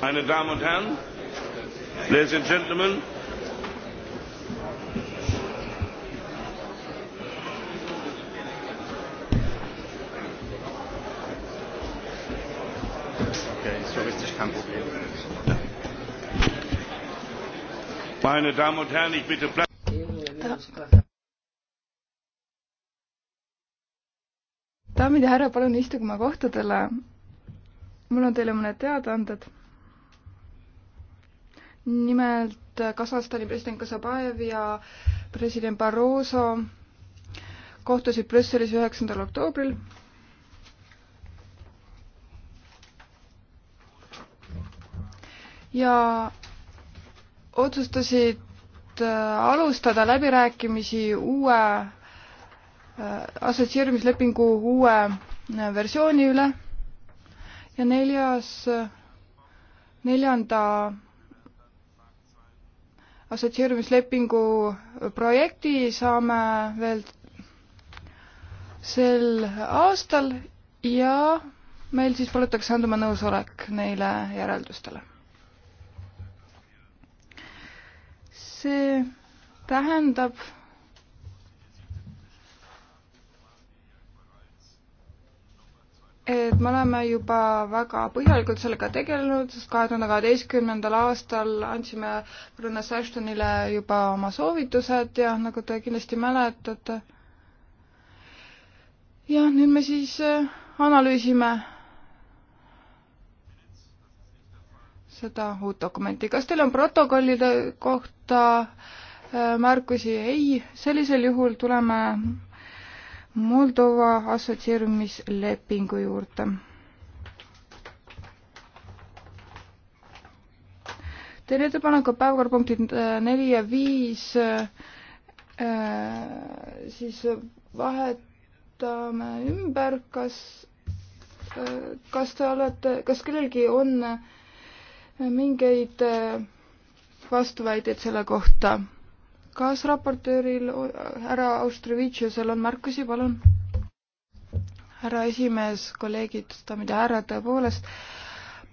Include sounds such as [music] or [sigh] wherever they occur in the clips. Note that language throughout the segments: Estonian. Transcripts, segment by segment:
Meine Damen und Herren, Ladies and Gentlemen, Meine Damen und Herren, ich bitte Platz. daamid ja härrad, palun istuge oma kohtadele. mul on teile mõned teadaanded nimelt Kasahstani president Kasabjev ja president Barroso kohtusid Brüsselis üheksandal oktoobril. ja otsustasid äh, alustada läbirääkimisi uue äh, assotsieerimislepingu uue äh, versiooni üle ja neljas, neljanda assotsieerumislepingu projekti saame veel sel aastal ja meil siis palutakse andma nõusolek neile järeldustele. see tähendab et me oleme juba väga põhjalikult sellega tegelenud, sest kahe tuhande kaheteistkümnendal aastal andsime Brunnes Ashtonile juba oma soovitused ja nagu te kindlasti mäletate, jah, nüüd me siis äh, analüüsime seda uut dokumenti. kas teil on protokollide kohta äh, märkusi? ei, sellisel juhul tuleme Moldova assotsieerumislepingu juurde. teen ettepaneku päevakorrapunktid äh, neli ja viis äh, siis vahetame ümber, kas, äh, kas te olete, kas kellelgi on mingeid vastuväiteid selle kohta? kas raportööril härra Austrovitšusel on märkusi, palun? härra esimees, kolleegid, daamid ja härrad, tõepoolest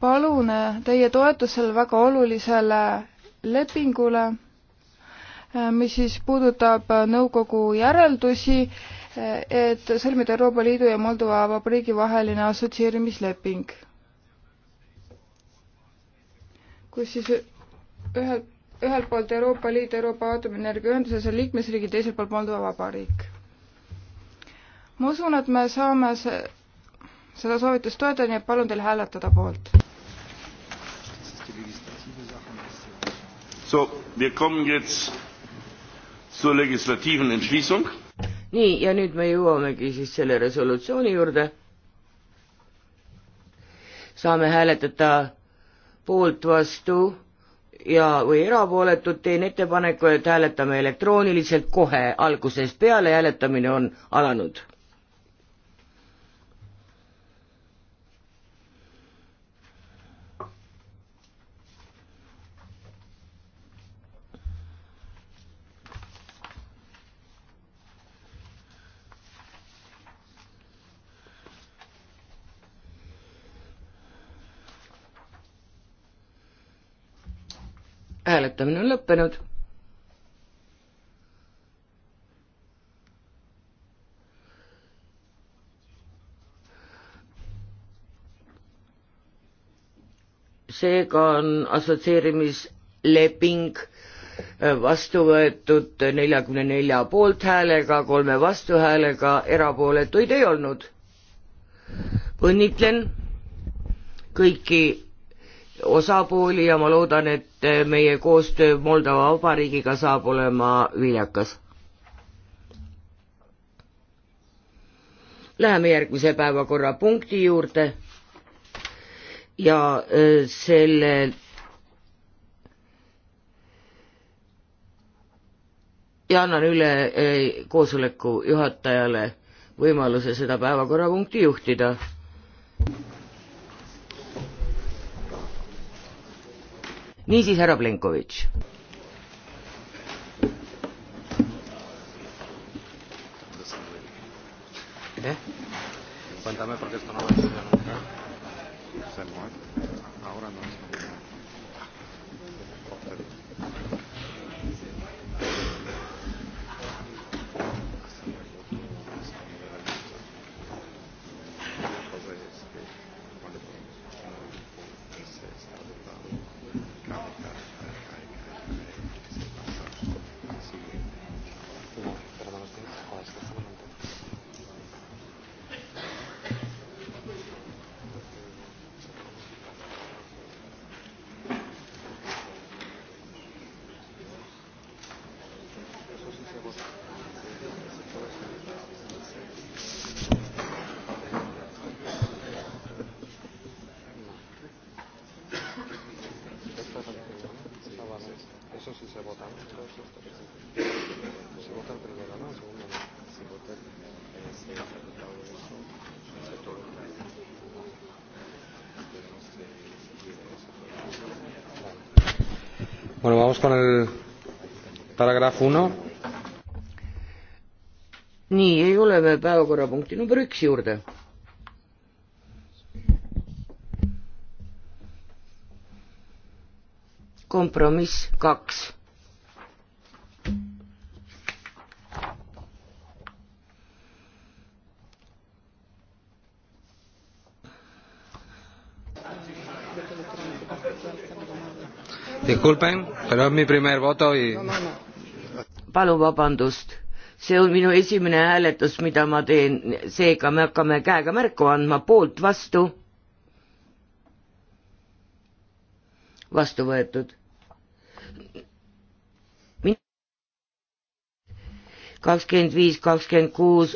palun eh, teie toetust sellele väga olulisele lepingule, eh, mis siis puudutab eh, nõukogu järeldusi, et sõlmida Euroopa Liidu ja Moldova Vabariigi vaheline assotsieerimisleping, kus siis ühelt ühelt poolt Euroopa Liit, Euroopa Aatomienergia Ühenduses on liikmesriigid, teiselt poolt Moldova Vabariik. ma usun, et me saame see, seda soovitust toetada, nii et palun teil hääletada poolt. So, wir kommen jetzt zur legislativen Entschließung. nii, ja nüüd me jõuamegi siis selle resolutsiooni juurde. saame hääletada poolt, vastu ja, või erapooletud, teen ettepaneku, et hääletame elektrooniliselt kohe algusest peale, hääletamine on alanud hääletamine on lõppenud. seega on assotsieerimisleping äh, vastu võetud neljakümne nelja poolthäälega, kolme vastuhäälega, erapooletuid ei olnud. õnnitlen kõiki osapooli ja ma loodan, et meie koostöö Moldova Vabariigiga saab olema viljakas. Läheme järgmise päevakorrapunkti juurde ja e, selle ja annan üle e, koosoleku juhatajale võimaluse seda päevakorrapunkti juhtida. niisiis, härra Plenkovitš. Eh? Cuéntame porque esto no va a ser. Se mueve. Vamos con el paragrahv uno. nii, ja jõuame päevakorrapunkti number üks juurde. kompromiss kaks disculpen, pero es mi primer voto y... palun vabandust, see on minu esimene hääletus, mida ma teen, seega me hakkame käega märku andma poolt, vastu. vastu võetud. kakskümmend viis, kakskümmend kuus,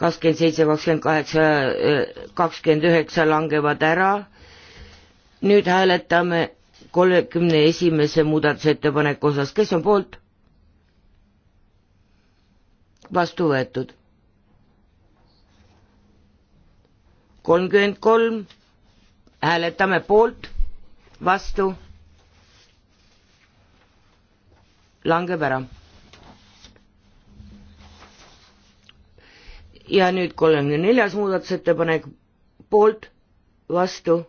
kakskümmend seitse, kakskümmend kaheksa, kakskümmend üheksa langevad ära. nüüd hääletame kolmekümne esimese muudatusettepaneku osas, kes on poolt? vastu võetud. kolmkümmend kolm, hääletame poolt, vastu, langeb ära. ja nüüd kolmekümne neljas muudatusettepanek, poolt, vastu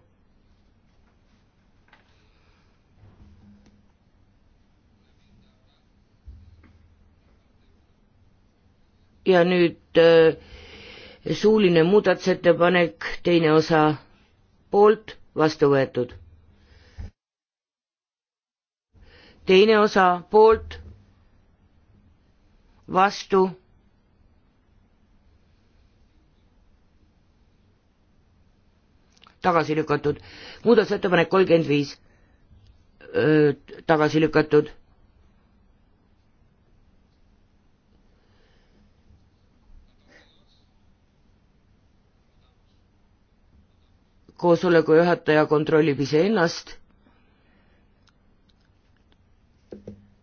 ja nüüd äh, suuline muudatusettepanek, teine osa poolt, vastu võetud. teine osa poolt, vastu. tagasi lükatud, muudatusettepanek kolmkümmend viis, äh, tagasi lükatud koosoleku juhataja kontrollib iseennast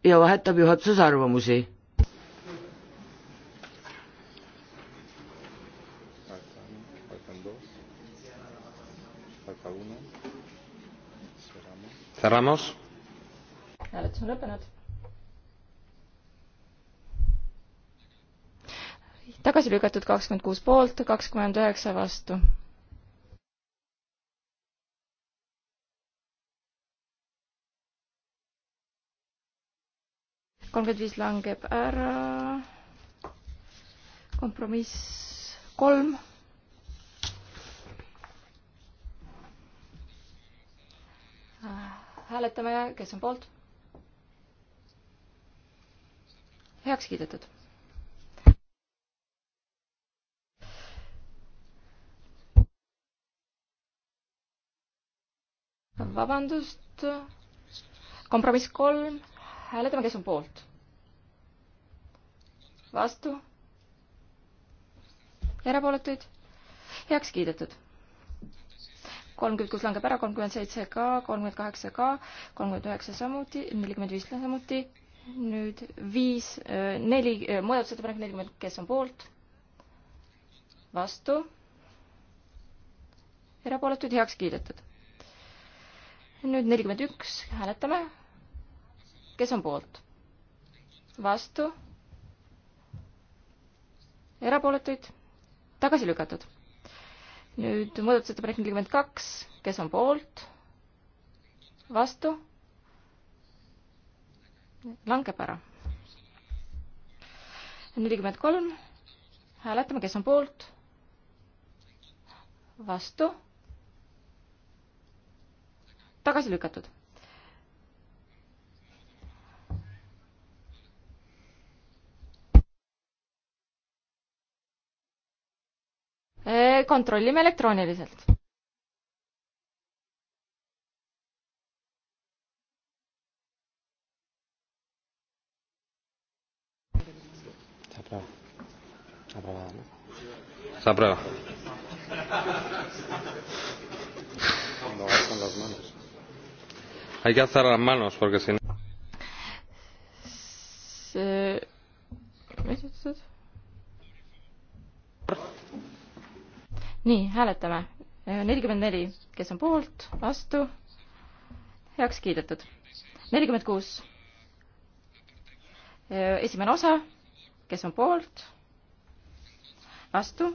ja vahetab juhatuses arvamusi. hääletus on lõppenud. tagasi lükatud kakskümmend kuus poolt, kakskümmend üheksa vastu kolmkümmend viis langeb ära. kompromiss kolm. hääletame, kes on poolt? heaks kiidetud vabandust, kompromiss kolm, hääletame, kes on poolt. vastu. erapooletuid. heaks kiidetud. kolmkümmend kuus langeb ära, kolmkümmend seitse ka, kolmkümmend kaheksa ka, kolmkümmend üheksa samuti, nelikümmend viis samuti. nüüd viis, äh, neli, äh, muudatusettepanek nelikümmend, kes on poolt? vastu. erapooletuid heaks kiidetud nüüd nelikümmend üks, hääletame, kes on poolt? vastu? erapooletuid? tagasi lükatud. nüüd muudatusettepanek nelikümmend kaks, kes on poolt? vastu? langeb ära. nelikümmend kolm, hääletame, kes on poolt? vastu? tagasi lükatud Eh, kontrollime elektrooniliselt. Está prueba. Hay que alzar las manos porque si no. hääletame. nelikümmend neli, kes on poolt, vastu, heaks kiidetud. nelikümmend kuus. esimene osa, kes on poolt, vastu,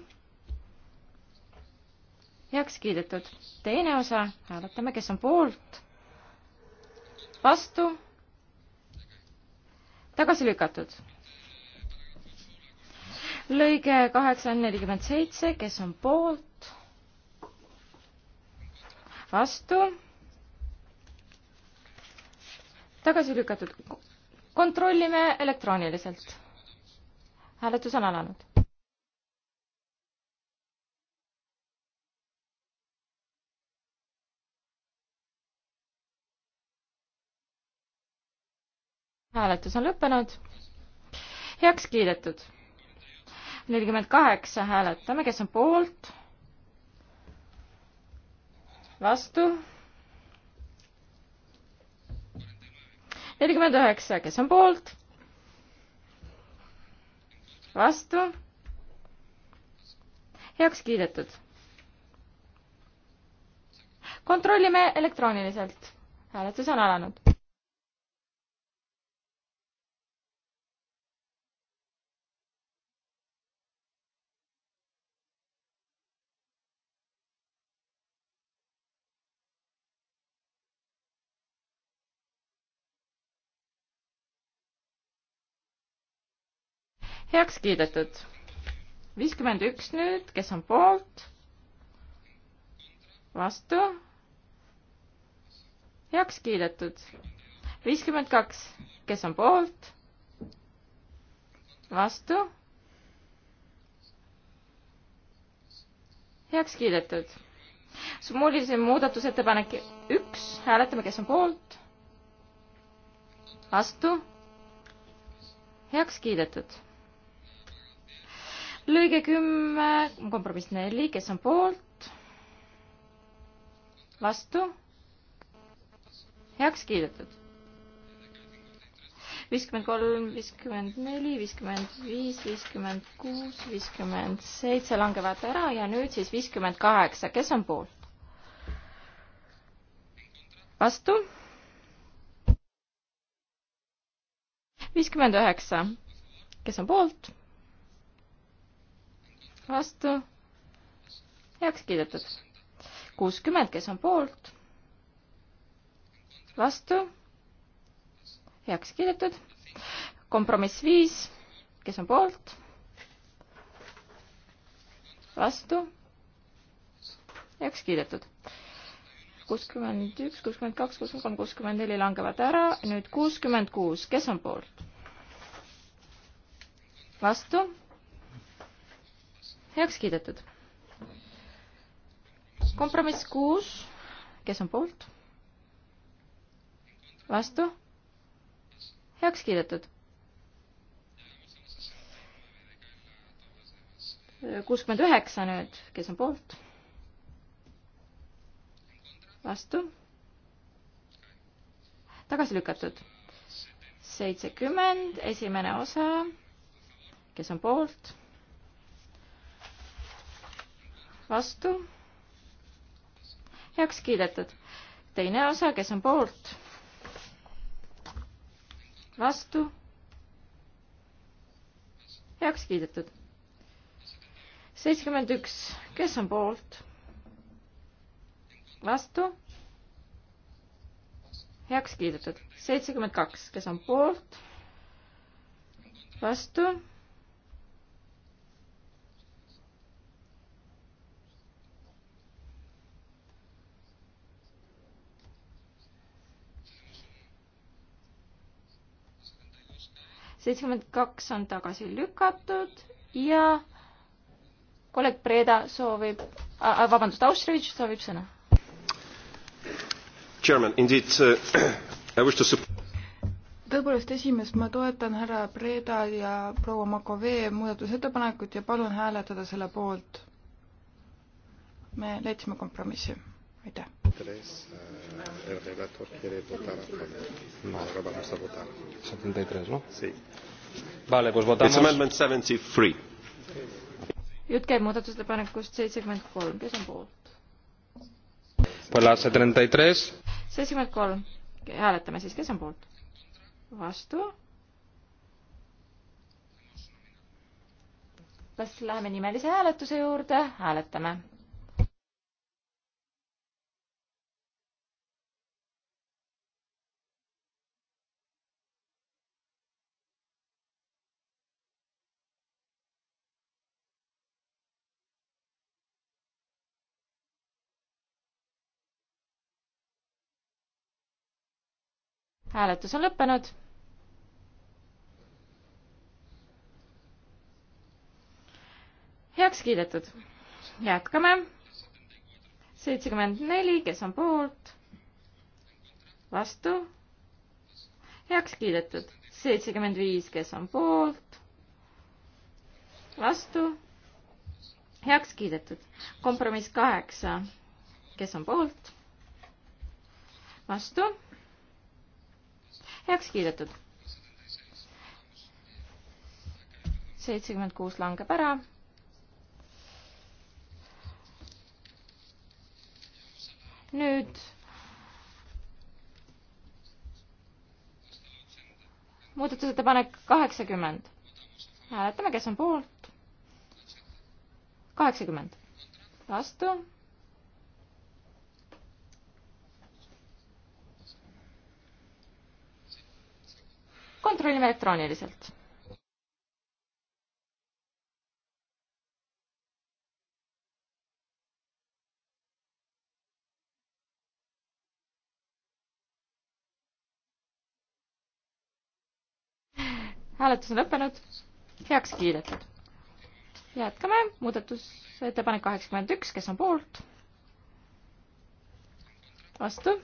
heaks kiidetud. teine osa, hääletame, kes on poolt, vastu, tagasi lükatud lõige kaheksa on nelikümmend seitse, kes on poolt, vastu, tagasi lükatud. kontrollime elektrooniliselt. hääletus on alanud. hääletus on lõppenud. heaks kiidetud. nelikümmend kaheksa hääletame, kes on poolt vastu. nelikümmend üheksa, kes on poolt? vastu. heaks kiidetud. kontrollime elektrooniliselt. hääletus on alanud. heaks kiidetud. viiskümmend üks nüüd, kes on poolt? vastu? heaks kiidetud. viiskümmend kaks, kes on poolt? vastu? heaks kiidetud. sumuulise muudatusettepanek üks, hääletame, kes on poolt? vastu? heaks kiidetud lõige kümme, kompromiss neli, kes on poolt? vastu? heaks kiidetud. viiskümmend kolm, viiskümmend neli, viiskümmend viis, viiskümmend kuus, viiskümmend seitse langevad ära ja nüüd siis viiskümmend kaheksa, kes on poolt? vastu? viiskümmend üheksa, kes on poolt? vastu, heaks kiidetud. kuuskümmend, kes on poolt, vastu, heaks kiidetud. kompromiss viis, kes on poolt, vastu, heaks kiidetud kuuskümmend üks, kuuskümmend kaks, kuuskümmend kolm, kuuskümmend neli langevad ära, nüüd kuuskümmend kuus, kes on poolt? vastu? heaks kiidetud. kompromiss kuus, kes on poolt? vastu? heaks kiidetud. kuuskümmend üheksa nüüd, kes on poolt? vastu? tagasi lükatud. seitsekümmend, esimene osa, kes on poolt? vastu, heaks kiidetud. teine osa, kes on poolt, vastu, heaks kiidetud. seitsekümmend üks, kes on poolt, vastu, heaks kiidetud. seitsekümmend kaks, kes on poolt, vastu seitsekümmend kaks on tagasi lükatud ja kolleeg Preda soovib, vabandust, Austrevitš soovib sõna. Chairman, indeed uh, [clears throat] I wish to support tõepoolest, esimees, ma toetan härra Preda ja proua Makovee muudatusettepanekut ja palun hääletada selle poolt. me leidsime kompromissi aitäh. Tres, eh, el relator quiere votar a favor. No. Ahora vamos a votar. 73, ¿no? Sí. Vale, pues votamos. It's amendment 73. Jutt käib muudatusettepanekust seitsekümmend kolm, kes on poolt? Pues la 73. 73. Hääletame siis, kes on poolt? Vastu. Kas läheme nimelise hääletuse juurde? Hääletame. hääletus on lõppenud. heaks kiidetud. jätkame. seitsekümmend neli, kes on poolt? vastu? heaks kiidetud. seitsekümmend viis, kes on poolt? vastu? heaks kiidetud. kompromiss kaheksa, kes on poolt? vastu? heaks kiidetud. seitsekümmend kuus langeb ära. nüüd muudatusettepanek kaheksakümmend. hääletame, kes on poolt. kaheksakümmend. vastu kontrollime elektrooniliselt. hääletus on lõppenud, heaks kiidetud. jätkame, muudatusettepanek kaheksakümmend üks, kes on poolt? vastu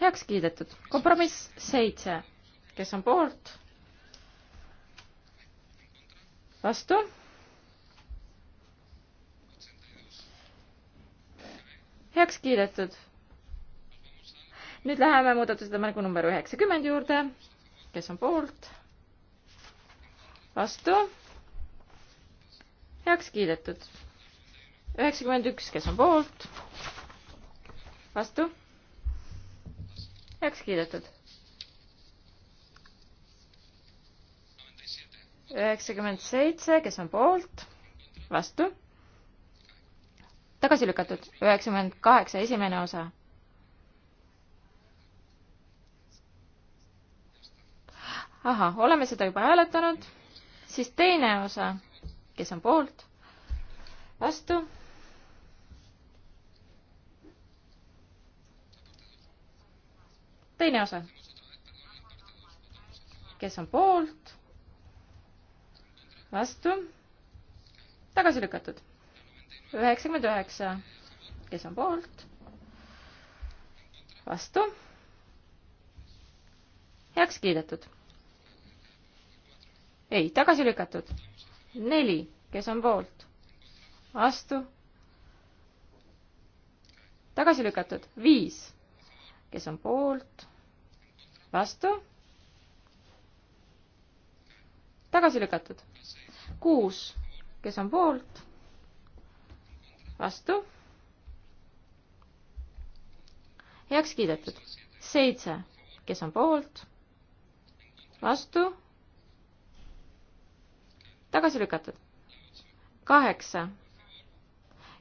heaks kiidetud. kompromiss seitse, kes on poolt? vastu? heaks kiidetud. nüüd läheme muudatusettepaneku number üheksakümmend juurde. kes on poolt? vastu? heaks kiidetud. üheksakümmend üks, kes on poolt? vastu? heaks kiidetud. üheksakümmend seitse, kes on poolt, vastu, tagasi lükatud, üheksakümmend kaheksa, esimene osa. ahah, oleme seda juba hääletanud, siis teine osa, kes on poolt, vastu teine osa. kes on poolt? vastu? tagasi lükatud. üheksakümmend üheksa. kes on poolt? vastu? heaks kiidetud. ei, tagasi lükatud. neli, kes on poolt? vastu? tagasi lükatud. viis, kes on poolt? vastu, tagasi lükatud. kuus, kes on poolt, vastu, heaks kiidetud. seitse, kes on poolt, vastu, tagasi lükatud. kaheksa,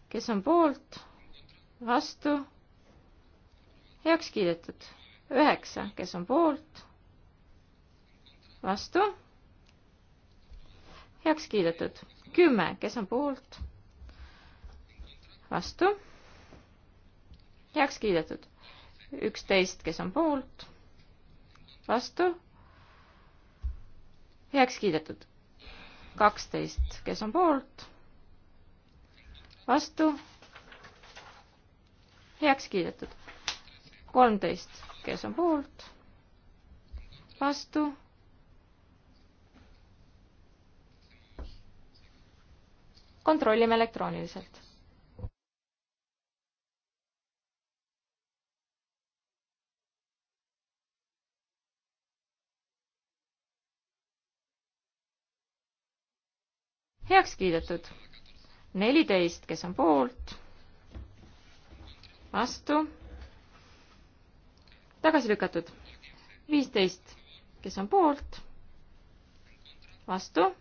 kes on poolt, vastu, heaks kiidetud üheksa, kes on poolt, vastu, heaks kiidetud. kümme, kes on poolt, vastu, heaks kiidetud. üksteist, kes on poolt, vastu, heaks kiidetud. kaksteist, kes on poolt, vastu, heaks kiidetud. kolmteist kes on poolt, vastu. kontrollime elektrooniliselt. heaks kiidetud. neliteist, kes on poolt, vastu tagasi lükatud. viisteist, kes on poolt? vastu?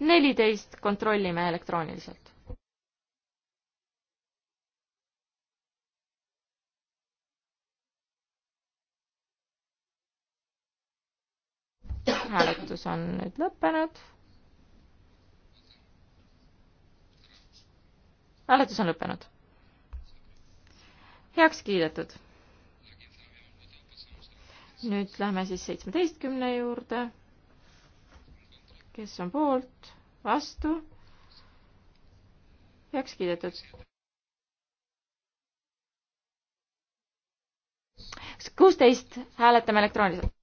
neliteist kontrollime elektrooniliselt. hääletus on nüüd lõppenud hääletus on lõppenud. heaks kiidetud. nüüd lähme siis seitsmeteistkümne juurde. kes on poolt, vastu? heaks kiidetud. kuusteist hääletame elektrooniliselt.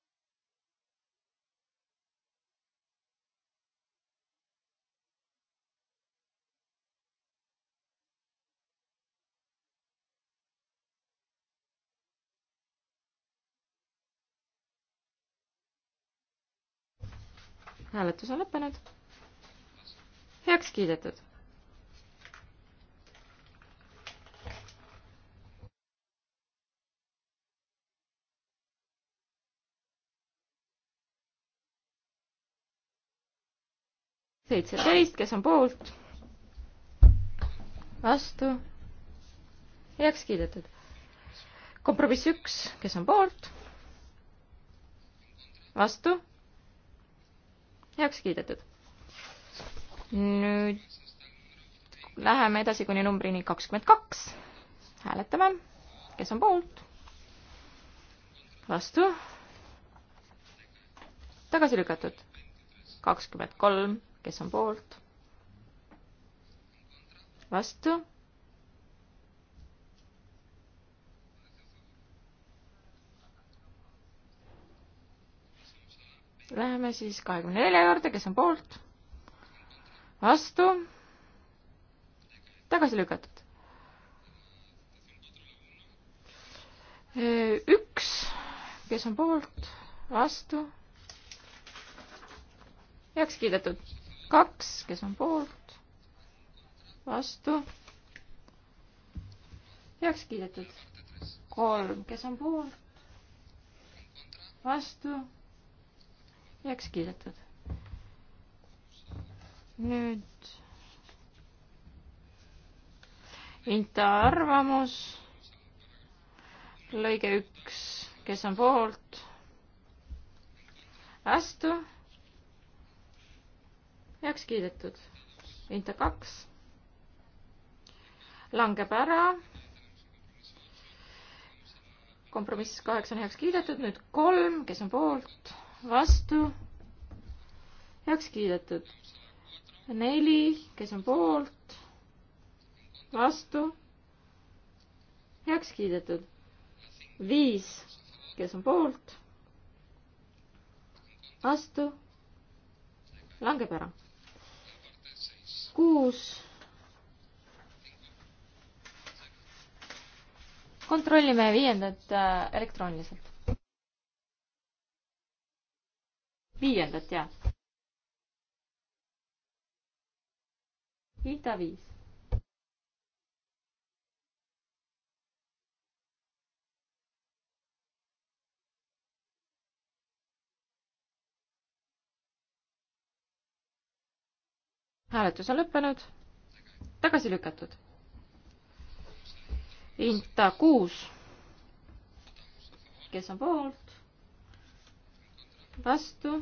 hääletus on lõppenud. heaks kiidetud. seitseteist, kes on poolt? vastu? heaks kiidetud. kompromiss üks, kes on poolt? vastu? heaks kiidetud. nüüd läheme edasi kuni numbrini kakskümmend kaks. hääletame, kes on poolt, vastu, tagasi lükatud, kakskümmend kolm, kes on poolt, vastu Läheme siis kahekümne nelja juurde, kes on poolt? vastu? tagasi lükatud. üks, kes on poolt, vastu? heaks kiidetud. kaks, kes on poolt, vastu? heaks kiidetud. kolm, kes on poolt, vastu? heaks kiidetud. nüüd Inta arvamus, lõige üks, kes on poolt, vastu, heaks kiidetud. Inta kaks langeb ära kompromiss kaheksa on heaks kiidetud, nüüd kolm, kes on poolt, vastu, heaks kiidetud. neli, kes on poolt, vastu, heaks kiidetud. viis, kes on poolt, vastu, langeb ära. kuus kontrollime viiendat äh, elektrooniliselt. viiendat jah. Ida viis. hääletus on lõppenud, tagasi lükatud. Inta kuus, kes on poolt? vastu,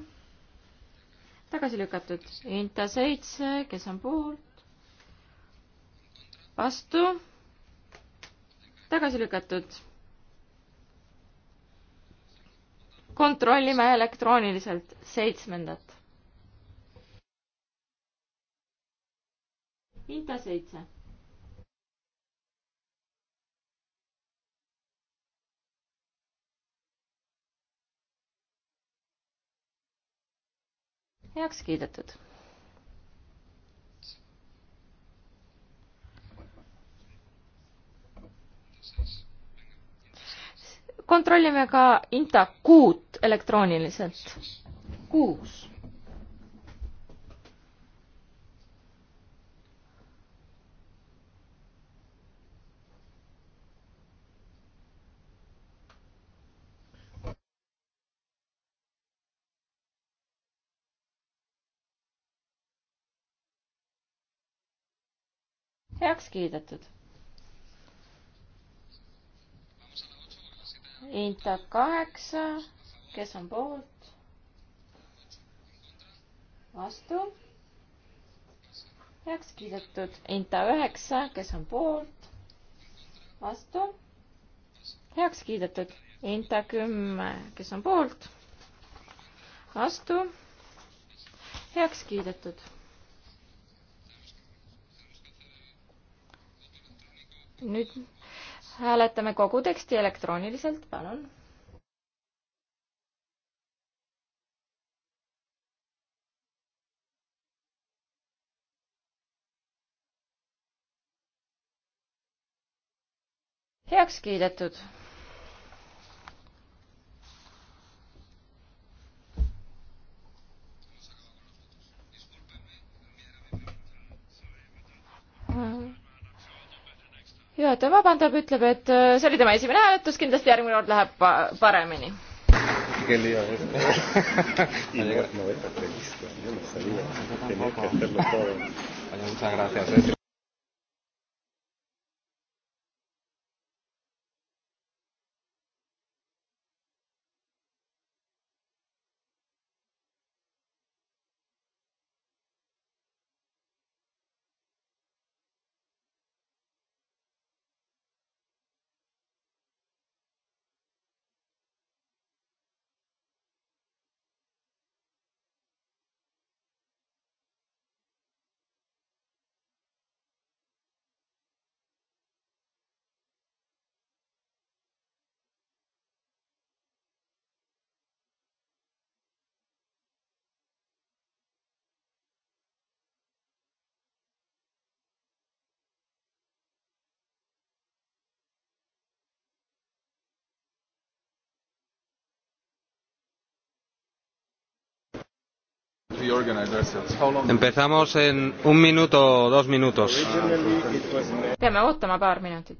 tagasi lükatud. Inta seitse, kes on poolt, vastu, tagasi lükatud. kontrollime elektrooniliselt seitsmendat. Inta seitse heaks kiidetud. kontrollime ka INTA kuut elektrooniliselt. kuus heaks kiidetud. Inta kaheksa, kes on poolt? vastu. heaks kiidetud. Inta üheksa, kes on poolt? vastu. heaks kiidetud. Inta kümme, kes on poolt? vastu. heaks kiidetud nüüd hääletame kogu teksti elektrooniliselt, palun. heaks kiidetud juhataja vabandab, ütleb, et äh, see oli tema esimene hääletus, kindlasti järgmine kord läheb pa paremini. Kelly ya ves. y no, no es papelista, yo no sabía. Tenía que hacerlo todo. Oye, muchas gracias. Empezamos en un minuto, dos minutos. peame ootama paar minutit.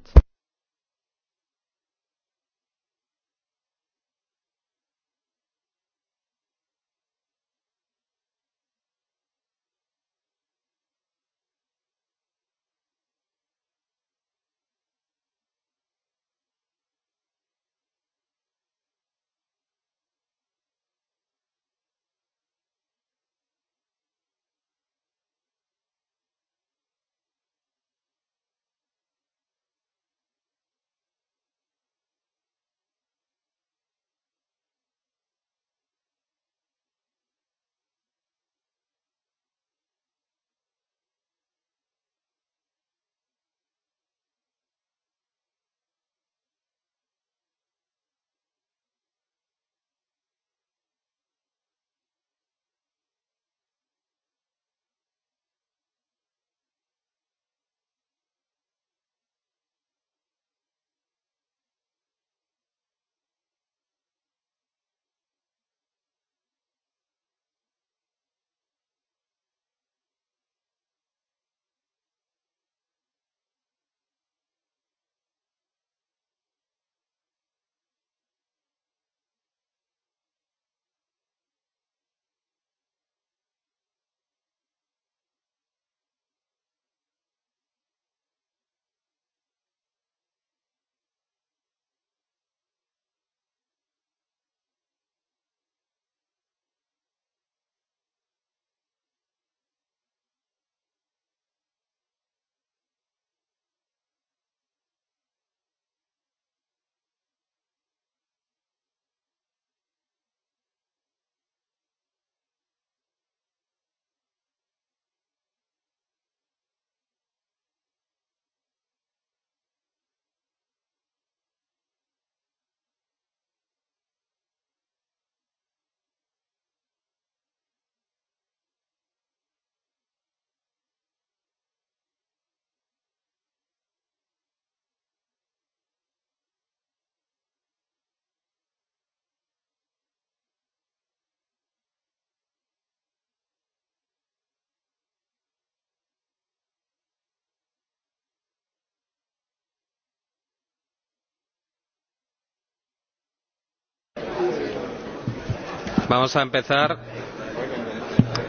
Vamos a empezar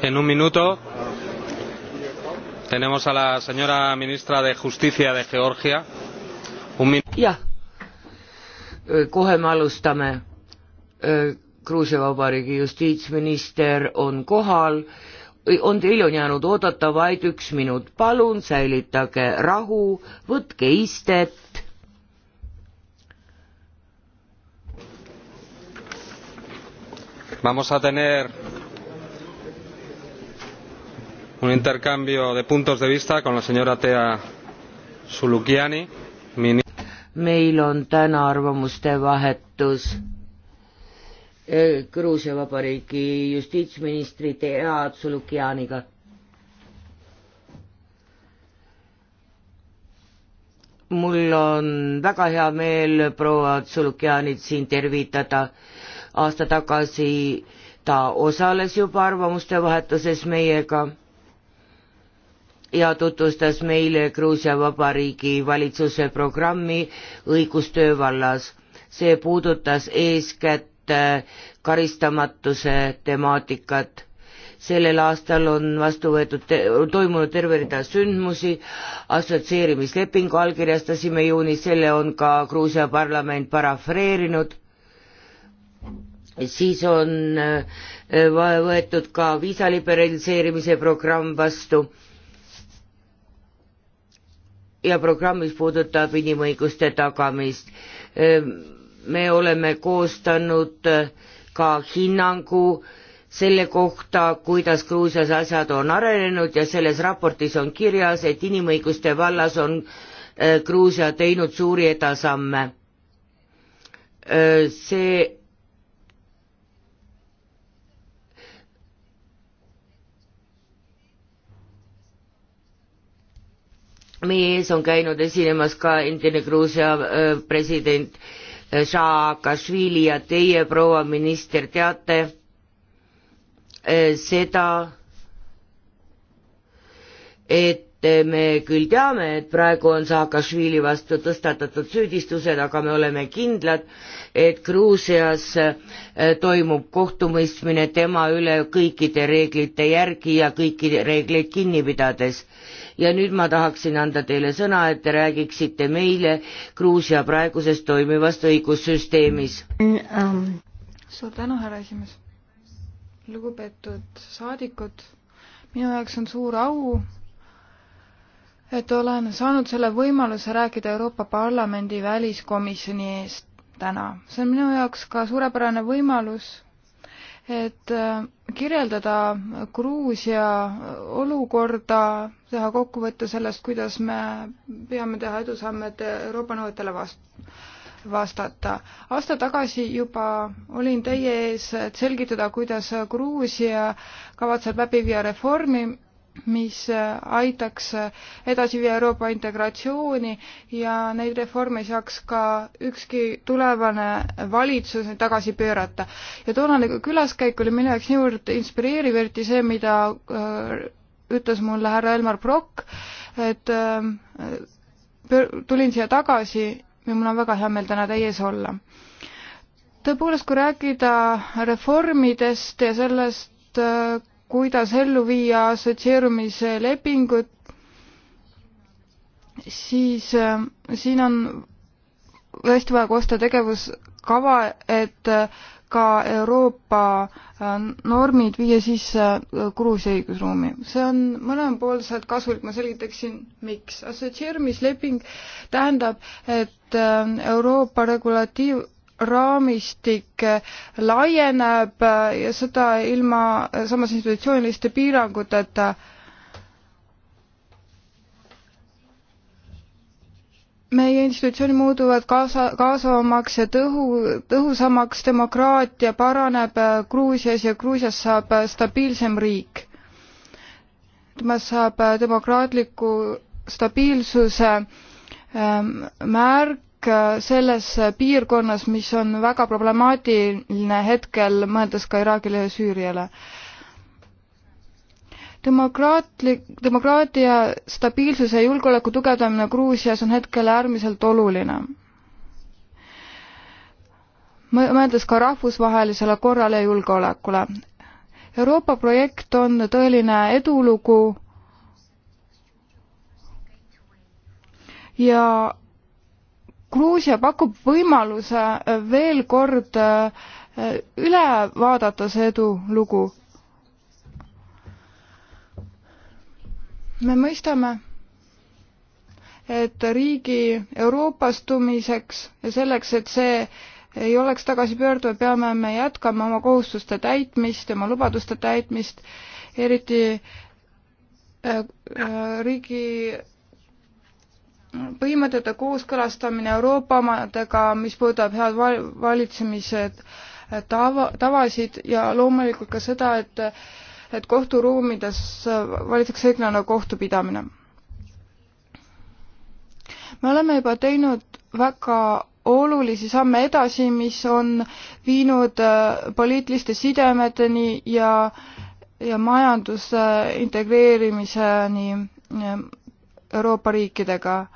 en un minuto. Tenemos a la señora ministra de Justicia de Georgia. Un min- jah, kohe me alustame. Gruusia Vabariigi justiitsminister on kohal on teil on jäänud oodata vaid üks minut, palun säilitage rahu, võtke istet vamos a tener un intercambio de puntos de vista con la señora Tea Sulukiani. meil on täna arvamuste vahetus eh, Gruusia Vabariigi justiitsministri Tea Sulukianiga. mul on väga hea meel proua Tsulukianit siin tervitada aasta tagasi ta osales juba arvamuste vahetuses meiega ja tutvustas meile Gruusia Vabariigi valitsuse programmi õigustöö vallas. see puudutas eeskätt äh, karistamatuse temaatikat. sellel aastal on vastu võetud, toimunud terve rida sündmusi, assotsieerimislepingu allkirjastasime juunis, selle on ka Gruusia parlament parafreerinud siis on äh, võetud ka viisa liberaliseerimise programm vastu ja programm, mis puudutab inimõiguste tagamist. Äh, me oleme koostanud äh, ka hinnangu selle kohta, kuidas Gruusias asjad on arenenud ja selles raportis on kirjas, et inimõiguste vallas on Gruusia teinud suuri edasamme. see meie ees on käinud esinemas ka endine Gruusia äh, president äh, Saakašvili ja teie, proua minister, teate äh, seda, et me küll teame, et praegu on Saakašvili vastu tõstatatud süüdistused, aga me oleme kindlad, et Gruusias äh, toimub kohtumõistmine tema üle kõikide reeglite järgi ja kõiki reegleid kinni pidades. ja nüüd ma tahaksin anda teile sõna, et te räägiksite meile Gruusia praeguses toimivast õigussüsteemis mm, um.. suur tänu, härra esimees. lugupeetud saadikud, minu jaoks on suur au et olen saanud selle võimaluse rääkida Euroopa Parlamendi väliskomisjoni eest täna. see on minu jaoks ka suurepärane võimalus, et äh, kirjeldada Gruusia olukorda, teha kokkuvõte sellest, kuidas me peame teha edusamme, et Euroopa nõuetele vast-, vastata. aasta tagasi juba olin teie ees, et selgitada, kuidas Gruusia kavatseb läbi viia reformi, mis äh, aitaks äh, edasi viia Euroopa integratsiooni ja neid reforme ei saaks ka ükski tulevane valitsus tagasi pöörata. ja toonane külaskäik oli minu jaoks niivõrd inspireeriv, eriti see, mida äh, ütles mulle härra Elmar Brokk, et tulin siia tagasi ja mul on väga hea meel täna teie ees olla. tõepoolest, kui rääkida reformidest ja sellest, kuidas ellu viia assotsieerumislepingut, siis äh, siin on tõesti vaja koostada tegevuskava, et äh, ka Euroopa äh, normid viia sisse Gruusia õigusruumi. see on mõlemapoolselt kasulik, ma selgitaksin, miks. assotsieerumisleping tähendab, et Euroopa regulatiiv raamistik laieneb ja seda ilma samas institutsiooniliste piiranguteta. meie institutsioonid muutuvad kaasa, kaasavamaks ja tõhu, tõhusamaks, demokraatia paraneb Gruusias ja Gruusiast saab stabiilsem riik. temast saab demokraatliku stabiilsuse ähm, märk Äh, selles piirkonnas, mis on väga problemaatiline hetkel, mõeldes ka Iraagile ja Süüriale. demokraatlik, demokraatia, stabiilsuse ja julgeoleku tugevdamine Gruusias on hetkel äärmiselt oluline. mõeldes ka rahvusvahelisele korrale ja julgeolekule. Euroopa projekt on tõeline edulugu ja Gruusia pakub võimaluse veel kord äh, üle vaadata see edulugu. me mõistame, et riigi euroopastumiseks ja selleks, et see ei oleks tagasipöörduv, peame me jätkama oma kohustuste täitmist, oma lubaduste täitmist, eriti äh, äh, riigi põhimõtete kooskõlastamine Euroopa omadega, mis puudutab head valitsemised, äh, tava, tavasid ja loomulikult ka seda, et, et kohturuumides äh, valitseks õiglane kohtupidamine. me oleme juba teinud väga olulisi samme edasi, mis on viinud äh, poliitiliste sidemeteni ja, ja majanduse integreerimiseni Euroopa riikidega.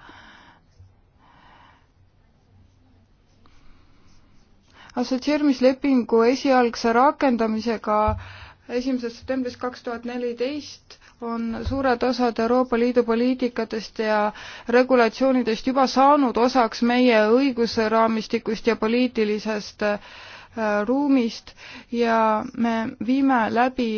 assotsieerimislepingu esialgse rakendamisega esimesest septembrist kaks tuhat neliteist on suured osad Euroopa Liidu poliitikatest ja regulatsioonidest juba saanud osaks meie õigusraamistikust ja poliitilisest äh, ruumist ja me viime läbi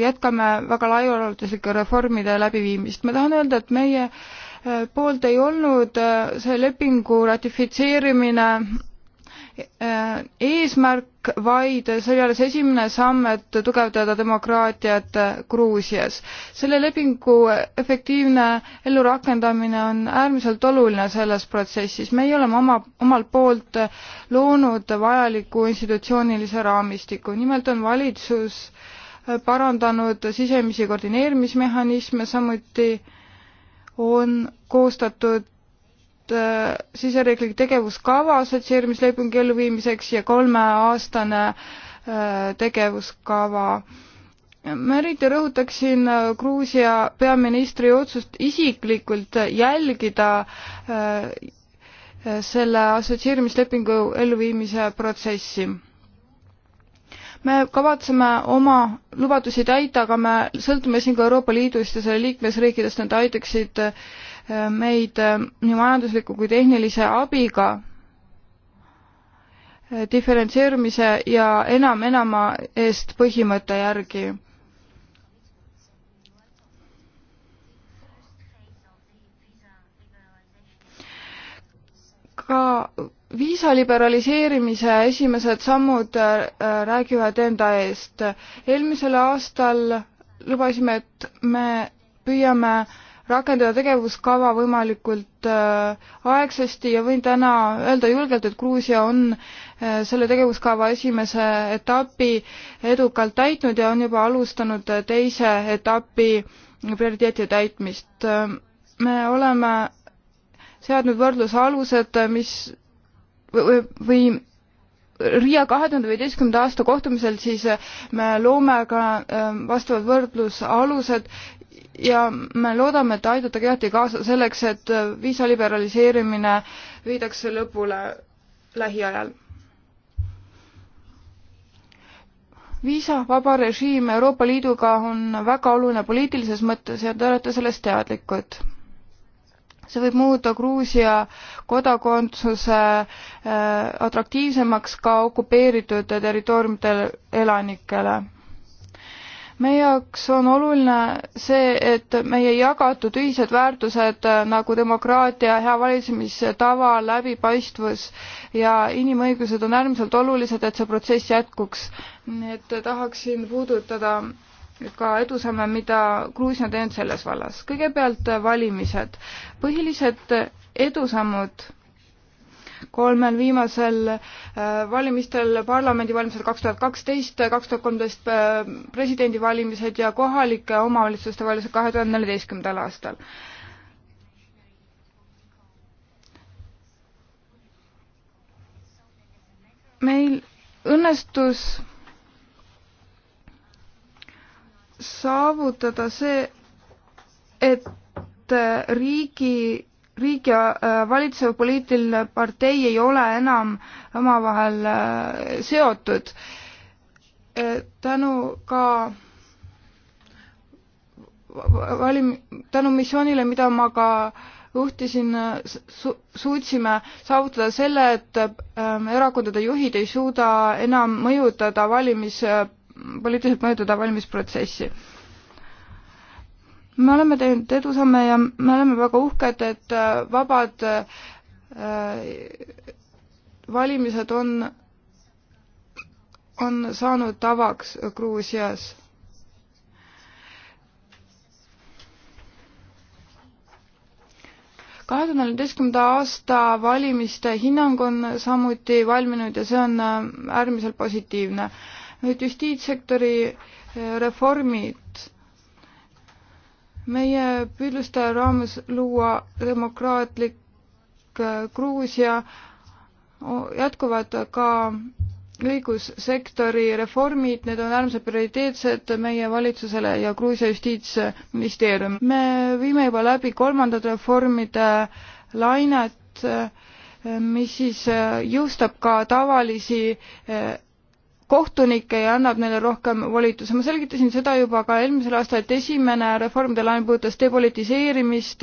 jätkame väga laiaulatuslike reformide läbiviimist. ma tahan öelda, et meie äh, poolt ei olnud äh, see lepingu ratifitseerimine äh, eesmärk, vaid see oli alles esimene samm, et tugevdada demokraatiat Gruusias. selle lepingu efektiivne ellurakendamine on äärmiselt oluline selles protsessis. meie oleme oma, omalt poolt loonud vajaliku institutsioonilise raamistiku. nimelt on valitsus äh, parandanud sisemisi koordineerimismehhanisme, samuti on koostatud äh, siseriiklik tegevuskava assotsieerimislepingu elluviimiseks ja kolmeaastane äh, tegevuskava. ma eriti rõhutaksin äh, Gruusia peaministri otsust isiklikult jälgida selle assotsieerimislepingu elluviimise protsessi me kavatseme oma lubadusi täita, aga me sõltume siin ka Euroopa Liidust ja selle liikmesriikidest, nad aitaksid äh, meid äh, nii majandusliku kui tehnilise abiga äh, diferentseerumise ja enam enama eest põhimõtte järgi ka viisa liberaliseerimise esimesed sammud äh, räägivad enda eest. eelmisel aastal lubasime, et me püüame rakendada tegevuskava võimalikult äh, aegsasti ja võin täna öelda julgelt, et Gruusia on äh, selle tegevuskava esimese etapi edukalt täitnud ja on juba alustanud teise etapi prioriteeti täitmist. me oleme seadnud võrdlusalused, mis või Riia kahe tuhande viieteistkümnenda aasta kohtumisel siis äh, me loome ka äh, vastavad võrdlusalused ja me loodame, et aidata igati kaasa selleks, et äh, viisa liberaliseerimine viidakse lõpule lähiajal. viisavaba režiim Euroopa Liiduga on väga oluline poliitilises mõttes ja te olete sellest teadlikud see võib muuta Gruusia kodakondsuse äh, atraktiivsemaks ka okupeeritud territooriumitel elanikele meie jaoks on oluline see, et meie jagatud ühised väärtused äh, nagu demokraatia, hea valitsemistava, läbipaistvus ja inimõigused on äärmiselt olulised, et see protsess jätkuks. nii et tahaksin puudutada ka edusamme, mida Gruusia on teinud selles vallas. kõigepealt äh, valimised. põhilised äh, edusammud kolmel viimasel äh, valimistel, parlamendivalimised kaks tuhat kaksteist, kaks tuhat kolmteist presidendivalimised ja kohalike omavalitsuste valimised kahe tuhande neljateistkümnendal aastal meil õnnestus saavutada see, et riigi, riigi äh, valitsev poliitiline partei ei ole enam omavahel äh, seotud. Äh, tänu ka valim-, tänu missioonile, mida ma ka juhtisin su, suutsime saavutada selle, et erakondade juhid ei suuda enam mõjutada valimis- poliitiliselt mõjutada valimisprotsessi. me oleme teinud edusamme ja me oleme väga uhked, et äh, vabad äh, valimised on, on saanud tavaks Gruusias kahe tuhande neljateistkümnenda aasta valimiste hinnang on samuti valminud ja see on äh, äärmiselt positiivne nüüd justiitssektori eh, reformid. meie püüdluste raames luua demokraatlik eh, Gruusia jätkuvad ka õigussektori reformid, need on äärmiselt prioriteetsed meie valitsusele ja Gruusia justiitsministeerium. me viime juba läbi kolmandat reformide lainet, eh, mis siis jõustab ka tavalisi kohtunikke ja annab neile rohkem volitusi. ma selgitasin seda juba ka eelmisel aastal, et esimene reformide laen puudutas depolitiseerimist,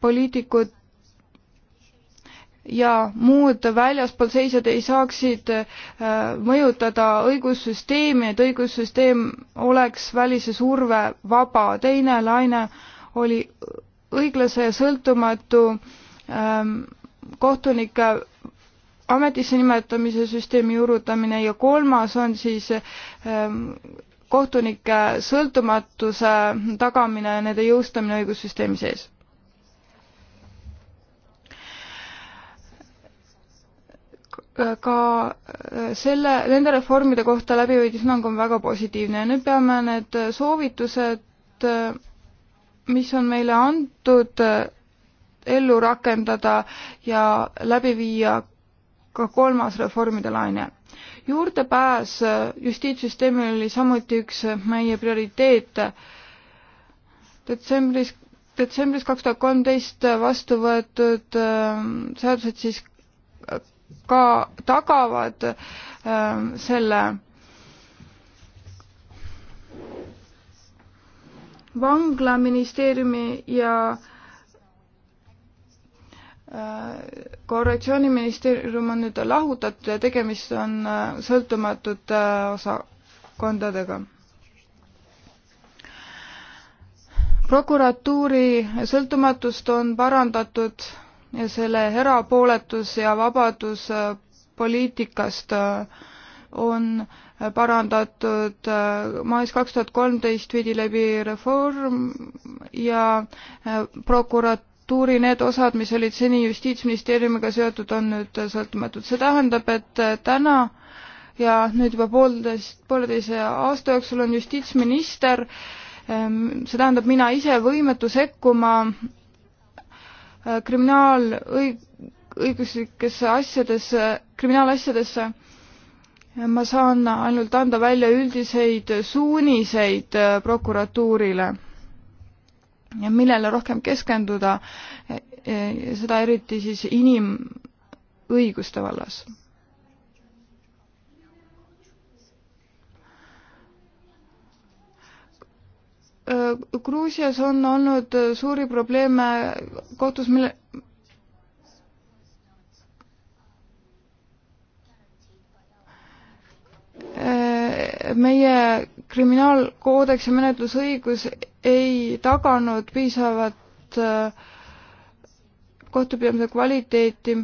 poliitikud ja muud väljaspool seisjad ei saaksid äh, mõjutada õigussüsteemi, et õigussüsteem oleks välise surve vaba. teine laine oli õiglase ja sõltumatu ähm, kohtunike ametisse nimetamise süsteemi juurutamine ja kolmas on siis ähm, kohtunike sõltumatuse tagamine, nende jõustamine õigussüsteemi sees. ka äh, selle, nende reformide kohta läbiviidud hinnang on väga positiivne ja nüüd peame need soovitused, äh, mis on meile antud, äh, ellu rakendada ja läbi viia ka kolmas reformide laine. juurdepääs justiitssüsteemil oli samuti üks meie prioriteete. detsembris, detsembris kaks tuhat kolmteist vastu võetud ähm, seadused siis ka tagavad ähm, selle vanglaministeeriumi ja äh, korrektsiooniministeerium on nüüd lahutatud ja tegemist on äh, sõltumatute äh, osakondadega. prokuratuuri sõltumatust on parandatud ja selle erapooletus ja vabadus äh, poliitikast on parandatud. mais kaks tuhat kolmteist viidi läbi reform ja prokurat-, prokuratuuri need osad, mis olid seni Justiitsministeeriumiga seotud, on nüüd sõltumatud. see tähendab, et täna ja nüüd juba poolteist, pooleteise aasta jooksul on justiitsminister, ehm, see tähendab mina ise, võimetu sekkuma äh, kriminaalõig-, õiguslikesse asjadesse, äh, kriminaalasjadesse ma saan ainult anda välja üldiseid suuniseid äh, prokuratuurile millele rohkem keskenduda, e, e, seda eriti siis inimõiguste vallas. Gruusias on olnud suuri probleeme kohtus, mille, Äh, meie kriminaalkoodeks ja menetlusõigus ei taganud piisavat äh, kohtupidamise kvaliteeti.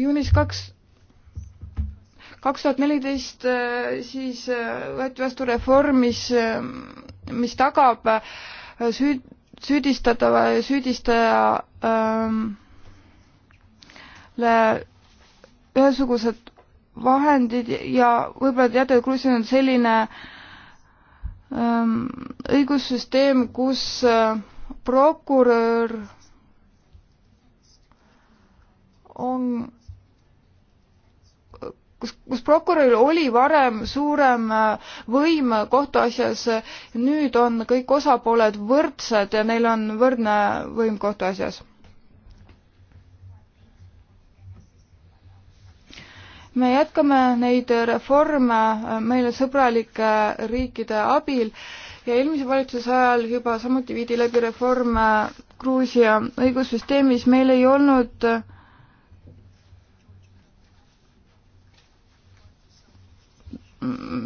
juunis kaks, kaks tuhat neliteist äh, siis võeti vastu reform, mis, mis tagab süüd, süüdistatava ja süüdistaja ähm, ühesugused vahendid ja võib-olla teate, et Gruusia on selline ähm, õigussüsteem, kus äh, prokurör on, kus, kus prokuröril oli varem suurem äh, võim kohtuasjas, nüüd on kõik osapooled võrdsed ja neil on võrdne võim kohtuasjas me jätkame neid reforme meile sõbralike riikide abil ja eelmise valitsuse ajal juba samuti viidi läbi reforme Gruusia õigussüsteemis, meil ei olnud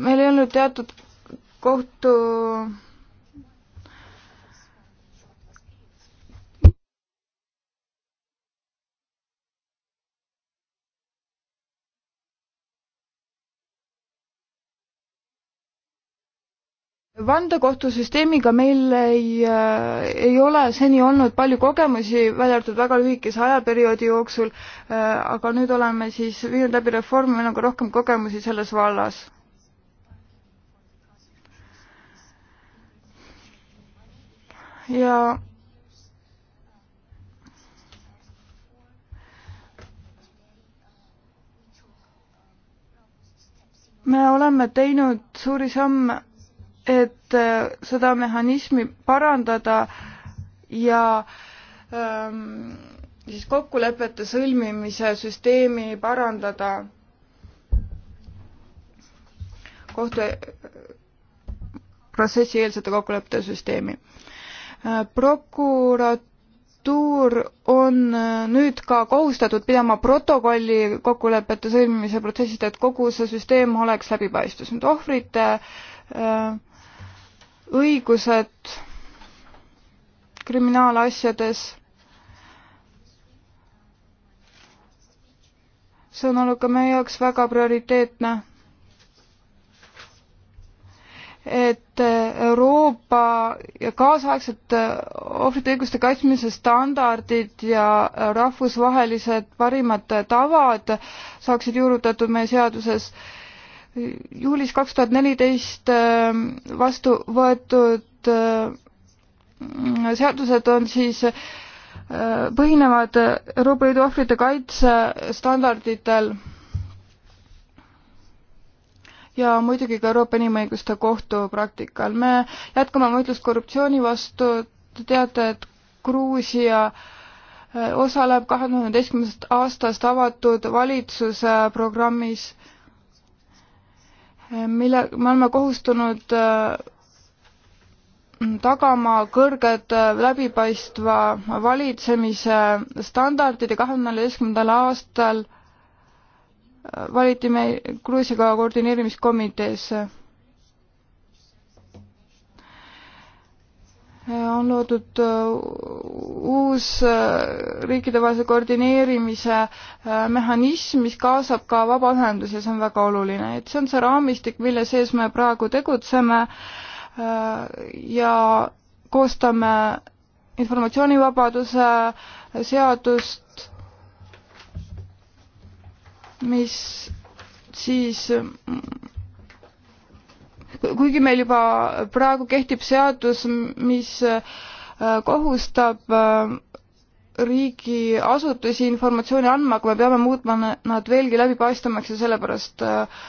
meil ei olnud teatud kohtu vandekohtusüsteemiga meil ei, äh, ei ole seni olnud palju kogemusi, välja arvatud väga lühikese ajaperioodi jooksul, äh, aga nüüd oleme siis viinud läbi reformi, meil on ka rohkem kogemusi selles vallas. ja me oleme teinud suuri samme et äh, seda mehhanismi parandada ja ähm, siis kokkulepete sõlmimise süsteemi parandada kohtu äh, protsessieelsete kokkulepete süsteemi. Äh, prokuratuur on nüüd ka kohustatud pidama protokolli kokkulepete sõlmimise protsessist, et kogu see süsteem oleks läbipaistvus. nüüd ohvrite äh, õigused kriminaalasjades. see on olnud ka meie jaoks väga prioriteetne. et Euroopa ja kaasaegsed ohvrite õiguste kaitsmise standardid ja rahvusvahelised parimad tavad saaksid juurutatud meie seaduses äh, juulis kaks tuhat neliteist ähm, vastu võetud äh, seadused on siis, äh, põhinevad Euroopa Liidu ohvrite kaitse standarditel ja muidugi ka Euroopa Inimõiguste Kohtu praktikal. me jätkame oma võitlust korruptsiooni vastu, te teate, et Gruusia äh, osaleb kahe tuhande üheteistkümnendast aastast avatud valitsuse programmis äh, mille, me oleme kohustunud äh, tagama kõrged äh, läbipaistva valitsemise standardid ja kahekümne neljateistkümnendal aastal äh, valiti me Gruusiaga koordineerimiskomiteesse on loodud äh, uus äh, riikidevahelise koordineerimise äh, mehhanism, mis kaasab ka vabaühendusi ja see on väga oluline, et see on see raamistik, mille sees me praegu tegutseme ja koostame informatsioonivabaduse seadust, mis siis kuigi meil juba praegu kehtib seadus, mis äh, kohustab äh, riigiasutusi informatsiooni andma, aga me peame muutma nad veelgi läbipaistvamaks ja sellepärast äh,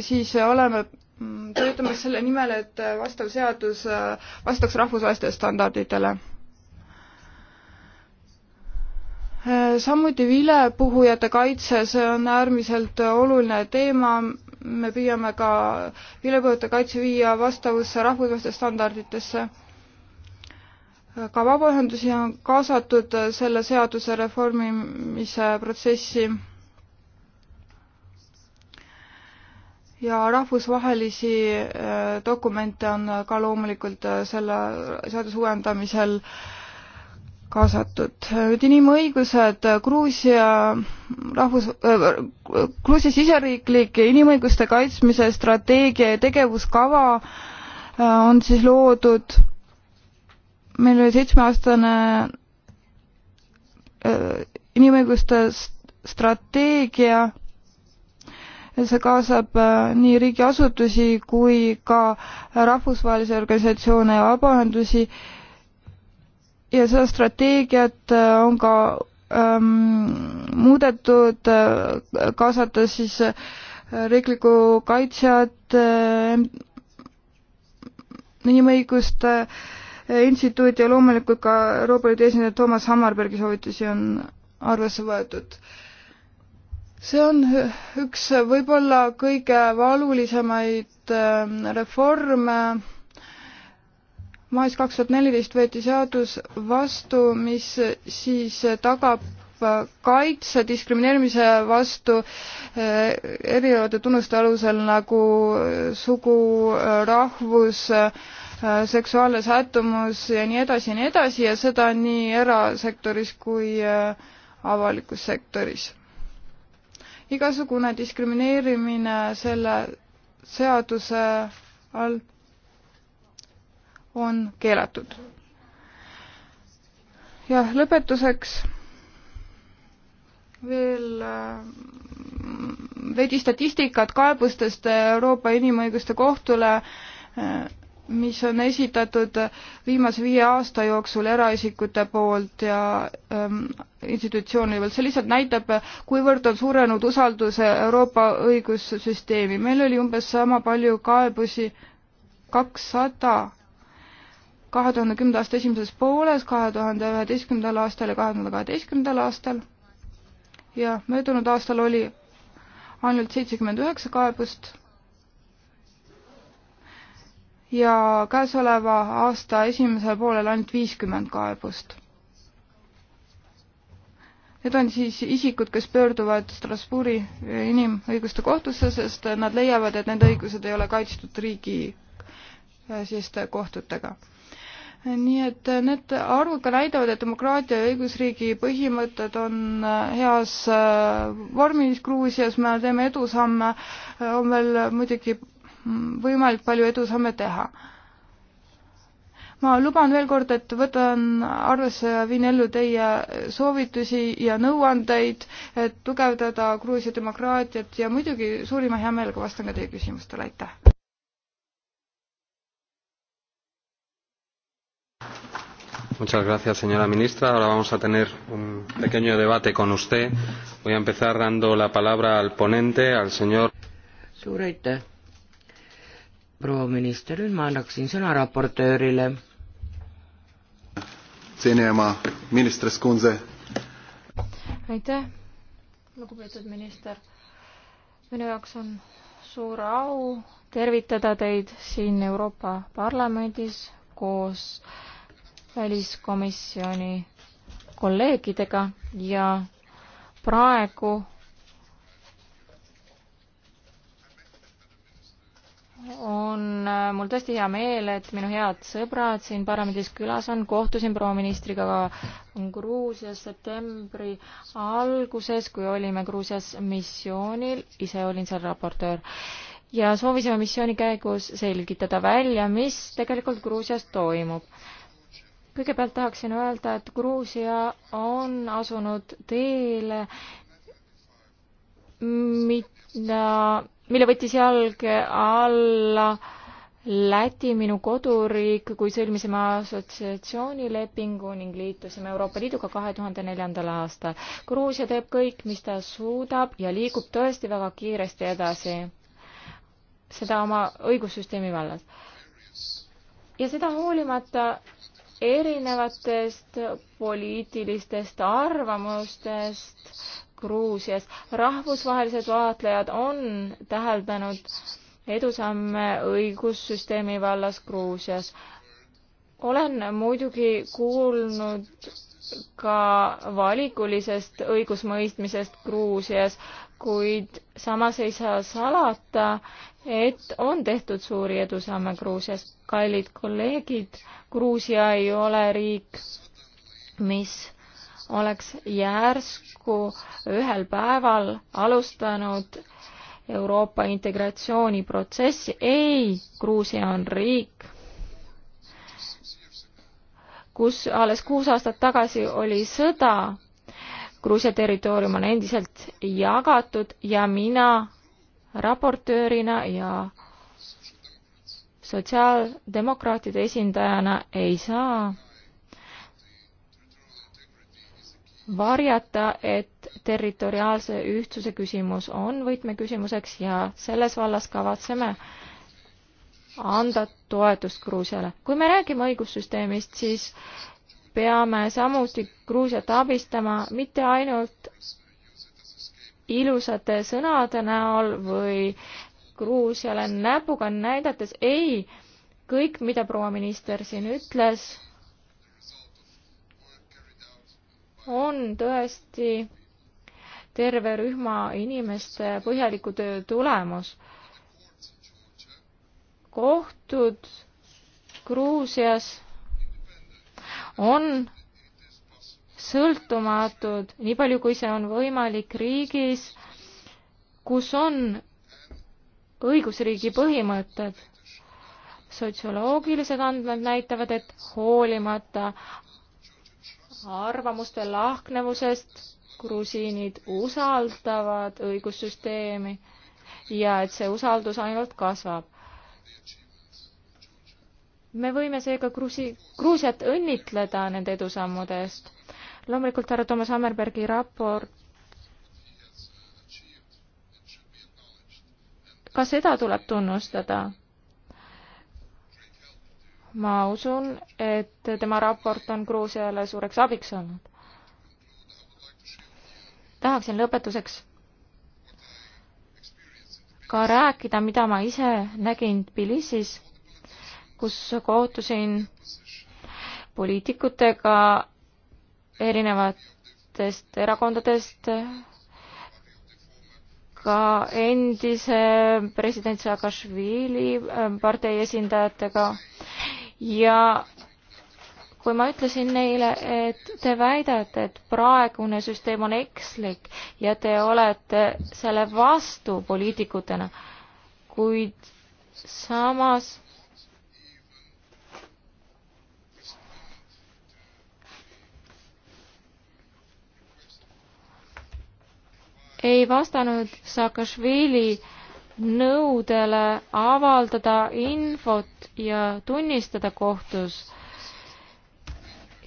siis oleme mm, töötamas selle nimel, et vastav seadus vastaks rahvusvahelistele standarditele. samuti vilepuhujate kaitse, see on äärmiselt oluline teema me püüame ka vilepuhujate kaitse viia vastavusse rahvusvaheliste standarditesse. ka vabaühendusi on kaasatud selle seaduse reformimise protsessi ja rahvusvahelisi eh, dokumente on ka loomulikult selle seaduse uuendamisel äh, kaasatud. nüüd inimõigused, Gruusia rahvus äh,, Gruusia siseriiklik inimõiguste kaitsmise strateegia ja tegevuskava äh, on siis loodud. meil oli seitsmeaastane äh, inimõiguste strateegia ja see kaasab äh, nii riigiasutusi kui ka rahvusvahelisi organisatsioone ja vabaühendusi äh, ja seda strateegiat äh, on ka ähm, muudetud, äh, kaasates siis äh, riiklikku kaitsjat äh,, inimõiguste äh, instituudi ja loomulikult ka Euroopa Liidu esindaja Toomas Hammarbergi soovitusi on arvesse võetud. see on üks võib-olla kõige valulisemaid ähm, reforme mais kaks tuhat neliteist võeti seadus vastu, mis siis tagab kaitse diskrimineerimise vastu eh, erinevate tunnuste alusel nagu sugu, rahvus, eh, seksuaalne sättumus ja nii edasi ja nii edasi ja seda nii erasektoris kui eh, avalikus sektoris. igasugune diskrimineerimine selle seaduse all on keelatud. ja lõpetuseks veel äh, veidi statistikat kaebustest Euroopa Inimõiguste Kohtule, äh, mis on esitatud viimase viie aasta jooksul eraisikute poolt ja ähm, institutsioonide poolt. see lihtsalt näitab, kuivõrd on suurenenud usaldus Euroopa õigussüsteemi. meil oli umbes sama palju kaebusi, kakssada kahe tuhande kümnenda aasta esimeses pooles, kahe tuhande üheteistkümnendal aastal ja kahe tuhande kaheteistkümnendal aastal. ja möödunud aastal oli ainult seitsekümmend üheksa kaebust. ja käesoleva aasta esimesel poolel ainult viiskümmend kaebust. Need on siis isikud, kes pöörduvad Strasbourgi inimõiguste kohtusse, sest nad leiavad, et nende õigused ei ole kaitstud riigi äh, siis kohtutega nii et need arvud ka näitavad, et demokraatia ja õigusriigi põhimõtted on äh, heas äh, vormis Gruusias, me teeme edusamme, äh, on veel muidugi mm, võimalik palju edusamme teha. ma luban veel kord, et võtan arvesse ja viin ellu teie soovitusi ja nõuandeid, et tugevdada Gruusia demokraatiat ja muidugi suurima heameelega vastan ka teie küsimustele, aitäh! Muchas gracias, señora ministra. Ahora vamos a tener un pequeño debate con usted. Voy a empezar dando la palabra al ponente, al señor. suur aitäh, proua minister, nüüd ma annaksin sõna raportöörile. Senema ministris Kunze. aitäh, lugupeetud minister. minu jaoks on suur au tervitada teid siin Euroopa Parlamendis koos äh, väliskomisjoni kolleegidega ja praegu on mul tõesti hea meel, et minu head sõbrad siin parlamendis külas on, kohtusin proua ministriga Gruusias septembri alguses, kui olime Gruusias missioonil, ise olin seal raportöör. ja soovisime missiooni käigus selgitada välja, mis tegelikult Gruusias toimub kõigepealt tahaksin öelda, et Gruusia on asunud teele, mida, mille võttis jalge alla Läti, minu koduriik, kui sõlmisime assotsiatsioonilepingu ning liitusime Euroopa Liiduga kahe tuhande neljandal aastal. Gruusia teeb kõik, mis ta suudab ja liigub tõesti väga kiiresti edasi. seda oma õigussüsteemi vallas. ja seda hoolimata erinevatest poliitilistest arvamustest Gruusias. rahvusvahelised vaatlejad on täheldanud edusamme õigussüsteemi vallas Gruusias. olen muidugi kuulnud ka valikulisest õigusmõistmisest Gruusias kuid samas ei saa salata, et on tehtud suuri edusamme Gruusias. kallid kolleegid, Gruusia ei ole riik, mis oleks järsku ühel päeval alustanud Euroopa integratsiooniprotsessi. ei, Gruusia on riik, kus alles kuus aastat tagasi oli sõda Gruusia territoorium on endiselt jagatud ja mina raportöörina ja sotsiaaldemokraatide esindajana ei saa varjata, et territoriaalse ühtsuse küsimus on võtmeküsimuseks ja selles vallas kavatseme anda toetust Gruusiale. kui me räägime õigussüsteemist, siis peame samuti Gruusiat abistama mitte ainult ilusate sõnade näol või Gruusiale näpuga näidates, ei, kõik, mida proua minister siin ütles, on tõesti terve rühma inimeste põhjaliku töö tulemus. kohtud Gruusias on sõltumatud, nii palju kui see on võimalik riigis, kus on õigusriigi põhimõtted. sotsioloogilised andmed näitavad, et hoolimata arvamuste lahknevusest grusiinid usaldavad õigussüsteemi ja et see usaldus ainult kasvab me võime seega Gruusi, Gruusiat õnnitleda nende edusammude eest. loomulikult härra Toomas Hammerbergi raport ka seda tuleb tunnustada. ma usun, et tema raport on Gruusiale suureks abiks olnud. tahaksin lõpetuseks ka rääkida, mida ma ise nägin Tbilisis kus kohtusin poliitikutega erinevatest erakondadest, ka endise president Saakašvili ähm, partei esindajatega ja kui ma ütlesin neile, et te väidate, et praegune süsteem on ekslik ja te olete selle vastu poliitikutena, kuid samas ei vastanud Saakašvili nõudele avaldada infot ja tunnistada kohtus.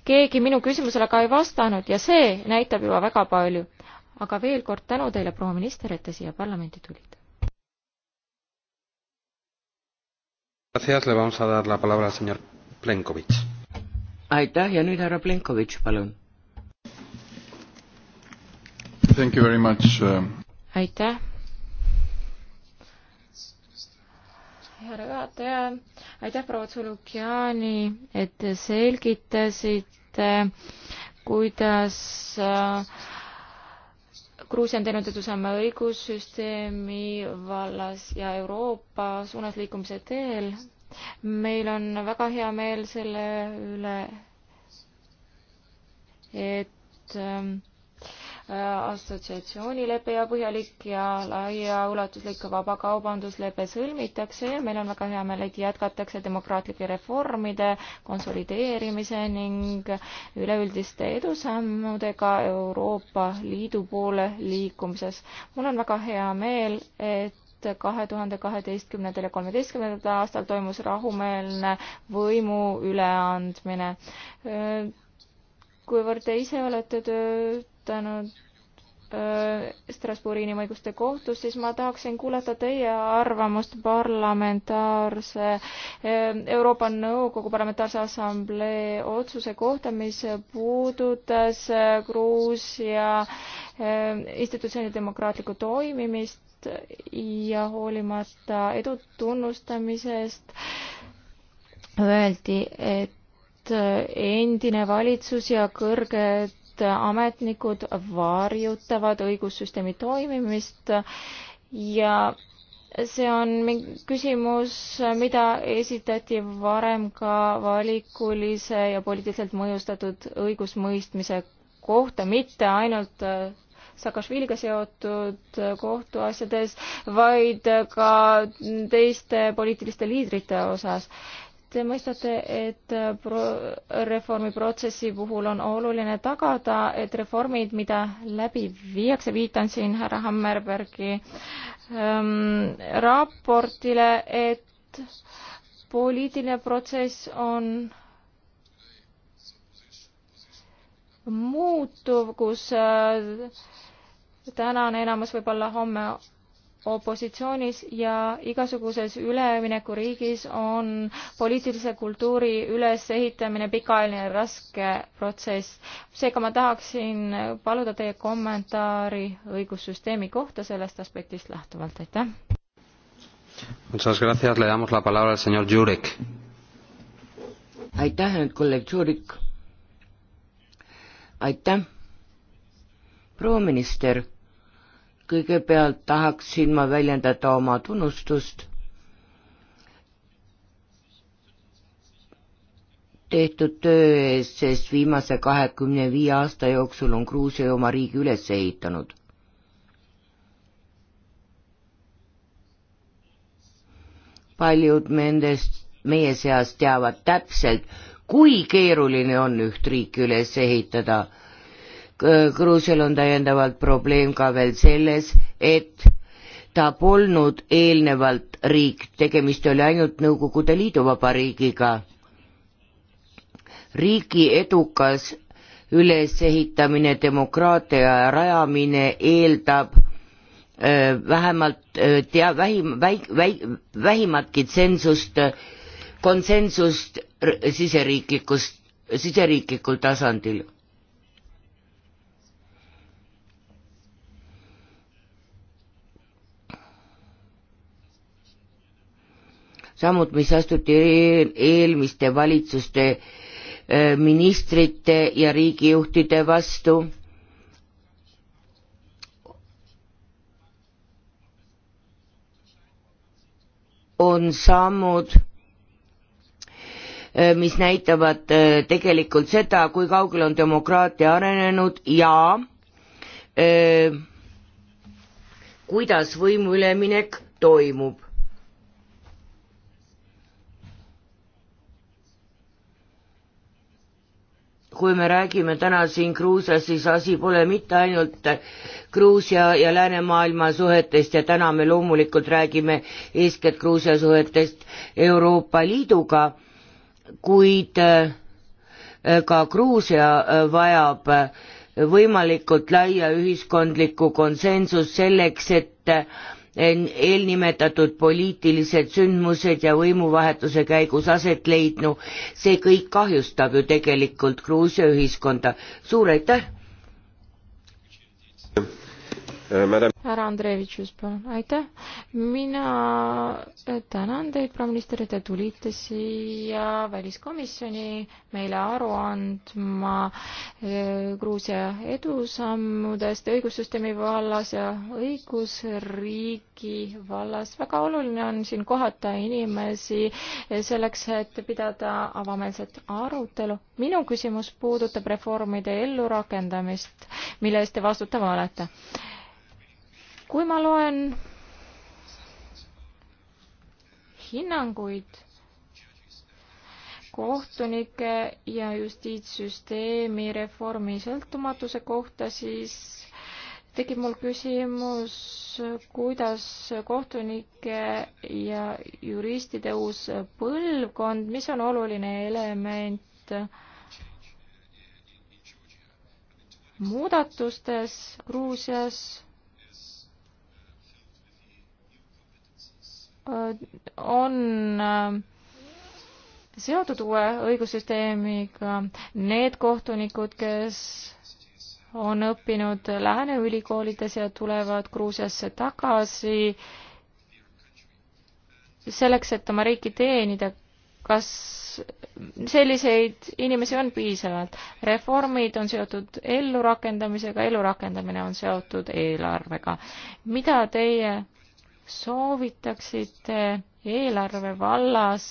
keegi minu küsimusele ka ei vastanud ja see näitab juba väga palju. aga veel kord tänu teile, proua minister, et te siia parlamenti tulite. aitäh ja nüüd härra Plenkovitš, palun Uh, aitäh. härra juhataja, aitäh, proua Tsulukjani, et selgitasite, kuidas äh, Gruusia on teinud edusamme õigussüsteemi vallas ja Euroopa suunas liikumise teel. meil on väga hea meel selle üle, et ähm, assotsiatsioonilepe ja põhjalik ja laiaulatuslik vabakaubanduslepe sõlmitakse ja meil on väga hea meel, et jätkatakse demokraatlike reformide konsolideerimise ning üleüldiste edusammudega Euroopa Liidu poole liikumises. mul on väga hea meel, et kahe tuhande kaheteistkümnendal ja kolmeteistkümnendal aastal toimus rahumeelne võimu üleandmine. kuivõrd te ise olete töö töötanud äh, Strasbourgi inimõiguste kohtus, siis ma tahaksin kuulata teie arvamust parlamentaarse, äh, Euroopa Nõukogu Parlamentaarse Assamblee otsuse kohta, mis puudutas äh, Gruusia institutsiooni demokraatlikku toimimist ja hoolimata edu tunnustamisest öeldi, et endine valitsus ja kõrged et ametnikud varjutavad õigussüsteemi toimimist ja see on küsimus, mida esitati varem ka valikulise ja poliitiliselt mõjustatud õigusmõistmise kohta, mitte ainult äh, Saakašviliga seotud kohtuasjades, vaid ka teiste poliitiliste liidrite osas. Te mõistate, et pro-, reformiprotsessi puhul on oluline tagada, et reformid, mida läbi viiakse, viitan siin härra Hammerbergi ähm, raportile, et poliitiline protsess on muutuv, kus äh, tänane enamus võib olla homme opositsioonis ja igasuguses üleminekuriigis on poliitilise kultuuri ülesehitamine pikaajaline ja raske protsess. seega ma tahaksin paluda teie kommentaari õigussüsteemi kohta sellest aspektist lähtuvalt, aitäh. aitäh nüüd kolleeg Jurek. aitäh, proua minister kõigepealt tahaksin ma väljendada oma tunnustust tehtud töö eest, sest viimase kahekümne viie aasta jooksul on Gruusia oma riigi üles ehitanud. paljud nendest meie seas teavad täpselt, kui keeruline on üht riiki üles ehitada Gruusial on täiendavalt probleem ka veel selles, et ta polnud eelnevalt riik, tegemist oli ainult Nõukogude Liidu vabariigiga. riigi edukas ülesehitamine, demokraatia rajamine eeldab öö, äh, vähemalt äh, tea-, vähim-, väik-, väik-, vähimatki tsensust, konsensust siseriiklikust, siseriiklikul tasandil sammud, mis astuti eel, eelmiste valitsuste äh, ministrite ja riigijuhtide vastu. on sammud, äh, mis näitavad äh, tegelikult seda, kui kaugel on demokraatia arenenud ja öö, kuidas võimu üleminek toimub kui me räägime täna siin Gruusias, siis asi pole mitte ainult Gruusia ja läänemaailma suhetest ja täna me loomulikult räägime eeskätt Gruusia suhetest Euroopa Liiduga, kuid äh, ka Gruusia äh, vajab äh, võimalikult laia ühiskondlikku konsensust selleks, et eelnimetatud poliitilised sündmused ja võimuvahetuse käigus aset leidnu, see kõik kahjustab ju tegelikult Gruusia ühiskonda. suur aitäh! härra Andreevitšus, palun, aitäh! mina tänan teid, peaminister, et te tulite siia väliskomisjoni meile aru andma eh, Gruusia edusammudest õigussüsteemi vallas ja õigusriigi vallas. väga oluline on siin kohata inimesi eh, selleks, et pidada avameelset arutelu. minu küsimus puudutab reformide ellurakendamist, mille eest te vastutama olete. kui ma loen hinnanguid kohtunike ja justiitssüsteemi reformi sõltumatuse kohta, siis tekib mul küsimus, kuidas kohtunike ja juristide uus põlvkond, mis on oluline element muudatustes Gruusias Äh, on äh, seotud uue õigussüsteemiga. Need kohtunikud, kes on õppinud Lääne ülikoolides ja tulevad Gruusiasse tagasi selleks, et oma riiki teenida, kas selliseid inimesi on piisavalt? reformid on seotud ellurakendamisega, ellurakendamine on seotud eelarvega. mida teie soovitaksite eelarve vallas,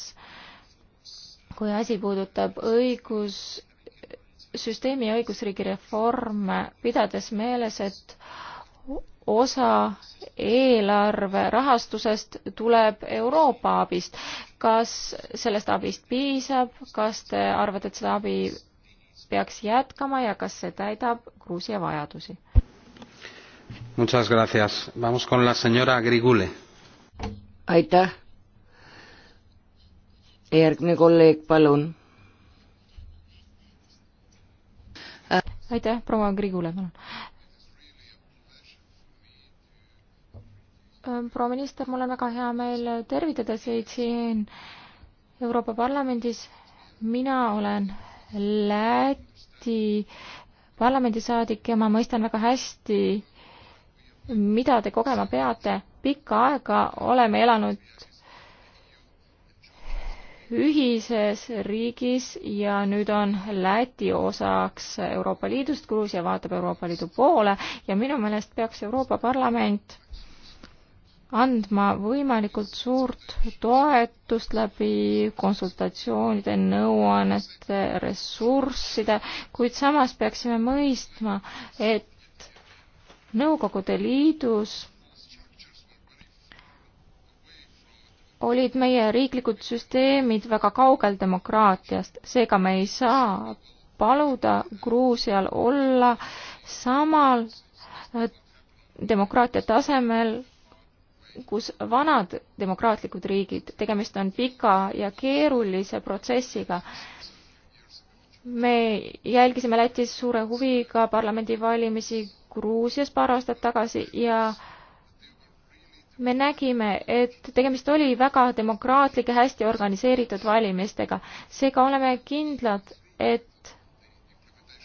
kui asi puudutab õigus, süsteemi ja õigusriigi reforme, pidades meeles, et osa eelarve rahastusest tuleb Euroopa abist. kas sellest abist piisab, kas te arvate, et seda abi peaks jätkama ja kas see täidab Gruusia vajadusi? Muchas gracias. Vamos con la señora Agrigule. aitäh. järgmine kolleeg, palun. aitäh, proua Agrigule, palun. proua minister, mul on väga hea meel tervitada teid siin Euroopa Parlamendis. mina olen Läti parlamendisaadik ja ma mõistan väga hästi, mida te kogema peate. pikka aega oleme elanud ühises riigis ja nüüd on Läti osaks Euroopa Liidust, Gruusia vaatab Euroopa Liidu poole ja minu meelest peaks Euroopa Parlament andma võimalikult suurt toetust läbi konsultatsioonide, nõuannete, ressursside, kuid samas peaksime mõistma, et Nõukogude Liidus olid meie riiklikud süsteemid väga kaugel demokraatiast, seega me ei saa paluda Gruusial olla samal äh, demokraatia tasemel, kus vanad demokraatlikud riigid, tegemist on pika ja keerulise protsessiga. me jälgisime Lätis suure huviga parlamendivalimisi Gruusias paar aastat tagasi ja me nägime, et tegemist oli väga demokraatlike, hästi organiseeritud valimistega. seega oleme kindlad, et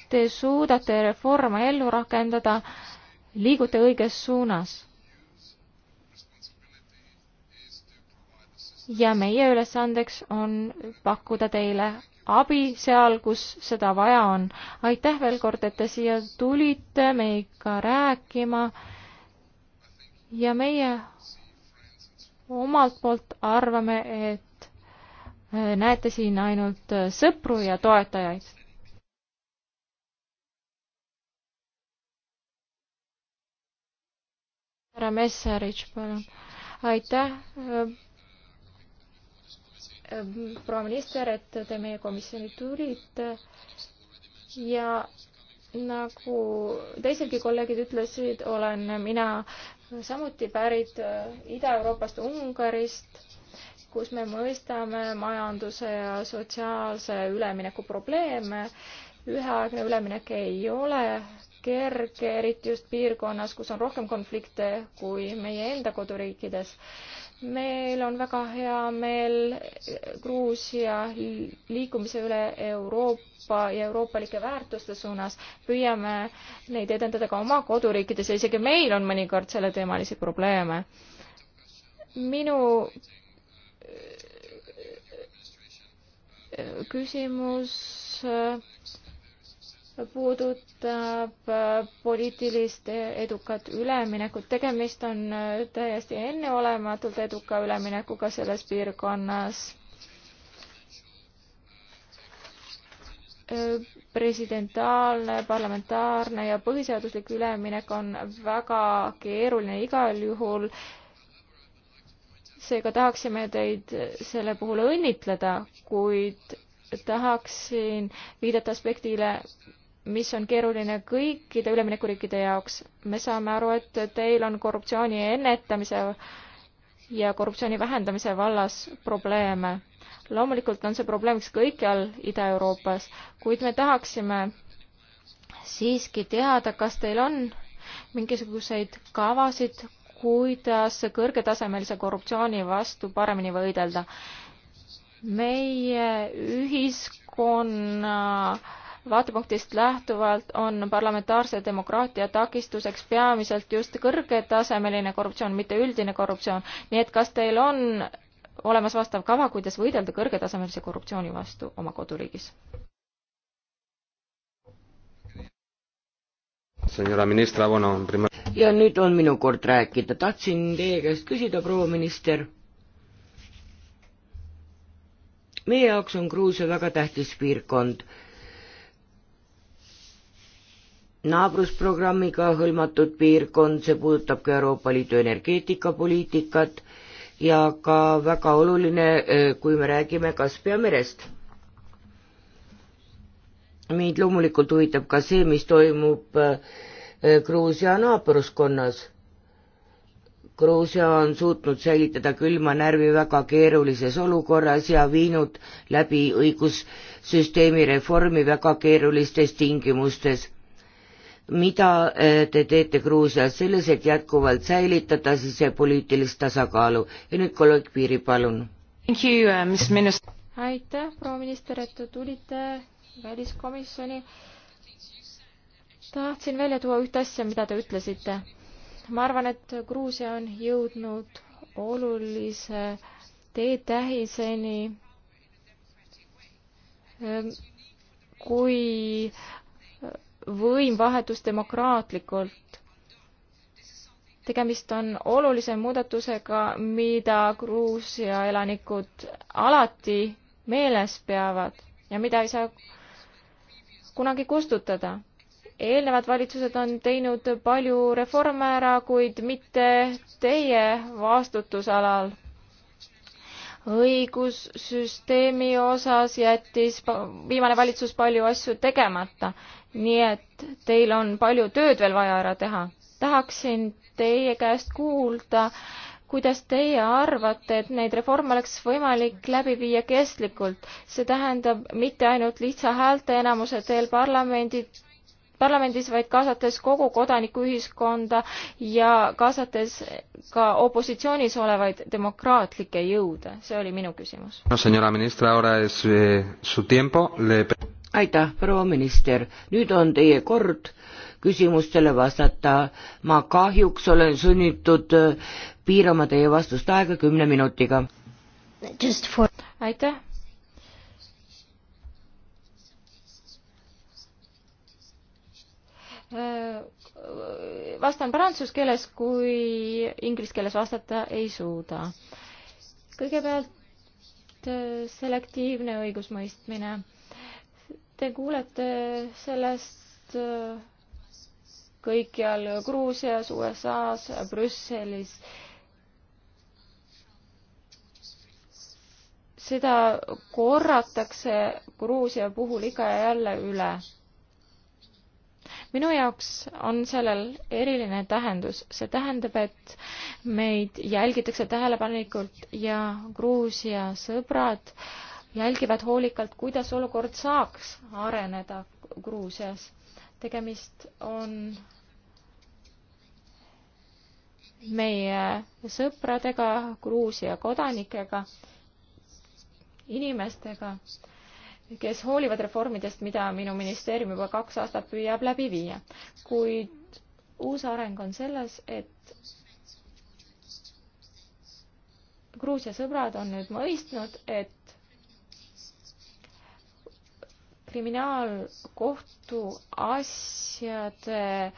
te suudate reforme ellu rakendada, liigute õiges suunas. ja meie ülesandeks on pakkuda teile abi seal, kus seda vaja on. aitäh veel kord, et te siia tulite meiega rääkima. ja meie omalt poolt arvame, et eh, näete siin ainult eh, sõpru ja toetajaid. härra Messerich, palun. aitäh eh, proua minister, et te meie komisjoni tulite ja nagu teisedki kolleegid ütlesid, olen mina samuti pärit äh, Ida-Euroopast, Ungarist, kus me mõistame majanduse ja sotsiaalse ülemineku probleeme. üheaegne üleminek ei ole kerge, eriti just piirkonnas, kus on rohkem konflikte kui meie enda koduriikides meil on väga hea meel Gruusia liikumise üle Euroopa ja euroopalike väärtuste suunas. püüame neid edendada ka oma koduriikides ja isegi meil on mõnikord selleteemalisi probleeme. minu äh, küsimus äh, puudutab äh, poliitilist edukat üleminekut. tegemist on äh, täiesti enneolematult eduka üleminekuga selles piirkonnas. Äh, presidentaalne, parlamentaarne ja põhiseaduslik üleminek on väga keeruline igal juhul. seega tahaksime teid selle puhul õnnitleda, kuid tahaksin viidata aspektile, mis on keeruline kõikide üleminekuriikide jaoks. me saame aru, et teil on korruptsiooni ennetamise ja korruptsiooni vähendamise vallas probleeme. loomulikult on see probleemiks kõikjal Ida-Euroopas, kuid me tahaksime siiski teada, kas teil on mingisuguseid kavasid, kuidas kõrgetasemelise korruptsiooni vastu paremini võidelda. meie ühiskonna äh, vaatepunktist lähtuvalt on parlamentaarse demokraatia takistuseks peamiselt just kõrgetasemeline korruptsioon, mitte üldine korruptsioon. nii et kas teil on olemas vastav kava, kuidas võidelda kõrgetasemelise korruptsiooni vastu oma koduriigis? ja nüüd on minu kord rääkida, tahtsin teie käest küsida, proua minister meie jaoks on Gruusia väga tähtis piirkond naabrusprogrammiga hõlmatud piirkond, see puudutab ka Euroopa Liidu energeetikapoliitikat ja ka väga oluline, eh, kui me räägime Kaspia merest. mind loomulikult huvitab ka see, mis toimub eh, Gruusia naabruskonnas. Gruusia on suutnud säilitada külma närvi väga keerulises olukorras ja viinud läbi õigussüsteemi reformi väga keerulistes tingimustes mida äh, te teete Gruusias selles, et jätkuvalt säilitada sisepoliitilist tasakaalu ja nüüd kolleeg Piiri, palun. Uh, aitäh, proua minister, et te tulite väliskomisjoni. tahtsin välja tuua ühte asja, mida te ütlesite. ma arvan, et Gruusia on jõudnud olulise teetähiseni, äh, kui võimvahetus demokraatlikult. tegemist on olulise muudatusega, mida Gruusia elanikud alati meeles peavad ja mida ei saa kunagi kustutada. eelnevad valitsused on teinud palju reforme ära, kuid mitte teie vastutusalal õigussüsteemi osas jättis viimane valitsus palju asju tegemata. nii et teil on palju tööd veel vaja ära teha. tahaksin teie käest kuulda, kuidas teie arvate, et neid reforme oleks võimalik läbi viia kestlikult, see tähendab mitte ainult lihtsa häälteenamuse teel parlamendi parlamendis, vaid kaasates kogu kodanikuühiskonda ja kaasates ka opositsioonis olevaid demokraatlikke jõude. see oli minu küsimus no,. Eh, aitäh, proua minister, nüüd on teie kord küsimustele vastata. ma kahjuks olen sunnitud eh, piirama teie vastust aega kümne minutiga. For... aitäh Äh, vastan prantsuse keeles, kui inglise keeles vastata ei suuda. kõigepealt äh, selektiivne õigusmõistmine. Te kuulete sellest äh, kõikjal Gruusias, USA-s, Brüsselis. seda korratakse Gruusia puhul ikka ja jälle üle minu jaoks on sellel eriline tähendus, see tähendab, et meid jälgitakse tähelepanelikult ja Gruusia sõbrad jälgivad hoolikalt, kuidas olukord saaks areneda Gruusias. tegemist on meie sõpradega, Gruusia kodanikega, inimestega, kes hoolivad reformidest, mida minu ministeerium juba kaks aastat püüab läbi viia. kuid uus areng on selles, et Gruusia sõbrad on nüüd mõistnud, et kriminaalkohtu asjade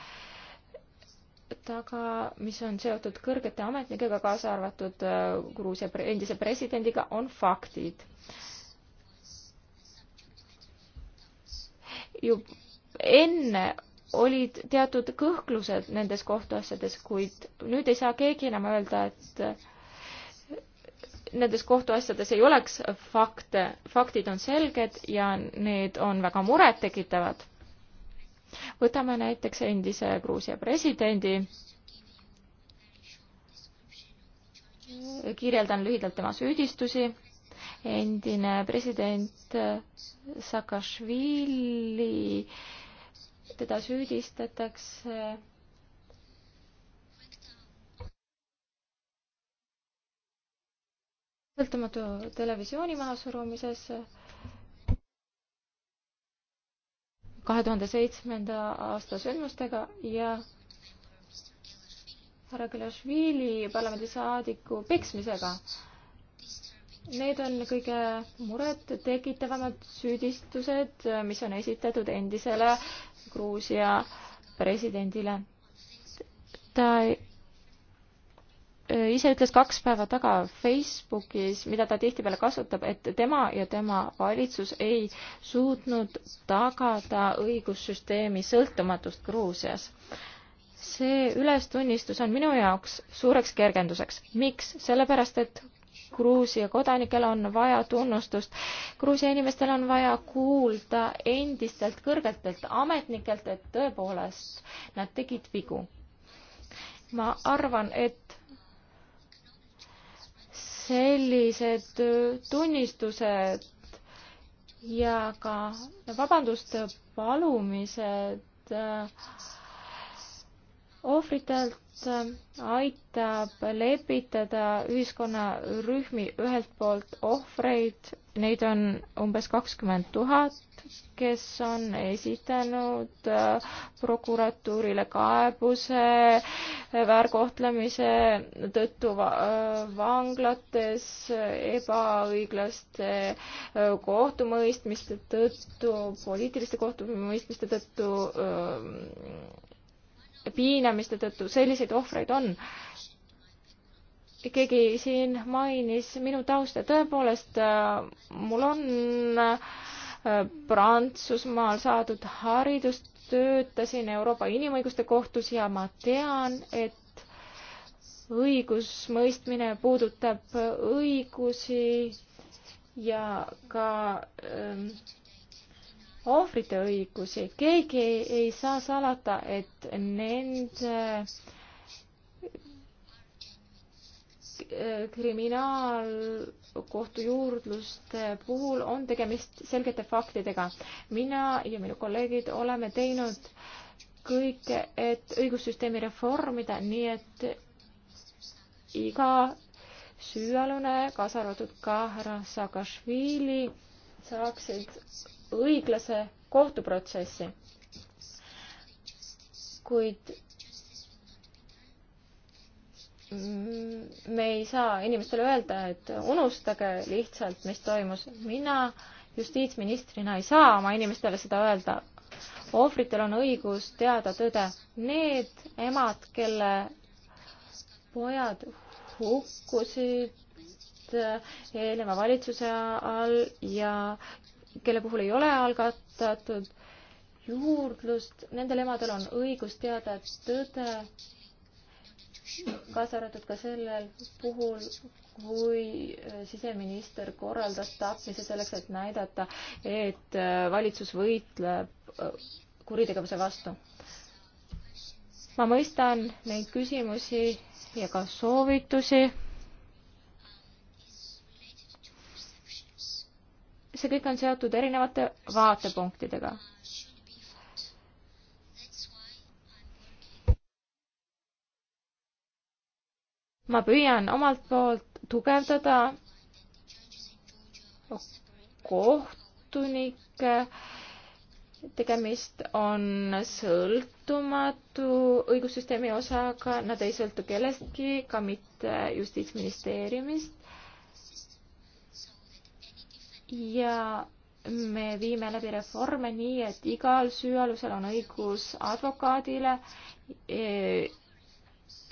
taga, mis on seotud kõrgete ametnikega, kaasa arvatud äh, Gruusia endise presidendiga, on faktid ju enne olid teatud kõhklused nendes kohtuasjades, kuid nüüd ei saa keegi enam öelda, et nendes kohtuasjades ei oleks fakte, faktid on selged ja need on väga murettekitavad. võtame näiteks endise Gruusia presidendi. kirjeldan lühidalt tema süüdistusi endine president Saakašvili, teda süüdistatakse sõltumatu televisiooni mahasurumises kahe tuhande seitsmenda aasta sündmustega ja härra Kelašvili parlamendisaadiku peksmisega Need on kõige muret tekitavamad süüdistused, mis on esitatud endisele Gruusia presidendile. ta ise ütles kaks päeva taga Facebookis, mida ta tihtipeale kasutab, et tema ja tema valitsus ei suutnud tagada õigussüsteemi sõltumatust Gruusias. see ülestunnistus on minu jaoks suureks kergenduseks. miks? sellepärast, et Gruusia kodanikel on vaja tunnustust. Gruusia inimestel on vaja kuulda endistelt kõrgetelt ametnikelt, et tõepoolest nad tegid vigu. ma arvan, et sellised tunnistused ja ka vabanduste palumised äh, ohvritelt aitab lepitada ühiskonnarühmi ühelt poolt ohvreid, neid on umbes kakskümmend tuhat, kes on esitanud äh, prokuratuurile kaebuse äh, väärkohtlemise tõttu äh, vanglates ebaõiglaste kohtumõistmiste tõttu, poliitiliste kohtumõistmiste tõttu piinamiste tõttu, selliseid ohvreid on. keegi siin mainis minu tausta, tõepoolest äh, mul on äh, Prantsusmaal saadud haridust, töötasin Euroopa Inimõiguste Kohtus ja ma tean, et õigusmõistmine puudutab õigusi ja ka ähm, ohvrite õigusi. keegi ei, ei saa salata, et nende äh, kriminaalkohtu juurdluste puhul on tegemist selgete faktidega. mina ja minu kolleegid oleme teinud kõike, et õigussüsteemi reformida, nii et iga süüalune, kaasa arvatud ka härra Saakašvili, saaksid õiglase kohtuprotsessi. kuid me ei saa inimestele öelda, et unustage lihtsalt, mis toimus. mina justiitsministrina ei saa oma inimestele seda öelda. ohvritel on õigus teada tõde. Need emad, kelle pojad hukkusid eelneva valitsuse all ja kelle puhul ei ole algatatud juurdlust, nendel emadel on õigus teada tõde, kaasa arvatud ka sellel puhul, kui äh, siseminister korraldas tapmise selleks, et näidata, et äh, valitsus võitleb äh, kuritegevuse vastu. ma mõistan neid küsimusi ja ka soovitusi see kõik on seotud erinevate vaatepunktidega. ma püüan omalt poolt tugevdada kohtunike tegemist on sõltumatu õigussüsteemi osaga, nad ei sõltu kellestki, ka mitte justiitsministeeriumist ja me viime läbi reforme nii, et igal süüalusel on õigus advokaadile, e,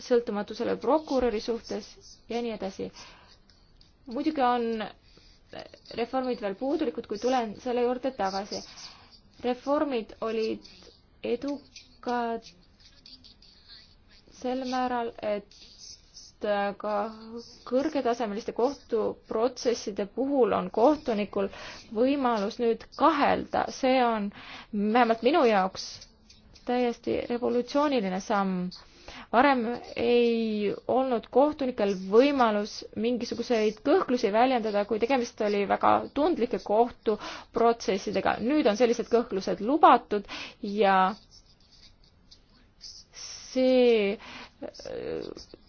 sõltumatusele prokuröri suhtes ja nii edasi. muidugi on reformid veel puudulikud, kui tulen selle juurde tagasi. reformid olid edukad sel määral, et Äh, ka kõrgetasemeliste kohtuprotsesside puhul on kohtunikul võimalus nüüd kahelda, see on vähemalt minu jaoks täiesti revolutsiooniline samm. varem ei olnud kohtunikel võimalus mingisuguseid kõhklusi väljendada, kui tegemist oli väga tundlike kohtuprotsessidega. nüüd on sellised kõhklused lubatud ja see äh,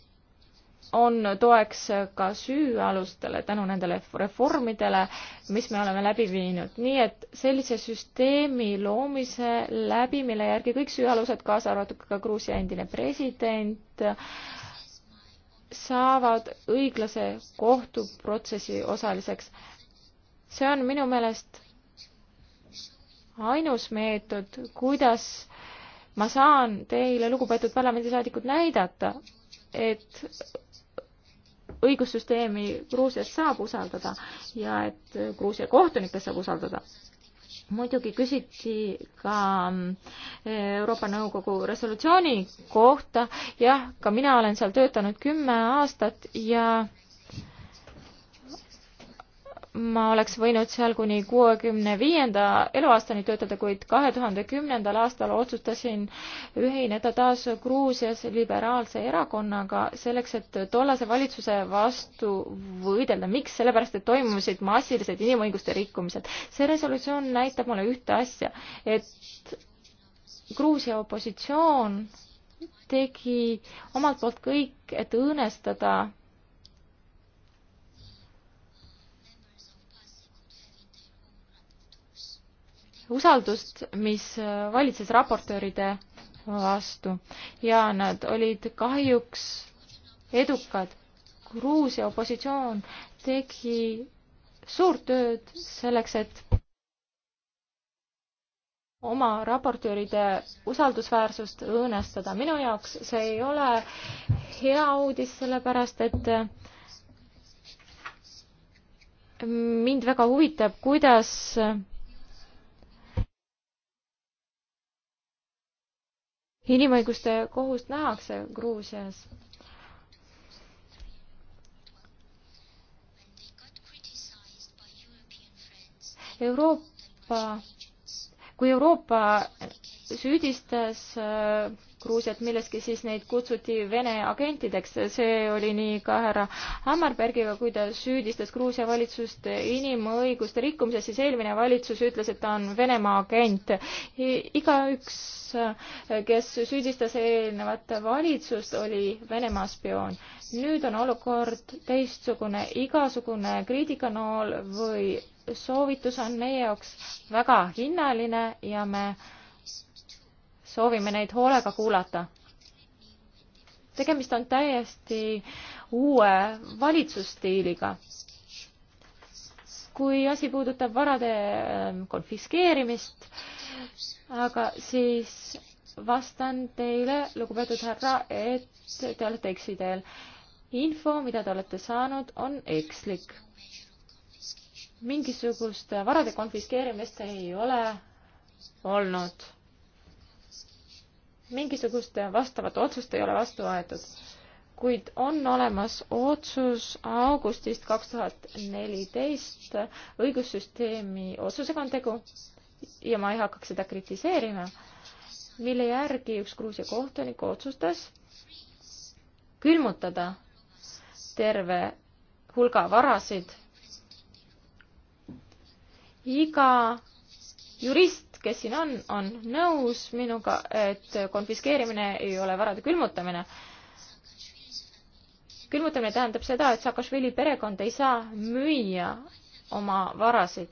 on toeks ka süüalustele tänu nendele reformidele, mis me oleme läbi viinud. nii et sellise süsteemi loomise läbi, mille järgi kõik süüalused, kaasa arvatud ka Gruusia endine president, saavad õiglase kohtuprotsessi osaliseks. see on minu meelest ainus meetod, kuidas ma saan teile, lugupeetud parlamendisaadikud, näidata, et õigussüsteemi Gruusias saab usaldada ja et Gruusia kohtunikke saab usaldada muidugi küsiti ka mm, Euroopa Nõukogu resolutsiooni kohta. jah, ka mina olen seal töötanud kümme aastat ja ma oleks võinud seal kuni kuuekümne viienda eluaastani töötada, kuid kahe tuhande kümnendal aastal otsustasin ühineda taas Gruusias liberaalse erakonnaga selleks, et tollase valitsuse vastu võidelda. miks? sellepärast, et toimusid massilised inimõiguste rikkumised. see resolutsioon näitab mulle ühte asja, et Gruusia opositsioon tegi omalt poolt kõik, et õõnestada usaldust, mis äh, valitses raportööride vastu ja nad olid kahjuks edukad. Gruusia opositsioon tegi suurt tööd selleks, et oma raportööride usaldusväärsust õõnestada. minu jaoks see ei ole hea uudis, sellepärast et äh, mind väga huvitab, kuidas äh, inimõiguste kohust nähakse Gruusias. Euroopa, kui Euroopa süüdistas äh, Gruusiat milleski, siis neid kutsuti Vene agentideks. see oli nii ka härra Hammarbergiga, kui ta süüdistas Gruusia valitsust inimõiguste rikkumises, siis eelmine valitsus ütles, et ta on Venemaa agent. igaüks, kes süüdistas eelnevat valitsust, oli Venemaa spioon. nüüd on olukord teistsugune, igasugune kriitikanool või soovitus on meie jaoks väga hinnaline ja me soovime neid hoolega kuulata. tegemist on täiesti uue valitsusstiiliga. kui asi puudutab varade ähm, konfiskeerimist, aga siis vastan teile, lugupeetud härra, et te olete eksiteel. info, mida te olete saanud, on ekslik. mingisugust varade konfiskeerimist ei ole olnud mingisugust vastavat otsust ei ole vastu võetud, kuid on olemas otsus augustist kaks tuhat neliteist õigussüsteemi otsusega on tegu ja ma ei hakkaks seda kritiseerima, mille järgi üks Gruusia kohtunik otsustas külmutada terve hulga varasid. iga jurist kes siin on, on nõus minuga, et konfiskeerimine ei ole varade külmutamine. külmutamine tähendab seda, et Saakašvili perekond ei saa müüa oma varasid.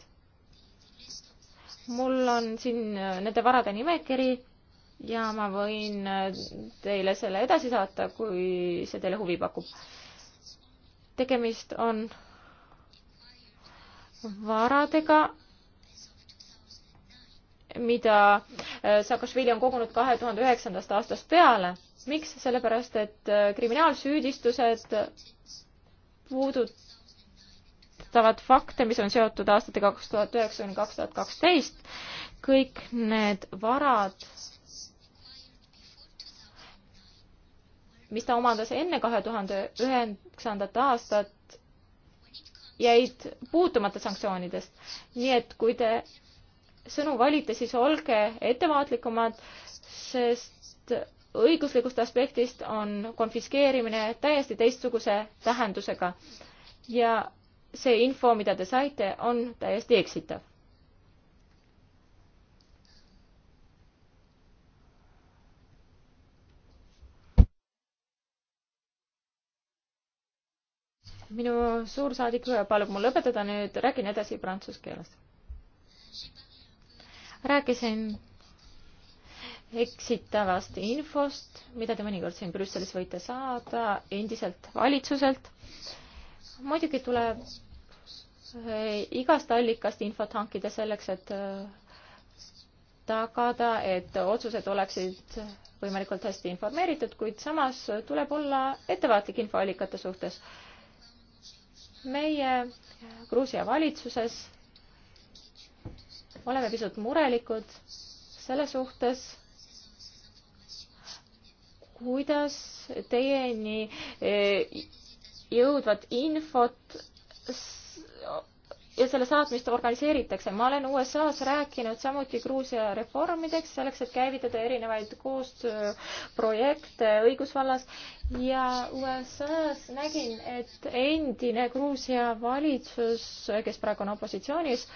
mul on siin äh, nende varade nimekiri ja ma võin äh, teile selle edasi saata, kui see teile huvi pakub. tegemist on varadega, mida äh, Saakašvili on kogunud kahe tuhande üheksandast aastast peale. miks? sellepärast, et äh, kriminaalsüüdistused puudutavad fakte, mis on seotud aastate kaks tuhat üheksa kuni kaks tuhat kaksteist. kõik need varad, mis ta omandas enne kahe tuhande üheksandat aastat, jäid puutumata sanktsioonidest. nii et kui te sõnu valite, siis olge ettevaatlikumad, sest õiguslikust aspektist on konfiskeerimine täiesti teistsuguse tähendusega. ja see info, mida te saite, on täiesti eksitav. minu suursaadik palub mul lõpetada, nüüd räägin edasi prantsuse keeles rääkisin eksitavast infost, mida te mõnikord siin Brüsselis võite saada endiselt valitsuselt. muidugi tuleb eh, igast allikast infot hankida selleks, et eh, tagada, et otsused oleksid võimalikult hästi informeeritud, kuid samas tuleb olla ettevaatlik infoallikate suhtes. meie Gruusia valitsuses oleme pisut murelikud selle suhtes, kuidas teieni eh, jõudvat infot ja selle saatmist organiseeritakse. ma olen USA-s rääkinud samuti Gruusia reformideks, selleks et käivitada erinevaid koostööprojekte õigusvallas ja USA-s nägin, et endine Gruusia valitsus, kes praegu on opositsioonis,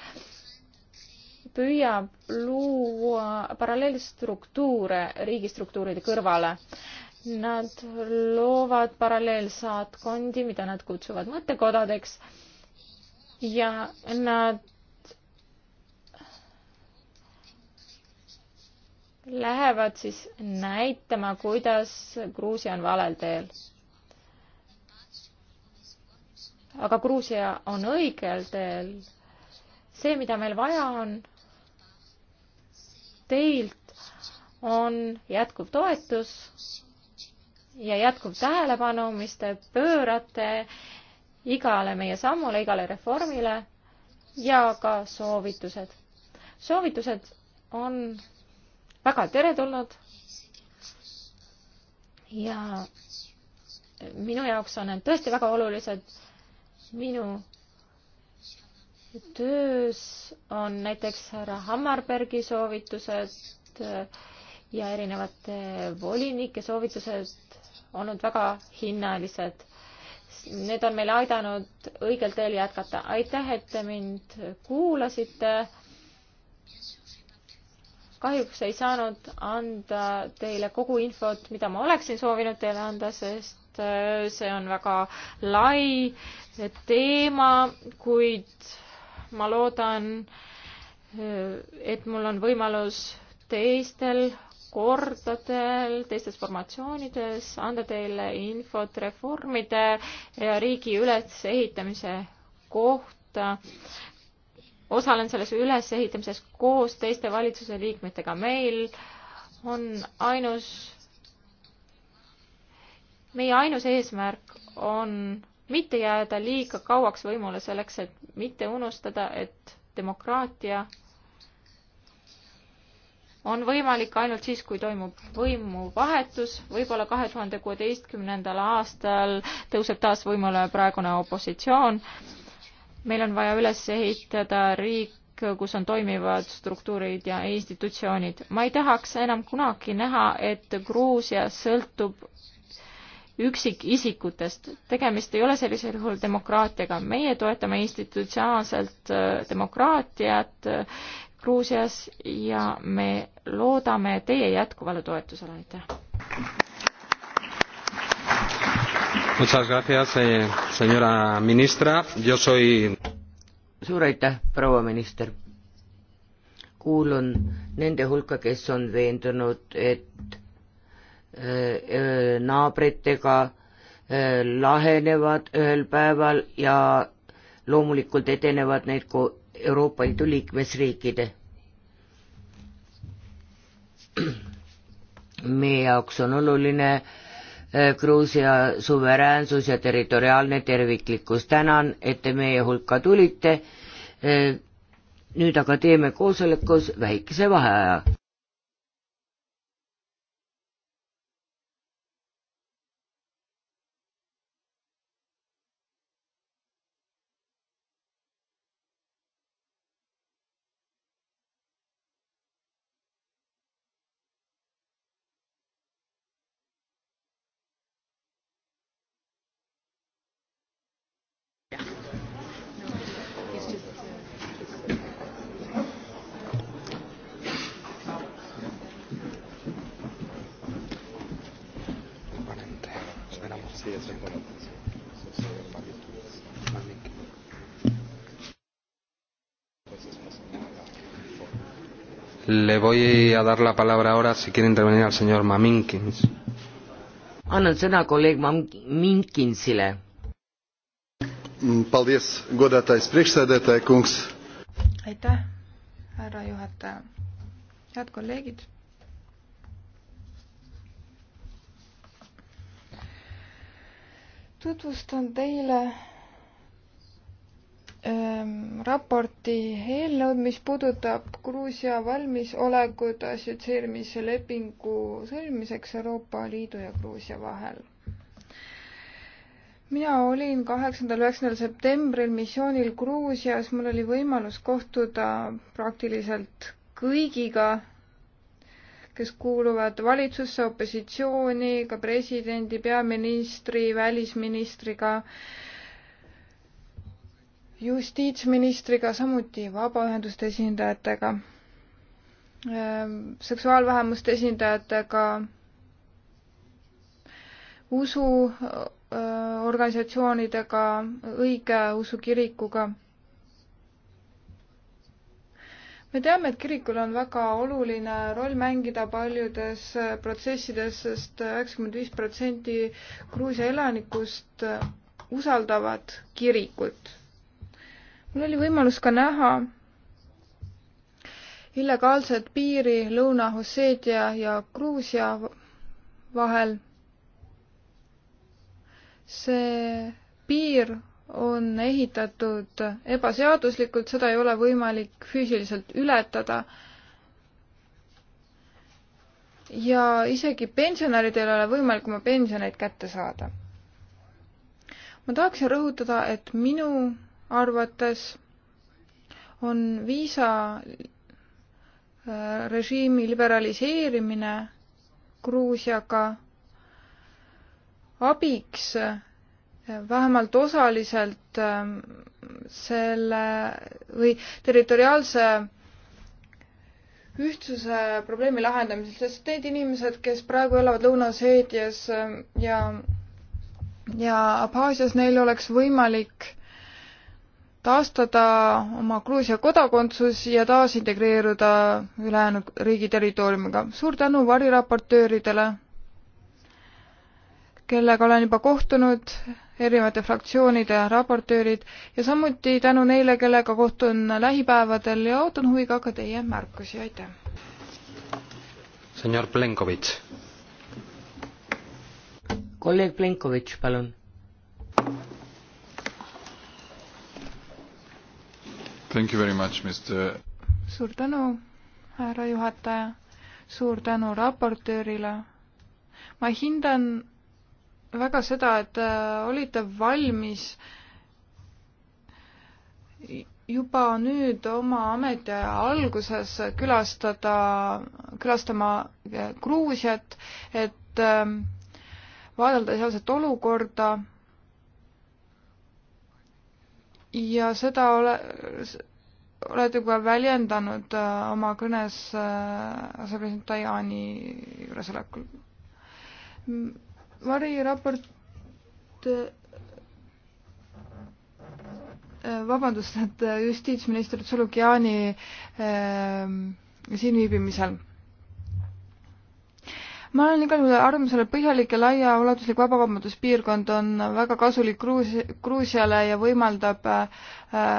püüab luua paralleelstruktuure riigistruktuuride kõrvale. Nad loovad paralleelsaatkondi, mida nad kutsuvad mõttekodadeks ja nad lähevad siis näitama, kuidas Gruusia on valel teel aga Gruusia on õigel teel. see, mida meil vaja on, teilt on jätkuv toetus ja jätkuv tähelepanu, mis te pöörate igale meie sammule, igale reformile ja ka soovitused. soovitused on väga teretulnud ja minu jaoks on need tõesti väga olulised. minu töös on näiteks härra Hammarbergi soovitused äh, ja erinevate volinike soovitused olnud väga hinnalised. Need on meile aidanud õigel teel jätkata. aitäh, et te mind kuulasite. kahjuks ei saanud anda teile kogu infot, mida ma oleksin soovinud teile anda, sest äh, see on väga lai teema, kuid ma loodan, et mul on võimalus teistel kordadel teistes formatsioonides anda teile infot reformide ja riigi ülesehitamise kohta. osalen selles ülesehitamises koos teiste valitsuse liikmetega. meil on ainus, meie ainus eesmärk on mitte jääda liiga kauaks võimule selleks, et mitte unustada, et demokraatia on võimalik ainult siis, kui toimub võimuvahetus, võib-olla kahe tuhande kuueteistkümnendal aastal tõuseb taas võimule praegune opositsioon. meil on vaja üles ehitada riik, kus on toimivad struktuurid ja institutsioonid. ma ei tahaks enam kunagi näha, et Gruusia sõltub üksikisikutest. tegemist ei ole sellisel juhul demokraatiaga. meie toetame institutsionaalselt äh, demokraatiat äh, Gruusias ja me loodame teie jätkuvale toetusele, aitäh! Muchas gracias, eh, señora ministra. Yo soy. suur aitäh, proua minister. kuulun nende hulka, kes on veendunud, et Äh, äh, naabritega äh, lahenevad ühel päeval ja loomulikult edenevad need ka Euroopa Liidu liikmesriikide. meie jaoks on oluline Gruusia suveräänsus ja territoriaalne terviklikkus. tänan, et te meie hulka tulite. nüüd aga teeme koosolekus väikese vaheaja. le voy a dar la palabra ahora si quiere intervenir al señor Maminkins. annan sõna kolleeg Minkinsile. Paldies, godātais priekšsēdētāja kungs. aitäh, härra juhataja. head kolleegid. tutvustan teile Ehm, raporti eelnõud, mis puudutab Gruusia valmisolekut assotsieerimise lepingu sõlmimiseks Euroopa Liidu ja Gruusia vahel. mina olin kaheksandal, üheksandal septembril missioonil Gruusias, mul oli võimalus kohtuda praktiliselt kõigiga, kes kuuluvad valitsusse, opositsiooni, ka presidendi, peaministri, välisministriga äh, justiitsministriga, samuti vabaühenduste esindajatega, ähm, seksuaalvähemuste esindajatega, usuorganisatsioonidega, äh, õigeusu kirikuga. me teame, et kirikul on väga oluline roll mängida paljudes äh, protsessides sest, sest üheksakümmend viis protsenti Gruusia elanikust äh, usaldavad kirikut mul oli võimalus ka näha illegaalset piiri Lõuna-Osseedia ja Gruusia vahel. see piir on ehitatud ebaseaduslikult, seda ei ole võimalik füüsiliselt ületada. ja isegi pensionäridel ei ole võimalik oma pensioneid kätte saada. ma tahaksin rõhutada, et minu arvates on viisarežiimi äh, liberaliseerimine Gruusiaga abiks äh, vähemalt osaliselt ähm, selle või territoriaalse ühtsuse probleemi lahendamisel, sest need inimesed, kes praegu elavad Lõuna-Osseetias ähm, ja, ja Abhaasias, neil oleks võimalik taastada oma Gruusia kodakondsus ja taasintegreeruda ülejäänud riigi territooriumiga. suur tänu variraportööridele, kellega olen juba kohtunud, erinevate fraktsioonide raportöörid ja samuti tänu neile, kellega kohtun lähipäevadel ja ootan huviga ka teie märkusi, aitäh. senor Plenkovitš. kolleeg Plenkovitš, palun Thank you very much, Mr. suur tänu, härra juhataja. suur tänu raportöörile. ma hindan väga seda, et äh, olite valmis juba nüüd oma ametiaja alguses külastada, külastama äh, Gruusiat, et äh, vaadelda sealset olukorda ja seda ole, olete juba väljendanud äh, oma kõnes äh, asepresident Tajani juuresolekul. Mari raport äh, äh vabandust, et äh, justiitsminister Tsulukjani äh, siin viibimisel ma olen igal juhul arvamusel, et põhjalik ja laiaulatuslik vabakaubanduspiirkond on väga kasulik Gruus-, Gruusiale ja võimaldab äh, äh,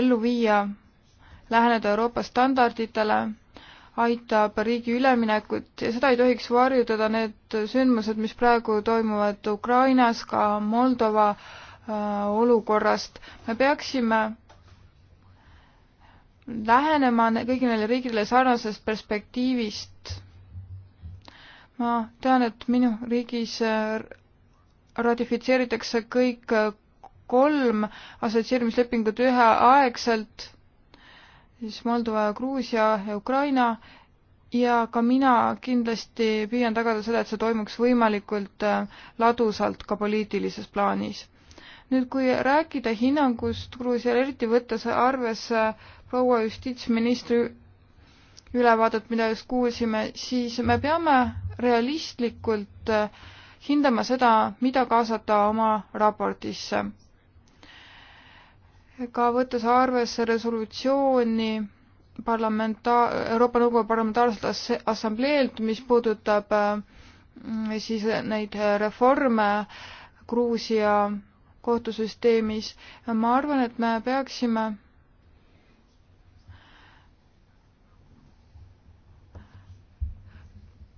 ellu viia, läheneda Euroopa standarditele, aitab riigi üleminekut ja seda ei tohiks varjutada need sündmused, mis praegu toimuvad Ukrainas, ka Moldova äh, olukorrast. me peaksime lähenema kõigile neile riikidele sarnasest perspektiivist ma tean, et minu riigis äh, ratifitseeritakse kõik äh, kolm assotsieerimislepingut üheaegselt, siis Moldova ja Gruusia ja Ukraina ja ka mina kindlasti püüan tagada seda, et see toimuks võimalikult äh, ladusalt ka poliitilises plaanis. nüüd, kui rääkida hinnangust Gruusiale, eriti võttes arvesse proua justiitsministri ülevaadet, mida just kuulsime, siis me peame realistlikult äh, hindama seda, mida kaasata oma raportisse. ka võttes arvesse resolutsiooni parlamenta-, Euroopa Nõukogu Parlamentaarselt Assambleelt, mis puudutab äh, siis neid äh, reforme Gruusia kohtusüsteemis, ma arvan, et me peaksime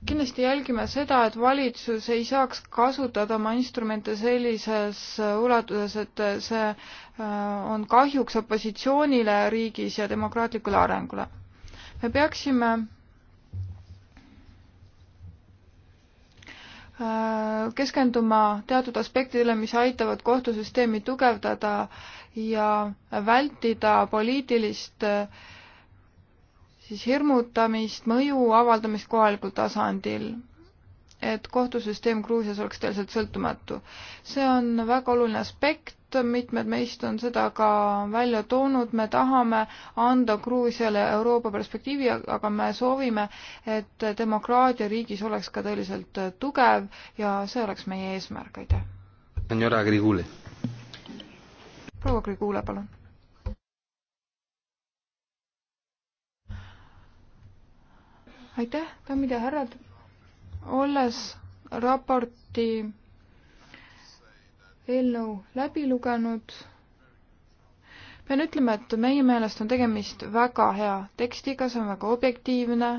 kindlasti jälgime seda, et valitsus ei saaks kasutada oma instrumente sellises ulatuses, et see äh, on kahjuks opositsioonile riigis ja demokraatlikule arengule. me peaksime äh, keskenduma teatud aspektidele, mis aitavad kohtusüsteemi tugevdada ja vältida poliitilist äh, siis hirmutamist, mõju avaldamist kohalikul tasandil, et kohtusüsteem Gruusias oleks tõeliselt sõltumatu. see on väga oluline aspekt, mitmed meist on seda ka välja toonud, me tahame anda Gruusiale Euroopa perspektiivi, aga me soovime, et demokraatia riigis oleks ka tõeliselt tugev ja see oleks meie eesmärk, aitäh. proua Grigule, palun aitäh, daamid ja härrad. olles raporti eelnõu läbi lugenud, pean ütlema, et meie meelest on tegemist väga hea tekstiga, see on väga objektiivne,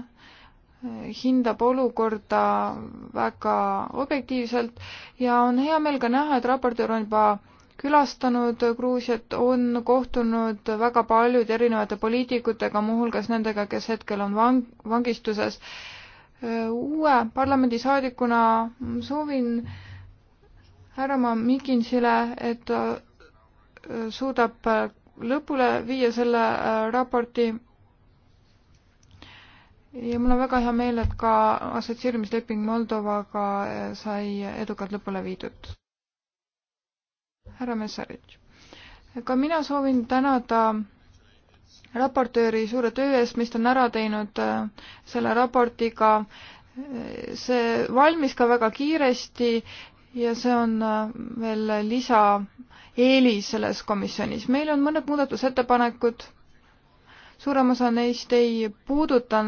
hindab olukorda väga objektiivselt ja on hea meel ka näha, et raportöör on juba külastanud Gruusiat, on kohtunud väga paljude erinevate poliitikutega, muuhulgas nendega, kes hetkel on vang-, vangistuses. uue parlamendisaadikuna soovin härra Mamikinsile, et ta suudab lõpule viia selle äh, raporti ja mul on väga hea meel, et ka assotsieerimisleping Moldovaga äh, sai edukalt lõpule viidud härra Messarit. ka mina soovin tänada raportööri suure töö eest, mis ta on ära teinud äh, selle raportiga. Äh, see valmis ka väga kiiresti ja see on äh, veel lisaeelis selles komisjonis. meil on mõned muudatusettepanekud, suurem osa neist ei puuduta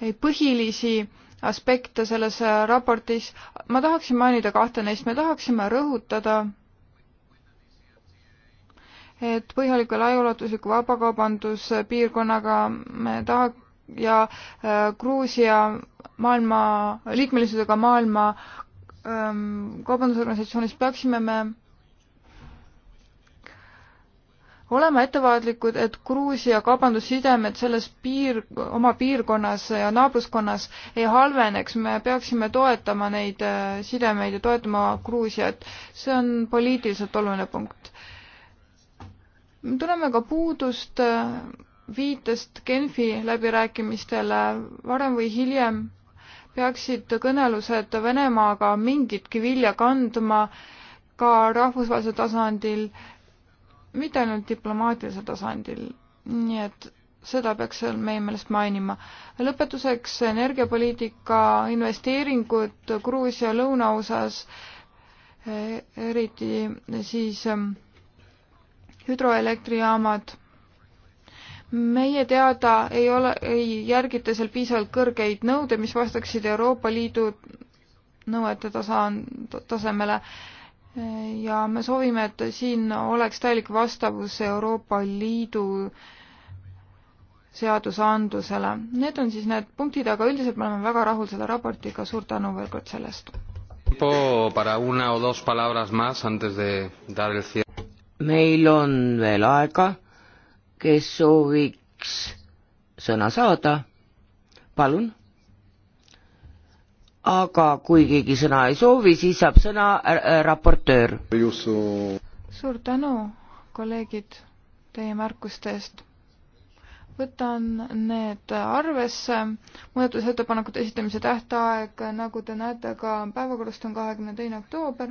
ei põhilisi aspekte selles raportis. ma tahaksin mainida kahte neist, me tahaksime rõhutada et põhjaliku ja laiaulatusliku vabakaubanduspiirkonnaga me taha- ja äh, Gruusia maailma, liikmelisusega maailma ähm, kaubandusorganisatsioonis peaksime me olema ettevaatlikud, et Gruusia kaubandussidemed selles piir, oma piirkonnas ja naabruskonnas ei halveneks, me peaksime toetama neid äh, sidemeid ja toetama Gruusiat. see on poliitiliselt oluline punkt me tunneme ka puudust äh, viitest Genfi läbirääkimistele varem või hiljem peaksid kõnelused Venemaaga mingitki vilja kandma ka rahvusvahelisel tasandil, mitte ainult diplomaatilisel tasandil. nii et seda peaks seal meie meelest mainima. lõpetuseks energiapoliitika investeeringud Gruusia lõunaosas, äh, eriti siis ähm, hüdroelektrijaamad. meie teada ei ole, ei järgita seal piisavalt kõrgeid nõudeid, mis vastaksid Euroopa Liidu nõuete tasa, tasemele ja me soovime, et siin oleks täielik vastavus Euroopa Liidu seadusandlusele. Need on siis need punktid, aga üldiselt me oleme väga rahul selle raportiga, suur tänu veel kord sellest meil on veel aega, kes sooviks sõna saada, palun. aga kui keegi sõna ei soovi, siis saab sõna äh, äh, raportöör. suur tänu, kolleegid, teie märkuste eest. võtan need arvesse, muudatusettepanekute esitamise tähtaeg, nagu te näete, ka päevakorrast on kahekümne teine oktoober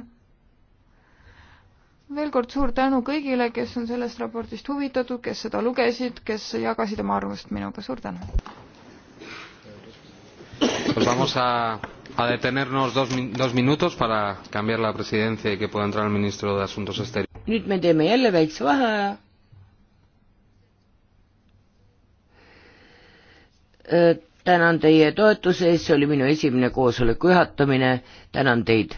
veel kord suur tänu kõigile, kes on sellest raportist huvitatud, kes seda lugesid, kes jagasid oma arvamust minuga, suur tänu. Pues vamos a, a detenernos dos, dos minutos para cambiar la presidencia y que pueda entrar el ministro de Asuntos Exteriores. Nüüd me teeme jälle väikse vaheaja. Äh, tänan teie toetuse eest, see oli minu esimene koosoleku juhatamine, tänan teid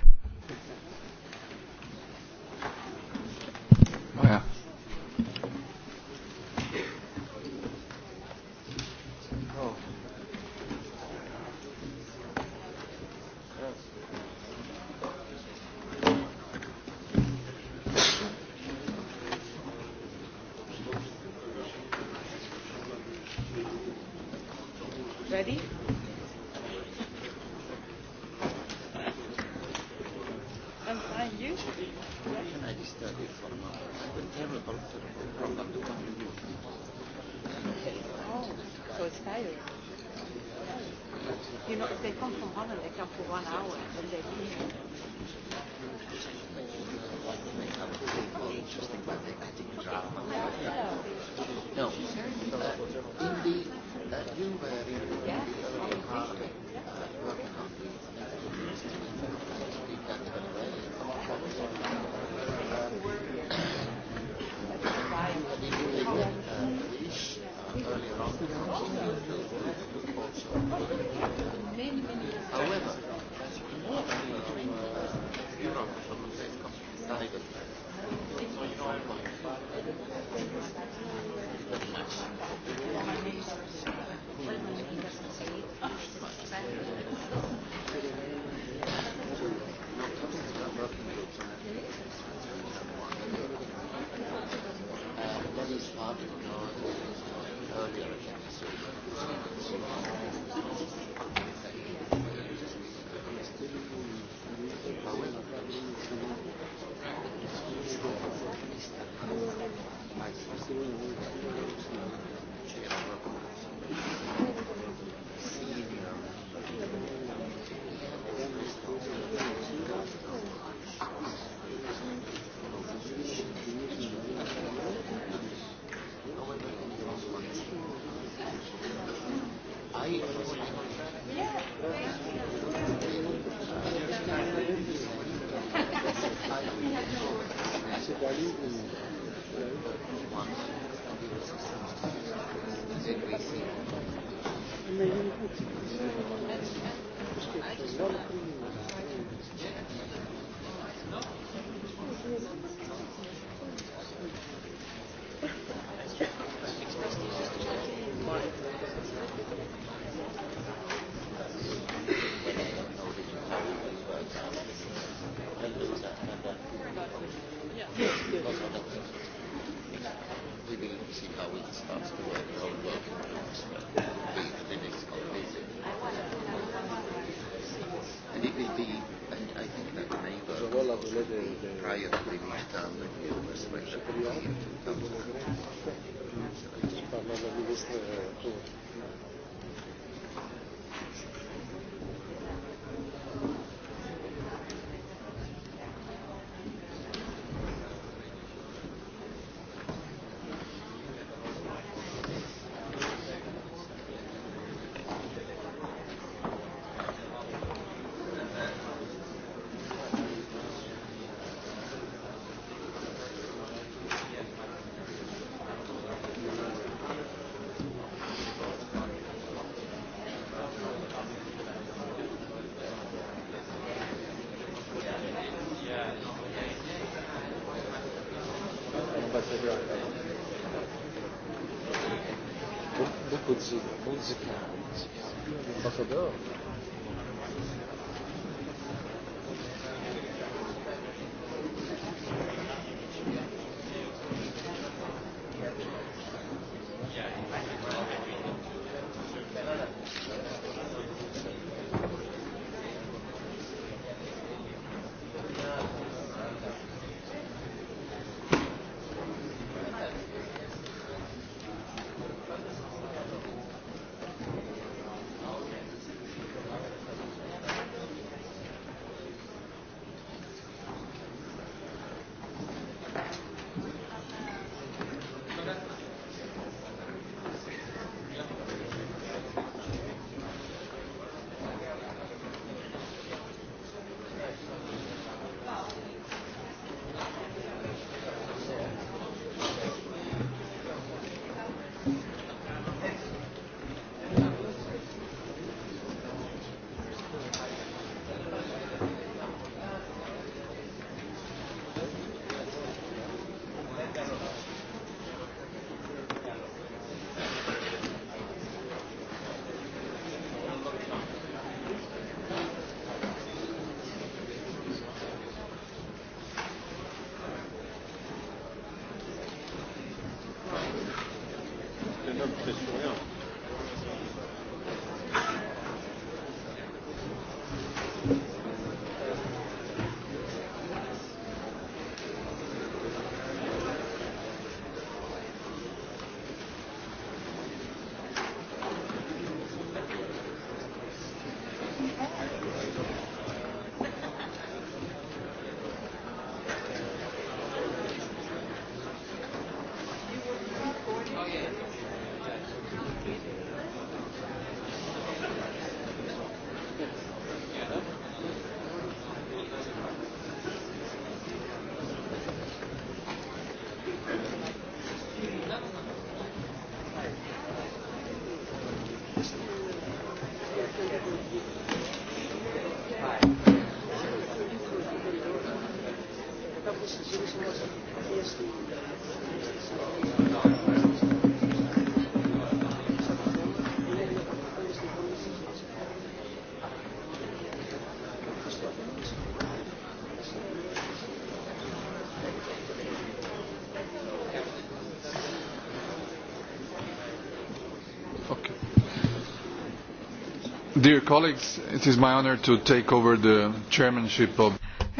dear colleagues it is my honour to take over the chairmanship of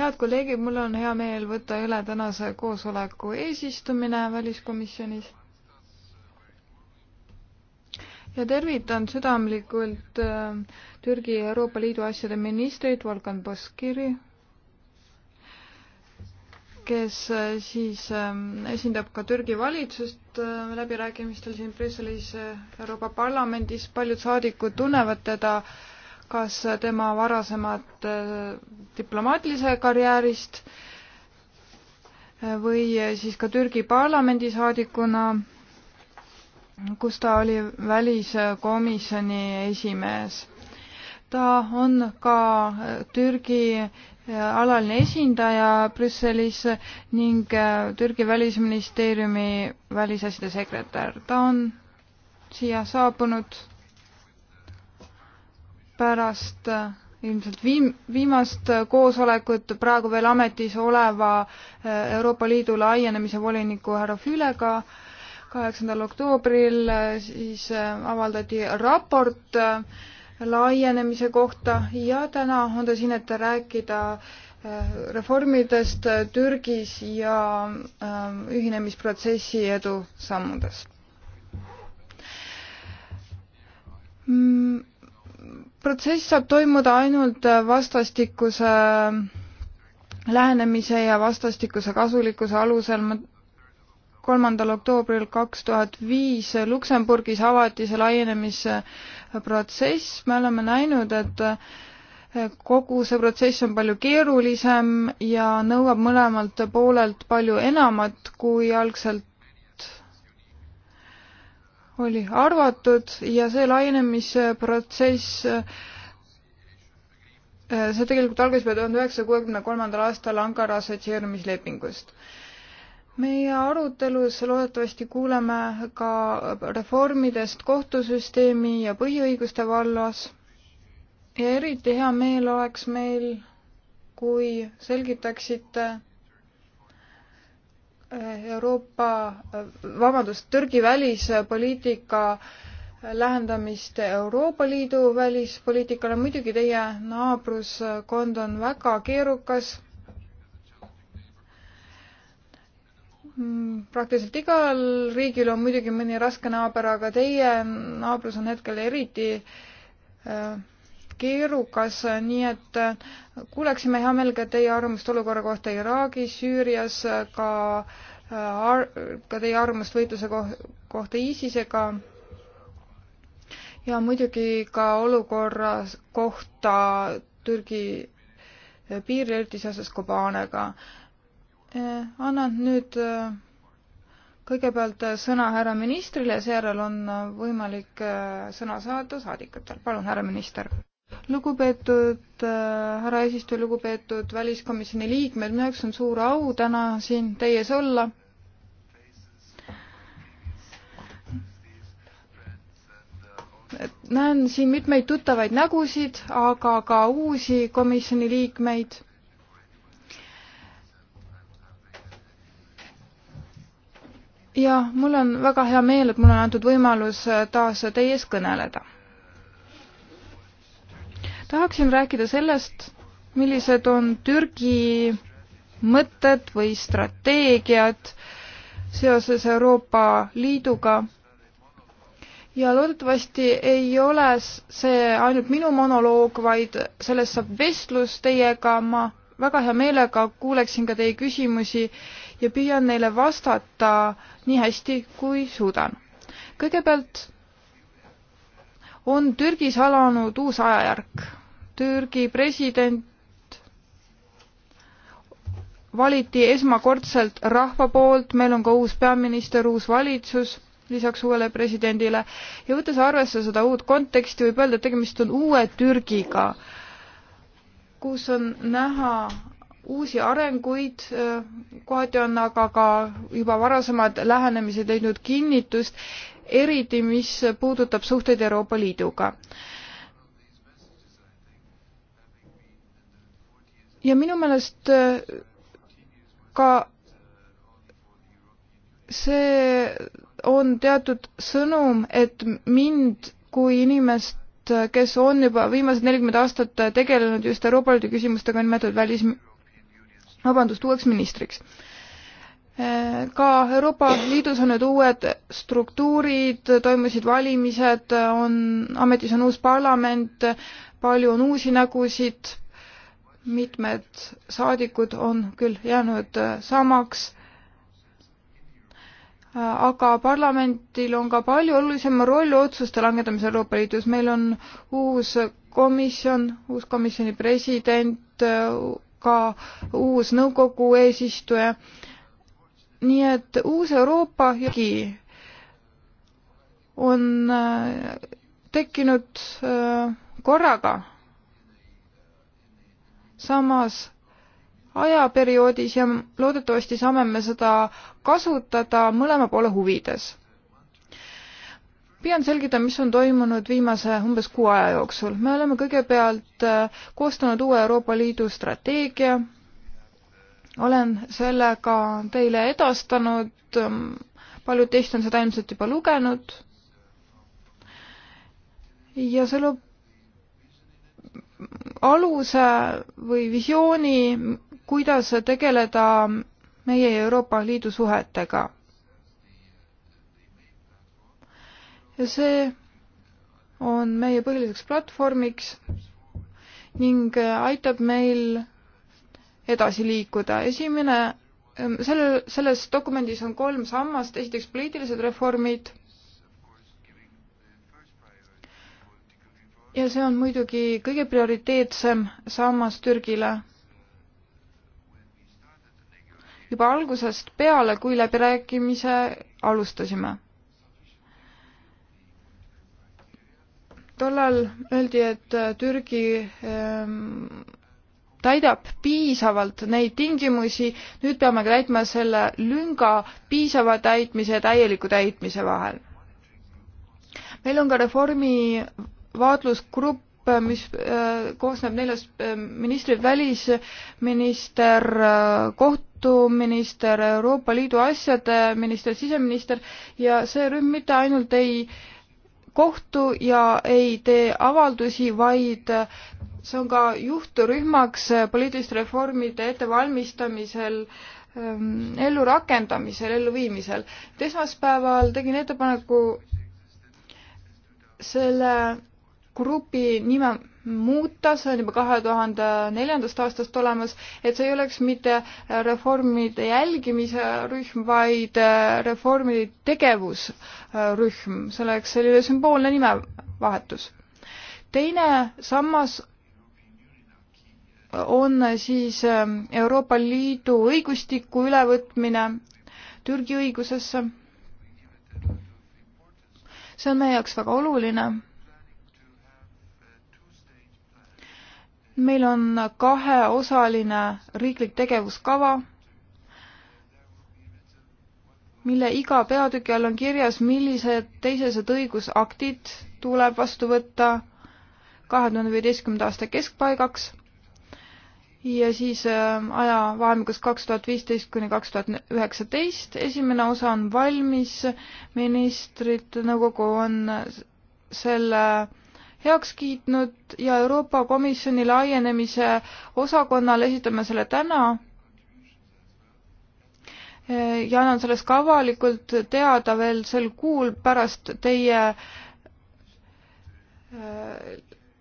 head kolleegid, mul on hea meel võtta üle tänase koosoleku eesistumine väliskomisjonis. ja tervitan südamlikult äh, Türgi Euroopa Liidu asjade ministrit Volkan Baskiri, kes äh, siis äh, esindab ka Türgi valitsust läbirääkimistel siin Brüsselis Euroopa Parlamendis. paljud saadikud tunnevad teda äh, kas tema varasemat äh, diplomaatilise karjäärist või siis ka Türgi parlamendi saadikuna, kus ta oli väliskomisjoni esimees. ta on ka Türgi äh, alaline esindaja Brüsselis ning äh, Türgi välisministeeriumi välisasjade sekretär. ta on siia saabunud pärast äh, ilmselt viim-, viimast äh, koosolekut praegu veel ametis oleva äh, Euroopa Liidu laienemise voliniku härra Fülega kaheksandal oktoobril siis avaldati raport laienemise kohta ja täna on ta siin, et rääkida reformidest Türgis ja ühinemisprotsessi edusammudest mm, protsess saab toimuda ainult äh, vastastikuse äh, lähenemise ja vastastikuse kasulikkuse alusel. kolmandal oktoobril kaks tuhat viis Luksemburgis avati see laienemisprotsess, me oleme näinud, et äh, kogu see protsess on palju keerulisem ja nõuab mõlemalt poolelt palju enamat, kui algselt oli arvatud ja see laienemisprotsess see tegelikult algas juba tuhande üheksasaja kuuekümne kolmandal aastal Ankara assotsieerumislepingust. meie arutelus loodetavasti kuuleme ka reformidest kohtusüsteemi ja põhiõiguste vallas ja eriti hea meel oleks meil, kui selgitaksite Euroopa, vabandust, Türgi välispoliitika lähendamist Euroopa Liidu välispoliitikale. muidugi teie naabruskond on väga keerukas. praktiliselt igal riigil on muidugi mõni raske naaber, aga teie naabrus on hetkel eriti äh, keerukas, nii et äh, kuuleksime hea meelega teie arvamust olukorra kohta Iraagis, Süürias, ka äh, ka teie arvamust võitluse kohta ISISega ja muidugi ka olukorra kohta Türgi äh, piiril, eriti seoses Kobanega. annan nüüd kõigepealt sõna härra ministrile, seejärel on võimalik sõna saada saadikutel. palun, härra minister lugupeetud äh, härra eesistuja, lugupeetud väliskomisjoni liikmed, minu jaoks on suur au täna siin teie ees olla näen siin mitmeid tuttavaid nägusid, aga ka uusi komisjoni liikmeid. ja mul on väga hea meel, et mulle on antud võimalus taas teie ees kõneleda tahaksin rääkida sellest, millised on Türgi mõtted või strateegiad seoses Euroopa Liiduga ja loodetavasti ei ole see ainult minu monoloog, vaid sellest saab vestlus teiega, ma väga hea meelega kuuleksin ka teie küsimusi ja püüan neile vastata nii hästi, kui suudan. kõigepealt on Türgis alanud uus ajajärk. Türgi president valiti esmakordselt rahva poolt, meil on ka uus peaminister, uus valitsus lisaks uuele presidendile ja võttes arvesse seda uut konteksti, võib öelda, et tegemist on uue Türgiga, kus on näha uusi arenguid, kohati on aga ka juba varasemad lähenemised leidnud kinnitust, eriti mis puudutab suhteid Euroopa Liiduga ja minu meelest äh, ka see on teatud sõnum, et mind kui inimest, äh, kes on juba viimased nelikümmend aastat äh, tegelenud just Euroopa Liidu küsimustega, nimetatud välis, vabandust, uueks ministriks. ka Euroopa Liidus on nüüd uued struktuurid, toimusid valimised, on, ametis on uus parlament, palju on uusi nägusid mitmed saadikud on küll jäänud äh, samaks, äh, aga parlamentil on ka palju olulisema roll otsuste langetamisel Euroopa Liidus. meil on uus komisjon, uus komisjoni president, äh, ka uus nõukogu eesistuja. nii et uus Euroopa jõgi on tekkinud korraga samas ajaperioodis ja loodetavasti saame me seda kasutada mõlema poole huvides. püüan selgida, mis on toimunud viimase umbes kuu aja jooksul. me oleme kõigepealt äh, koostanud uue Euroopa Liidu strateegia, olen sellega teile edastanud, ähm, paljud teist on seda ilmselt juba lugenud ja see loob aluse või visiooni, kuidas tegeleda meie ja Euroopa Liidu suhetega. ja see on meie põhiliseks platvormiks ning aitab meil edasi liikuda. esimene, ähm, selle, selles dokumendis on kolm sammast, esiteks poliitilised reformid, ja see on muidugi kõige prioriteetsem sammas Türgile. juba algusest peale, kui läbirääkimise alustasime. tollal öeldi, et Türgi ähm, täidab piisavalt neid tingimusi, nüüd peame ka täitma selle lünga piisava täitmise ja täieliku täitmise vahel. meil on ka reformi vaatlusgrupp, mis äh, koosneb neljast äh, ministrit, välisminister, äh, kohtuminister, Euroopa Liidu asjade minister, siseminister ja see rühm mitte ainult ei kohtu ja ei tee avaldusi, vaid see on ka juhtrühmaks poliitiliste reformide ettevalmistamisel ähm, ellurakendamisel, elluviimisel. et esmaspäeval tegin ettepaneku selle grupi nime muuta, see on juba kahe tuhande neljandast aastast olemas, et see ei oleks mitte reformide jälgimise rühm, vaid reformide tegevusrühm, see oleks selline sümboolne nimevahetus. teine sammas on siis ähm, Euroopa Liidu õigustiku ülevõtmine Türgi õigusesse. see on meie jaoks väga oluline meil on kaheosaline riiklik tegevuskava, mille iga peatüki all on kirjas, millised teisesed õigusaktid tuleb vastu võtta kahe tuhande viieteistkümnenda aasta keskpaigaks ja siis äh, ajavahemikus kaks tuhat viisteist kuni kaks tuhat üheksateist. esimene osa on valmis, ministrid, nõukogu on selle heaks kiitnud ja Euroopa Komisjoni laienemise osakonnale esitame selle täna ja annan sellest ka avalikult teada veel sel kuul pärast teie äh,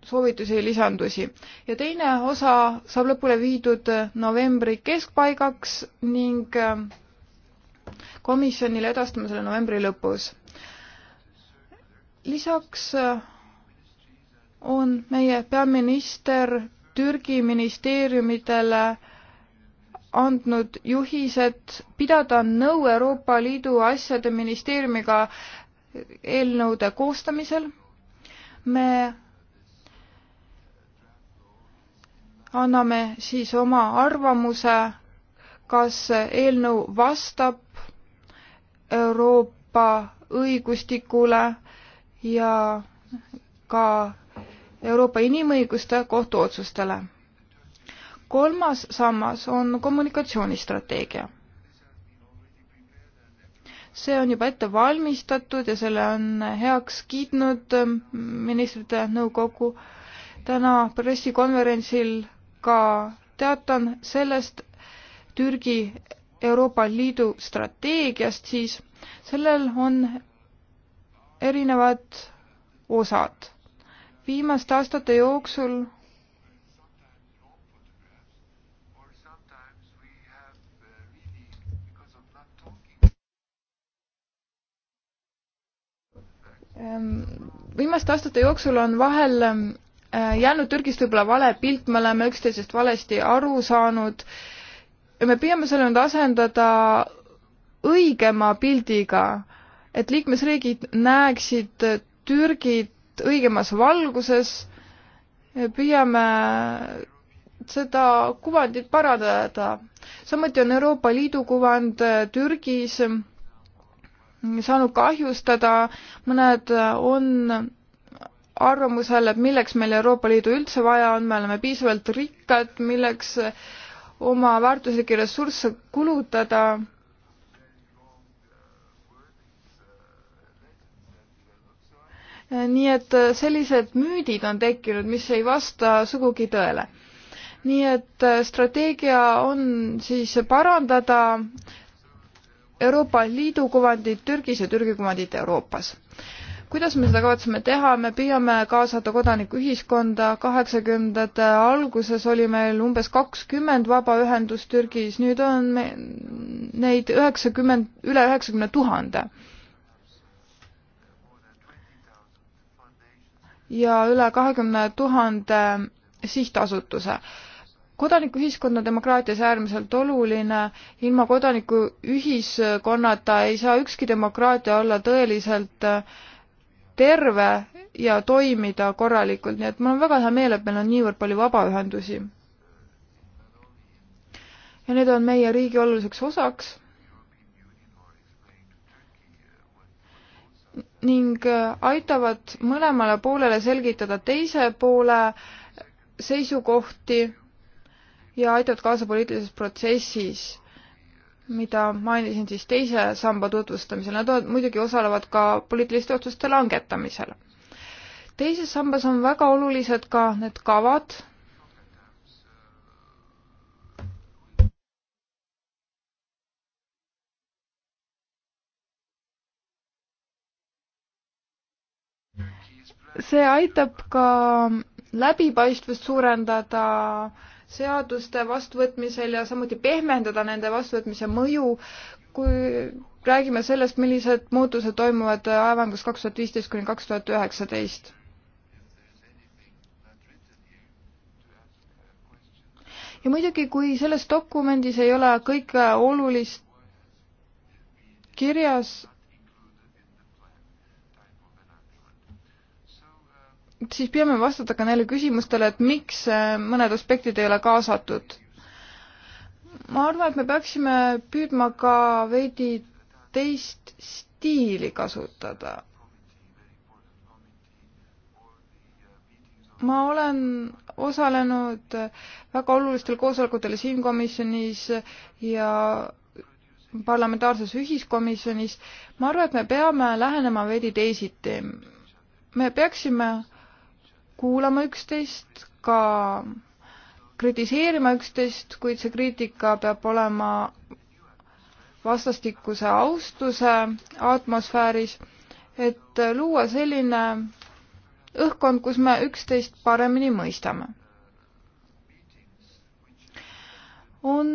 soovitusi ja lisandusi. ja teine osa saab lõpule viidud novembri keskpaigaks ning äh, komisjonile edastame selle novembri lõpus. lisaks äh, on meie peaminister Türgi ministeeriumidele andnud juhised pidada nõu Euroopa Liidu asjade ministeeriumiga eelnõude koostamisel. me anname siis oma arvamuse, kas eelnõu vastab Euroopa õigustikule ja ka Euroopa Inimõiguste Kohtuotsustele. kolmas sammas on kommunikatsioonistrateegia. see on juba ette valmistatud ja selle on heaks kiitnud ministrite nõukogu. täna pressikonverentsil ka teatan sellest Türgi Euroopa Liidu strateegiast, siis sellel on erinevad osad viimaste aastate jooksul ehm, viimaste aastate jooksul on vahel ehm, äh, jäänud Türgist võib-olla vale pilt, me oleme üksteisest valesti aru saanud ja me püüame selle nüüd asendada õigema pildiga, et liikmesriigid näeksid Türgit õigemas valguses, püüame seda kuvandit parandada. samuti on Euroopa Liidu kuvand Türgis saanud kahjustada, mõned on arvamusel, et milleks meil Euroopa Liidu üldse vaja on, me oleme piisavalt rikkad, milleks oma väärtuslikke ressursse kulutada Äh, nii et äh, sellised müüdid on tekkinud, mis ei vasta sugugi tõele. nii et äh, strateegia on siis parandada Euroopa Liidu kuvandit Türgis ja Türgi kuvandit Euroopas. kuidas me seda kavatseme teha, me püüame kaasata kodanikuühiskonda, kaheksakümnendate alguses oli meil umbes kakskümmend vabaühendust Türgis, nüüd on me, neid üheksakümmend, üle üheksakümne tuhande ja üle kahekümne tuhande sihtasutuse. kodanikuühiskond on demokraatias äärmiselt oluline, ilma kodanikuühiskonnata ei saa ükski demokraatia olla tõeliselt äh, terve ja toimida korralikult, nii et mul on väga hea meel, et meil on niivõrd palju vabaühendusi. ja need on meie riigi oluliseks osaks ning äh, aitavad mõlemale poolele selgitada teise poole seisukohti ja aitavad kaasa poliitilises protsessis, mida mainisin siis teise samba tutvustamisel, nad on, muidugi osalevad ka poliitiliste otsuste langetamisel. teises sambas on väga olulised ka need kavad, see aitab ka läbipaistvust suurendada seaduste vastuvõtmisel ja samuti pehmendada nende vastuvõtmise mõju, kui räägime sellest, millised muutused toimuvad aevangus kaks tuhat viisteist kuni kaks tuhat üheksateist. ja muidugi, kui selles dokumendis ei ole kõike olulist kirjas, siis püüame vastata ka neile küsimustele, et miks äh, mõned aspektid ei ole kaasatud. ma arvan, et me peaksime püüdma ka veidi teist stiili kasutada. ma olen osalenud väga olulistel koosolekutel siin komisjonis ja parlamentaarses ühiskomisjonis. ma arvan, et me peame lähenema veidi teisiti. me peaksime äh, kuulama üksteist, ka kritiseerima üksteist, kuid see kriitika peab olema vastastikuse austuse atmosfääris, et luua selline õhkkond, kus me üksteist paremini mõistame. on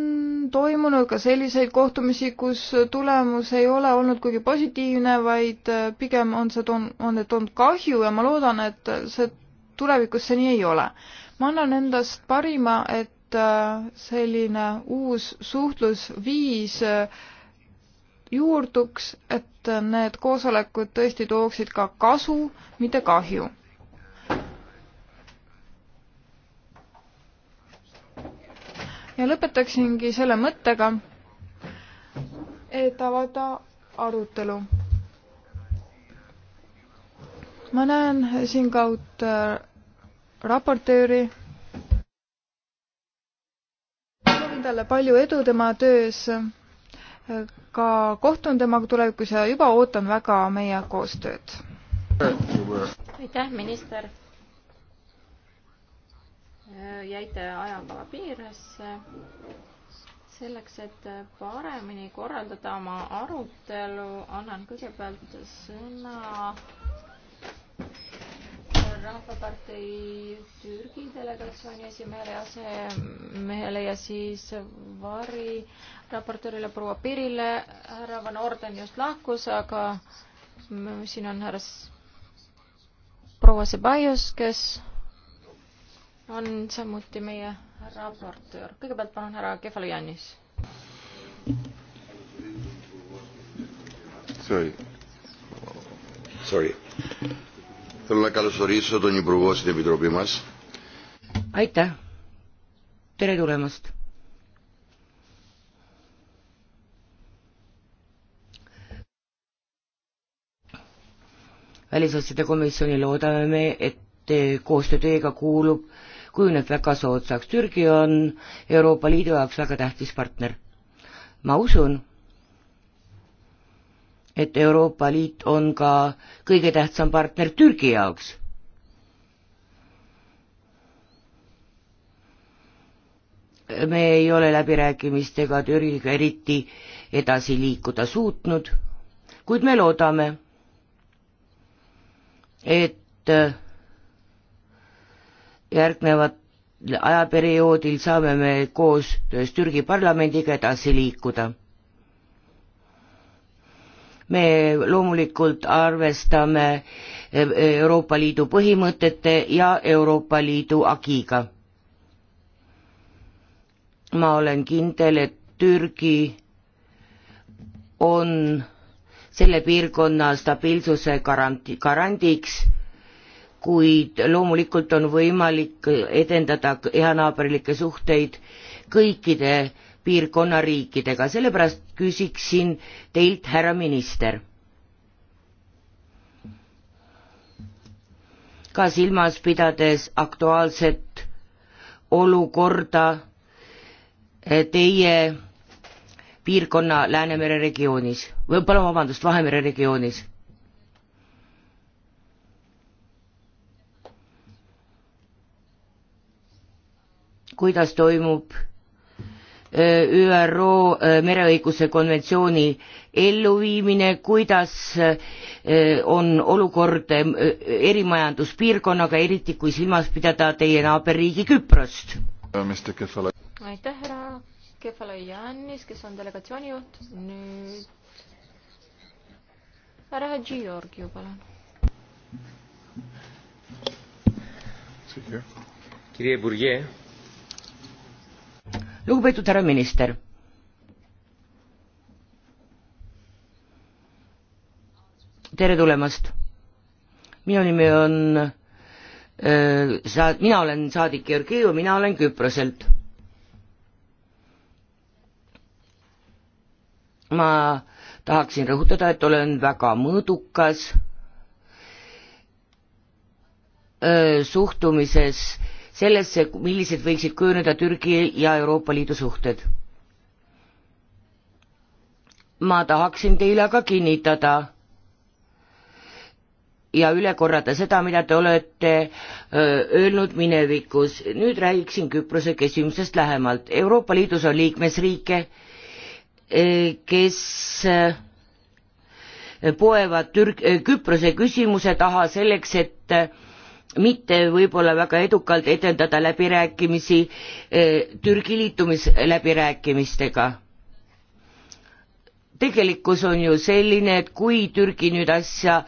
toimunud ka selliseid kohtumisi, kus tulemus ei ole olnud kuigi positiivne, vaid pigem on see toon-, on need toonud kahju ja ma loodan, et see tulevikus see nii ei ole. ma annan endast parima, et äh, selline uus suhtlusviis äh, juurduks, et need koosolekud tõesti tooksid ka kasu, mitte kahju. ja lõpetaksingi selle mõttega, et avada arutelu ma näen siinkaud äh, raportööri. soovin talle palju edu tema töös. Äh, ka kohtun temaga tulevikus ja juba ootan väga meie koostööd. aitäh, minister. Äh, jäite ajakava piiresse selleks, et paremini korraldada oma arutelu, annan kõigepealt sõna Rahvapartei Türgi delegatsiooni esimehele ja asemehele ja siis Vari raportöörile proua Pirile. härra Van Orden just lahkus, aga siin on härra proua Sebaius, kes on samuti meie raportöör. kõigepealt palun härra Kefalojanis. Sorry. Sorry aitäh, tere tulemast. välisasjade komisjoni loodame me, et koostöö teiega kuulub, kujuneb väga soodsaks. Türgi on Euroopa Liidu jaoks väga tähtis partner. ma usun et Euroopa Liit on ka kõige tähtsam partner Türgi jaoks. me ei ole läbirääkimistega Türgiga eriti edasi liikuda suutnud, kuid me loodame, et järgnevat ajaperioodil saame me koostöös Türgi parlamendiga edasi liikuda me loomulikult arvestame e, e, Euroopa Liidu põhimõtete ja Euroopa Liidu agiga. ma olen kindel, et Türgi on selle piirkonna stabiilsuse garanti, garandiks, kuid loomulikult on võimalik edendada heanaaberlikke suhteid kõikide piirkonna riikidega, sellepärast küsiksin teilt, härra minister. ka silmas pidades aktuaalset olukorda eh, teie piirkonna Läänemere regioonis või palun vabandust, Vahemere regioonis kuidas toimub ÜRO äh, mereõiguse konventsiooni elluviimine, kuidas äh, on olukord äh, erimajanduspiirkonnaga, eriti kui silmas pidada teie naaberriigi Küprost? aitäh, härra Kefalojanis, kes on delegatsiooni juht, nüüd härra Georgiou, palun. Kirje Burje lugupeetud härra minister. tere tulemast. minu nimi on äh, sa-, mina olen saadik Georgiev, mina olen Küproselt. ma tahaksin rõhutada, et olen väga mõõdukas äh, suhtumises sellesse, millised võiksid kujuneda Türgi ja Euroopa Liidu suhted. ma tahaksin teile aga kinnitada ja üle korrata seda, mida te olete öö, öelnud minevikus. nüüd räägiksin Küprose küsimusest lähemalt. Euroopa Liidus on liikmesriike, kes poevad Türk-, Küprose küsimuse taha selleks, et mitte võib-olla väga edukalt edendada läbirääkimisi eh, Türgi liitumisläbirääkimistega. tegelikkus on ju selline, et kui Türgi nüüd asja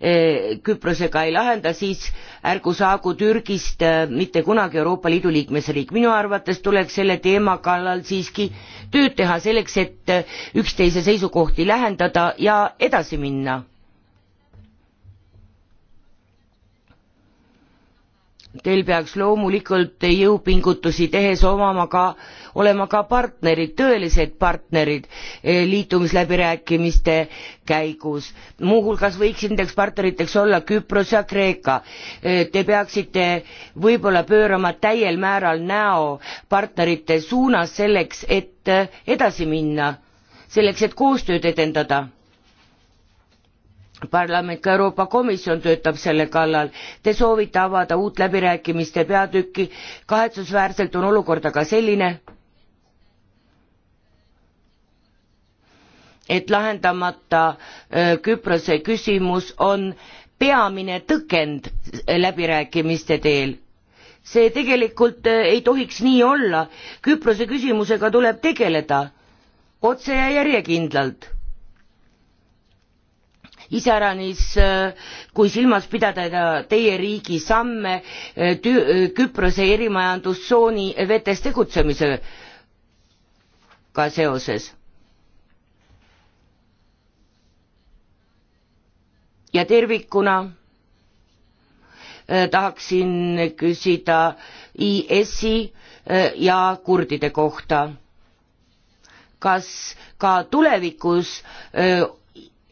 eh, Küprosega ei lahenda, siis ärgu saagu Türgist eh, mitte kunagi Euroopa Liidu liikmesriik. minu arvates tuleks selle teema kallal siiski tööd teha selleks, et üksteise seisukohti lähendada ja edasi minna Teil peaks loomulikult jõupingutusi tehes omama ka, olema ka partnerid, tõelised partnerid eh, liitumisläbirääkimiste käigus. muuhulgas võiksid nendeks partneriteks olla Küpros ja Kreeka. Eh, te peaksite võib-olla pöörama täiel määral näo partnerite suunas selleks, et eh, edasi minna, selleks, et koostööd edendada parlament ka euroopa komisjon töötab selle kallal te soovite avada uut läbirääkimiste peatükki kahetsusväärselt on olukord aga selline et lahendamata küprose küsimus on peamine tõkend läbirääkimiste teel see tegelikult ei tohiks nii olla küprose küsimusega tuleb tegeleda otse ja järjekindlalt iseäranis äh, kui silmas pidada teie riigi samme äh, Tü äh, küprose erimajandustsooni vetes tegutsemisega seoses ja tervikuna tahaksin küsida IS-i ja kurdide kohta. kas ka tulevikus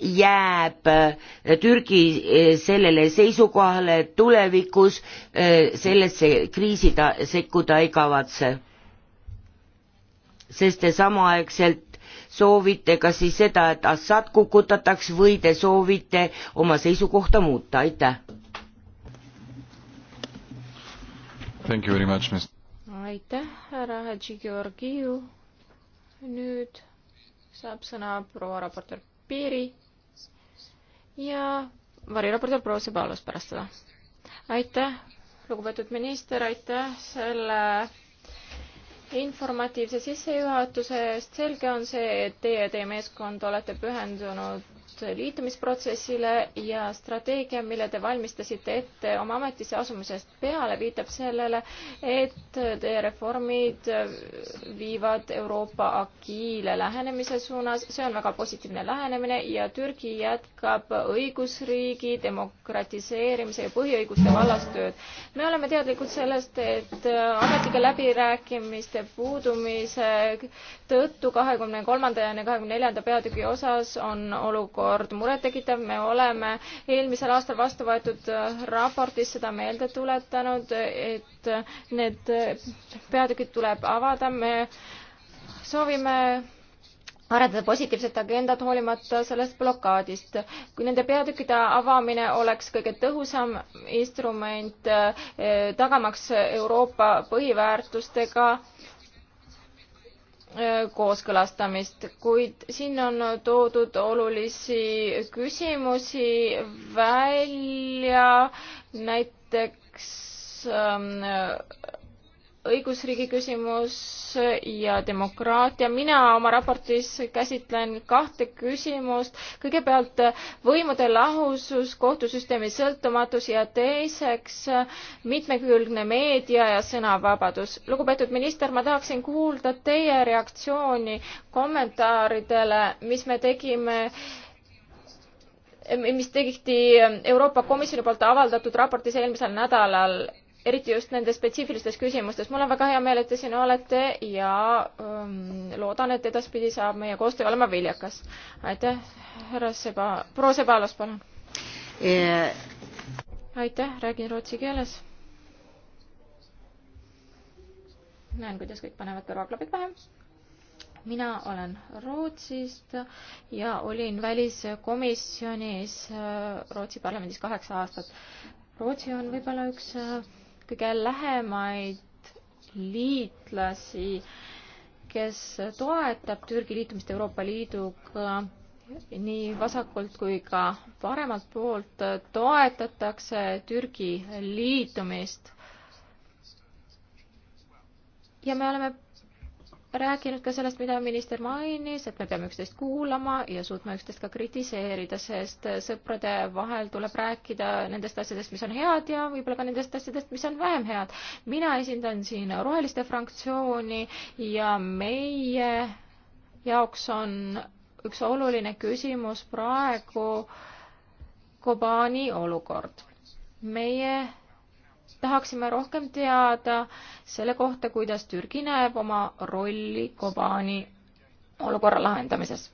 jääb äh, Türgi äh, sellele seisukohale, et tulevikus äh, sellesse kriisi ta sekkuda ei kavatse. sest te samaaegselt soovite kas siis seda, et Assad kukutataks või te soovite oma seisukohta muuta, aitäh. aitäh, härra Hadži Georgiu. nüüd saab sõna proua raportöör Piiri ja variraportöör proua Sebalus pärast seda. aitäh, lugupeetud minister, aitäh selle informatiivse sissejuhatuse eest. selge on see, et teie ja teie meeskond olete pühendunud toetust liitumisprotsessile ja strateegia, mille te valmistasite ette oma ametisse asumisest peale, viitab sellele, et teie reformid viivad Euroopa agiile lähenemise suunas. see on väga positiivne lähenemine ja Türgi jätkab õigusriigi, demokratiseerimise ja põhiõiguste vallas tööd. me oleme teadlikud sellest, et ametlike läbirääkimiste puudumise tõttu kahekümne kolmanda ja kahekümne neljanda peatüki osas on olukord olukord murettekitav, me oleme eelmisel aastal vastu võetud äh, raportis seda meelde tuletanud, et äh, need äh, peatükid tuleb avada, me soovime arendada positiivset agendat hoolimata sellest blokaadist. kui nende peatükkide avamine oleks kõige tõhusam instrument tagamaks Euroopa põhiväärtustega Äh, kooskõlastamist, kuid siin on toodud olulisi küsimusi välja, näiteks ähm, õigusriigi küsimus ja demokraatia. mina oma raportis käsitlen kahte küsimust. kõigepealt võimude lahusus, kohtusüsteemi sõltumatus ja teiseks mitmekülgne meedia ja sõnavabadus. lugupeetud minister, ma tahaksin kuulda teie reaktsiooni kommentaaridele, mis me tegime mis tegiti Euroopa Komisjoni poolt avaldatud raportis eelmisel nädalal eriti just nende spetsiifilistes küsimustes. mul on väga hea meel, et te siin olete ja um, loodan, et edaspidi saab meie koostöö olema viljakas. aitäh, härra Seba, proua Sebalos, palun e. aitäh, räägin rootsi keeles. näen, kuidas kõik panevad kõrvaklapid pähe mina olen Rootsist ja olin väliskomisjonis äh, Rootsi parlamendis kaheksa aastat. Rootsi on võib-olla üks äh, kõige lähemaid liitlasi, kes toetab Türgi liitumist Euroopa Liiduga nii vasakult kui ka paremalt poolt toetatakse Türgi liitumist. ja me oleme rääkinud ka sellest, mida minister mainis, et me peame üksteist kuulama ja suutma üksteist ka kritiseerida, sest sõprade vahel tuleb rääkida nendest asjadest, mis on head ja võib-olla ka nendest asjadest, mis on vähem head. mina esindan siin Roheliste fraktsiooni ja meie jaoks on üks oluline küsimus praegu Kobani olukord. meie tahaksime rohkem teada selle kohta, kuidas Türgi näeb oma rolli Kobani olukorra lahendamises.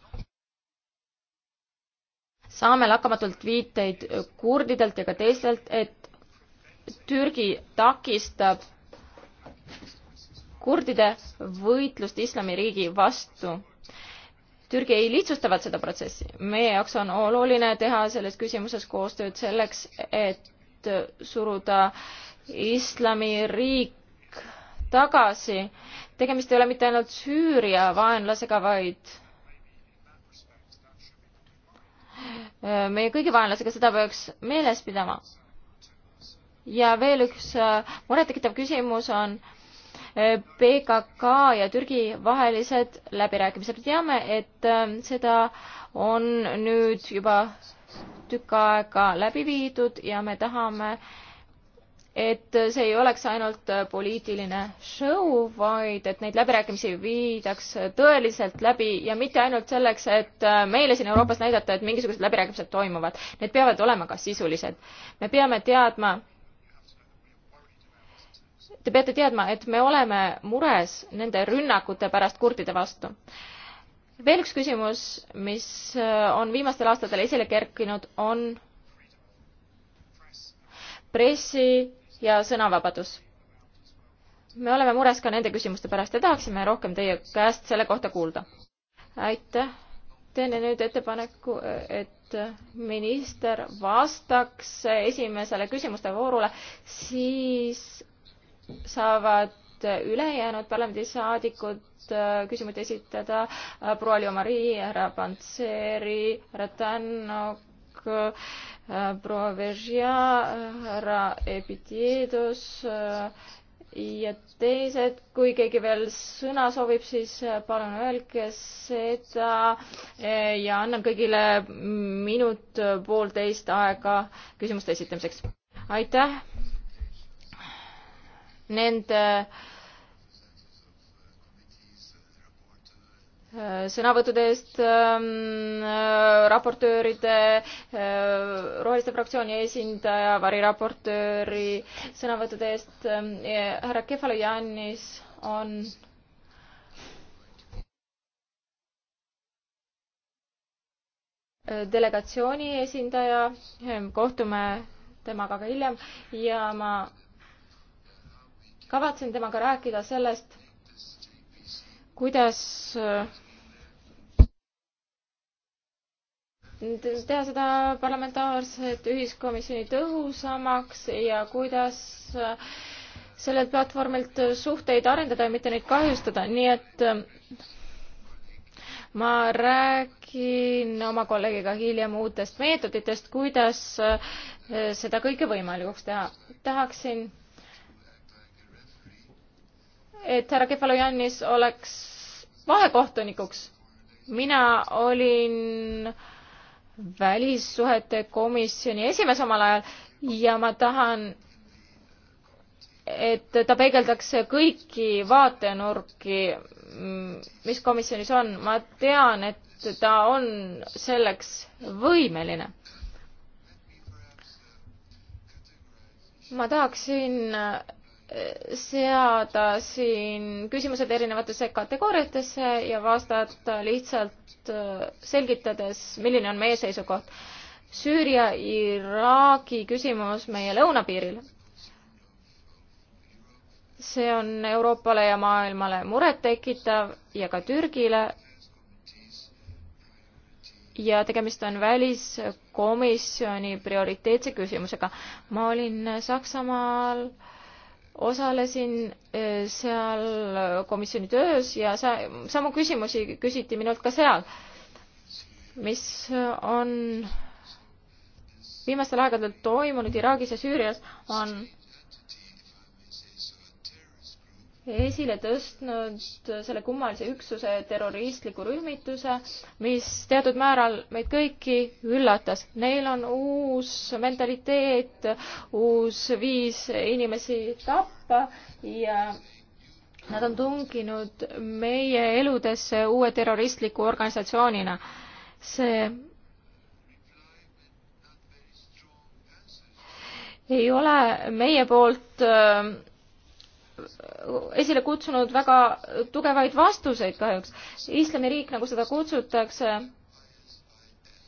saame lakkamatult viiteid kurdidelt ja ka teistelt, et Türgi takistab kurdide võitlust islamiriigi vastu. Türgi ei lihtsustavad seda protsessi. meie jaoks on oluline teha selles küsimuses koostööd selleks, et suruda islamiriik tagasi. tegemist ei ole mitte ainult Süüria vaenlasega, vaid meie kõigi vaenlasega, seda peaks meeles pidama. ja veel üks äh, murettekitav küsimus on äh, PKK ja Türgi vahelised läbirääkimised. me teame, et äh, seda on nüüd juba tükk aega läbi viidud ja me tahame äh, et see ei oleks ainult äh, poliitiline show, vaid et neid läbirääkimisi viidaks tõeliselt läbi ja mitte ainult selleks, et äh, meile siin Euroopas näidata, et mingisugused läbirääkimised toimuvad. Need peavad olema ka sisulised. me peame teadma, te peate teadma, et me oleme mures nende rünnakute pärast kurdide vastu veel üks küsimus, mis äh, on viimastel aastatel esile kerkinud, on pressi ja sõnavabadus. me oleme mures ka nende küsimuste pärast ja tahaksime rohkem teie käest selle kohta kuulda. aitäh. teen nüüd ettepaneku, et minister vastaks esimesele küsimuste voorule, siis saavad ülejäänud parlamendisaadikud äh, küsimusi esitada äh, proua Liomari, härra Pantseri, härra Tännok, proua Veržia, härra Epiteedus ja teised, kui keegi veel sõna soovib, siis э, palun öelge seda äh, ja annan kõigile minut äh, poolteist aega küsimuste esitamiseks. aitäh nende äh, Äh, sõnavõttude eest ähm, äh, raportööride äh,, Roheliste fraktsiooni esindaja, variraportööri sõnavõttude eest ähm,. härra Kefalojanis on äh, delegatsiooni esindaja, ähm, kohtume temaga ka hiljem ja ma kavatsen temaga rääkida sellest kuidas teha seda parlamentaarset ühiskomisjoni tõhusamaks ja kuidas sellelt platvormilt suhteid arendada ja mitte neid kahjustada, nii et ma räägin oma kolleegiga hiljem uutest meetoditest, kuidas eh, seda kõike võimalikuks teha. tahaksin, et härra Kefalojannis oleks vahekohtunikuks. mina olin välissuhete komisjoni esimees omal ajal ja ma tahan, et ta peegeldaks kõiki vaatenurki, mis komisjonis on. ma tean, et ta on selleks võimeline. ma tahaksin seada siin küsimused erinevatesse kategooriatesse ja vastata lihtsalt äh, selgitades, milline on meie seisukoht. Süüria, Iraagi küsimus meie lõunapiiril. see on Euroopale ja maailmale murettekitav ja ka Türgile. ja tegemist on väliskomisjoni prioriteetse küsimusega. ma olin Saksamaal äh, osalesin eh, seal komisjoni töös ja sa, samu küsimusi küsiti minult ka seal, mis on viimastel aegadel toimunud Iraagis ja Süürias, on esile tõstnud selle kummalise üksuse terroristliku rühmituse, mis teatud määral meid kõiki üllatas. Neil on uus mentaliteet, uus viis inimesi tappa ja nad on tunginud meie eludesse uue terroristliku organisatsioonina. see ei ole meie poolt äh, esile kutsunud väga tugevaid vastuseid kahjuks. islamiriik, nagu seda kutsutakse,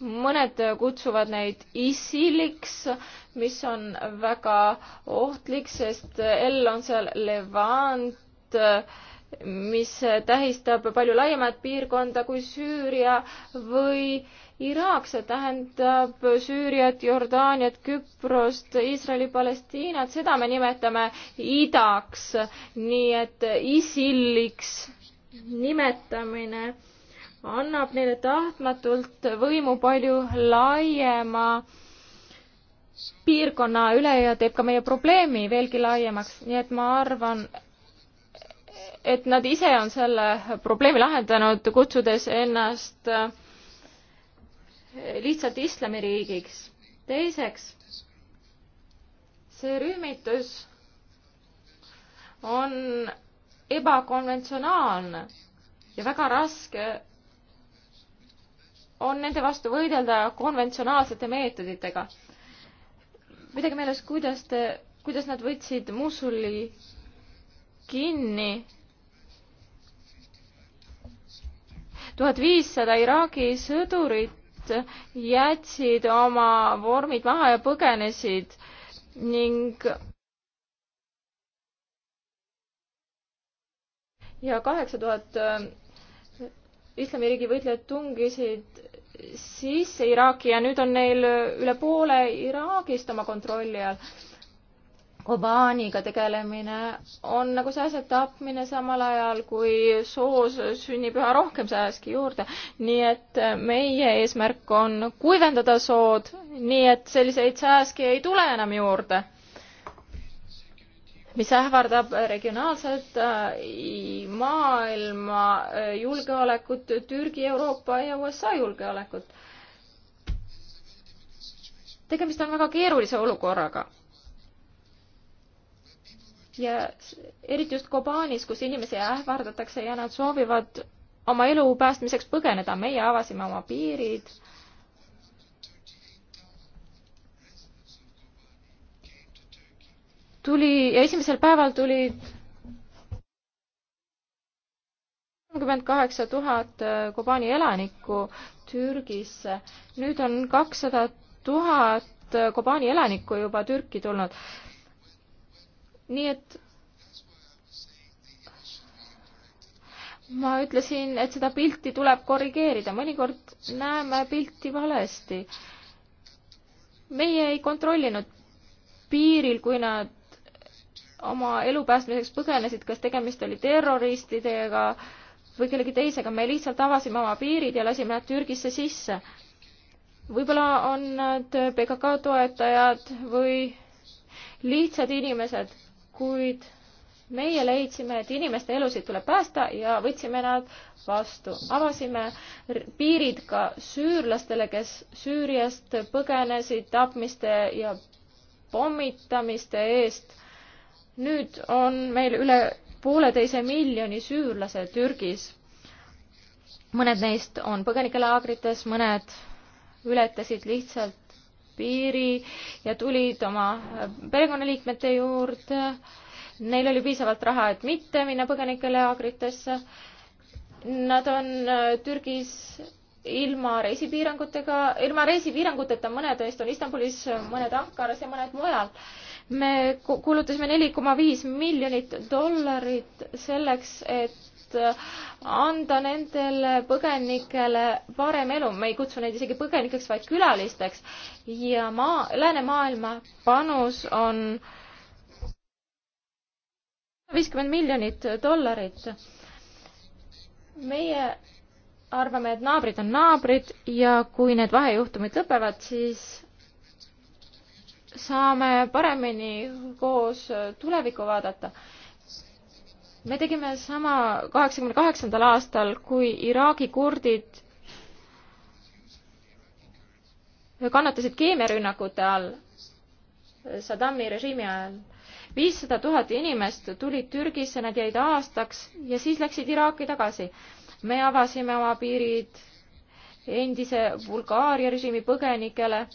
mõned kutsuvad neid ISILiks, mis on väga ohtlik, sest L on seal Levant, mis tähistab palju laiemat piirkonda kui Süüria või äh, Iraak, see tähendab Süüriat, Jordaaniat, Küprost, Iisraeli, Palestiinat, seda me nimetame idaks, nii et ISILiks nimetamine annab neile tahtmatult võimu palju laiema piirkonna üle ja teeb ka meie probleemi veelgi laiemaks, nii et ma arvan, et nad ise on selle probleemi lahendanud, kutsudes ennast äh, lihtsalt islamiriigiks. teiseks, see rühmitus on ebakonventsionaalne ja väga raske on nende vastu võidelda konventsionaalsete meetoditega. pidage meeles, kuidas te, kuidas nad võtsid Mosuli kinni tuhat viissada Iraagi sõdurit Liidust jätsid oma vormid maha ja põgenesid ning ja kaheksa tuhat äh, islamiriigi võitlejad tungisid sisse Iraaki ja nüüd on neil üle poole Iraagist oma kontrolli all. Obaaniga tegelemine on nagu sääse tapmine samal ajal, kui soos sünnib üha rohkem sääski juurde. nii et meie eesmärk on kuivendada sood, nii et selliseid sääski ei tule enam juurde, mis ähvardab regionaalset äh, maailma äh, julgeolekut, Türgi, Euroopa ja USA julgeolekut. tegemist on väga keerulise olukorraga ja eriti just Kobaanis, kus inimesi ähvardatakse ja nad soovivad oma elu päästmiseks põgeneda. meie avasime oma piirid. tuli ja esimesel päeval tuli kolmkümmend kaheksa tuhat äh, Kobani elanikku Türgisse. nüüd on kakssada tuhat äh, Kobani elanikku juba Türki tulnud nii et ma ütlesin, et seda pilti tuleb korrigeerida, mõnikord näeme pilti valesti. meie ei kontrollinud piiril, kui nad oma elu päästmiseks põgenesid, kas tegemist oli terroristidega või kellegi teisega, me lihtsalt avasime oma piirid ja lasime nad Türgisse sisse. võib-olla on nad PKK toetajad või lihtsad inimesed kuid meie leidsime, et inimeste elusid tuleb päästa ja võtsime nad vastu. avasime piirid ka süürlastele, kes Süüriast põgenesid tapmiste ja pommitamiste eest. nüüd on meil üle pooleteise miljoni süürlase Türgis. mõned neist on põgenikelaagrites, mõned ületasid lihtsalt piiri ja tulid oma perekonnaliikmete juurde. Neil oli piisavalt raha, et mitte minna põgenikelaagritesse. Nad on äh, Türgis ilma reisipiirangutega, ilma reisipiiranguteta, mõned neist on Istanbulis, mõned Ankaras ja mõned mujal. me kulutasime neli koma viis miljonit dollarit selleks, et Äh, anda nendele põgenikele parem elu, me ei kutsu neid isegi põgenikeks, vaid külalisteks ja maa, läänemaailma panus on viiskümmend miljonit dollarit. meie arvame, et naabrid on naabrid ja kui need vahejuhtumid lõpevad, siis saame paremini koos tulevikku vaadata me tegime sama kaheksakümne kaheksandal aastal, kui Iraagi kurdid kannatasid keemiarünnakute all Saddami režiimi ajal. viissada tuhat inimest tulid Türgisse, nad jäid aastaks ja siis läksid Iraaki tagasi. me avasime oma piirid endise Bulgaaria režiimi põgenikele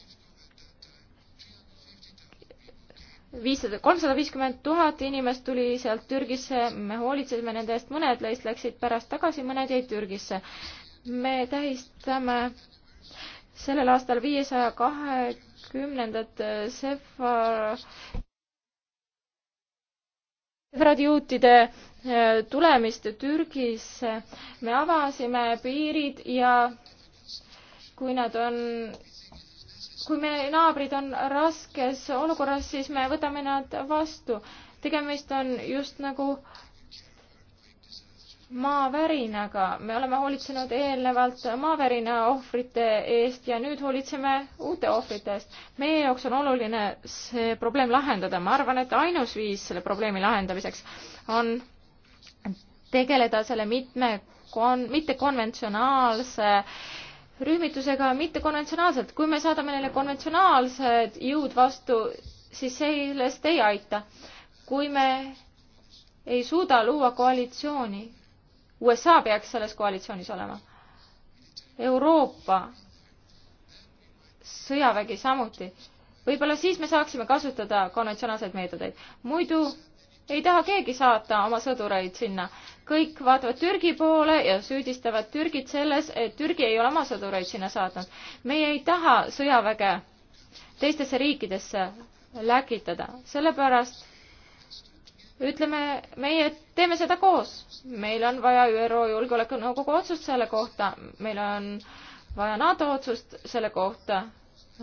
viissada, kolmsada viiskümmend tuhat inimest tuli sealt Türgisse, me hoolitsesime nende eest, mõned neist läksid pärast tagasi, mõned jäid Türgisse. me tähistame sellel aastal viiesaja kahekümnendat sefa-, sefradiutide äh, tulemist Türgisse. me avasime piirid ja kui nad on kui meie naabrid on raskes olukorras, siis me võtame nad vastu. tegemist on just nagu maavärinaga, me oleme hoolitsenud eelnevalt maavärina ohvrite eest ja nüüd hoolitseme uute ohvrite eest. meie jaoks on oluline see probleem lahendada, ma arvan, et ainus viis selle probleemi lahendamiseks on tegeleda selle mitme kon-, mittekonventsionaalse äh, rühmitusega mittekonventsionaalselt. kui me saadame neile konventsionaalsed jõud vastu, siis sellest ei aita. kui me ei suuda luua koalitsiooni, USA peaks selles koalitsioonis olema, Euroopa sõjavägi samuti, võib-olla siis me saaksime kasutada konventsionaalseid meetodeid. muidu ei taha keegi saata oma sõdureid sinna. kõik vaatavad Türgi poole ja süüdistavad Türgit selles, et Türgi ei ole oma sõdureid sinna saatnud. meie ei taha sõjaväge teistesse riikidesse läkitada, sellepärast ütleme, meie teeme seda koos. meil on vaja ÜRO Julgeolekunõukogu otsust selle kohta, meil on vaja NATO otsust selle kohta.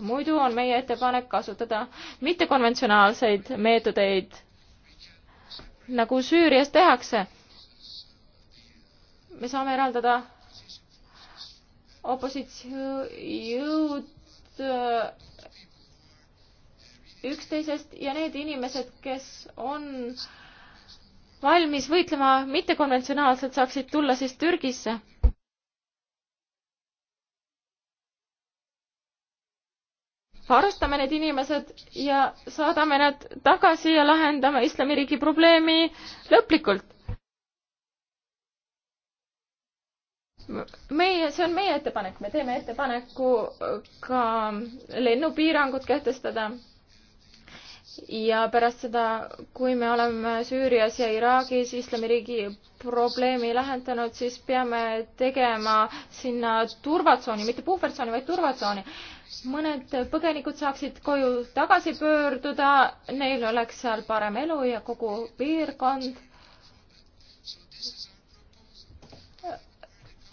muidu on meie ettepanek kasutada mittekonventsionaalseid meetodeid nagu Süürias tehakse. me saame eraldada opositsioonijõud äh, üksteisest ja need inimesed, kes on valmis võitlema mittekonventsionaalselt, saaksid tulla siis Türgisse varastame need inimesed ja saadame nad tagasi ja lahendame islamiriigi probleemi lõplikult. meie, see on meie ettepanek, me teeme ettepaneku ka lennupiirangud kehtestada. ja pärast seda, kui me oleme Süürias ja Iraagis islamiriigi probleemi lahendanud, siis peame tegema sinna turvatsooni, mitte puhvertsooni, vaid turvatsooni mõned põgenikud saaksid koju tagasi pöörduda, neil oleks seal parem elu ja kogu piirkond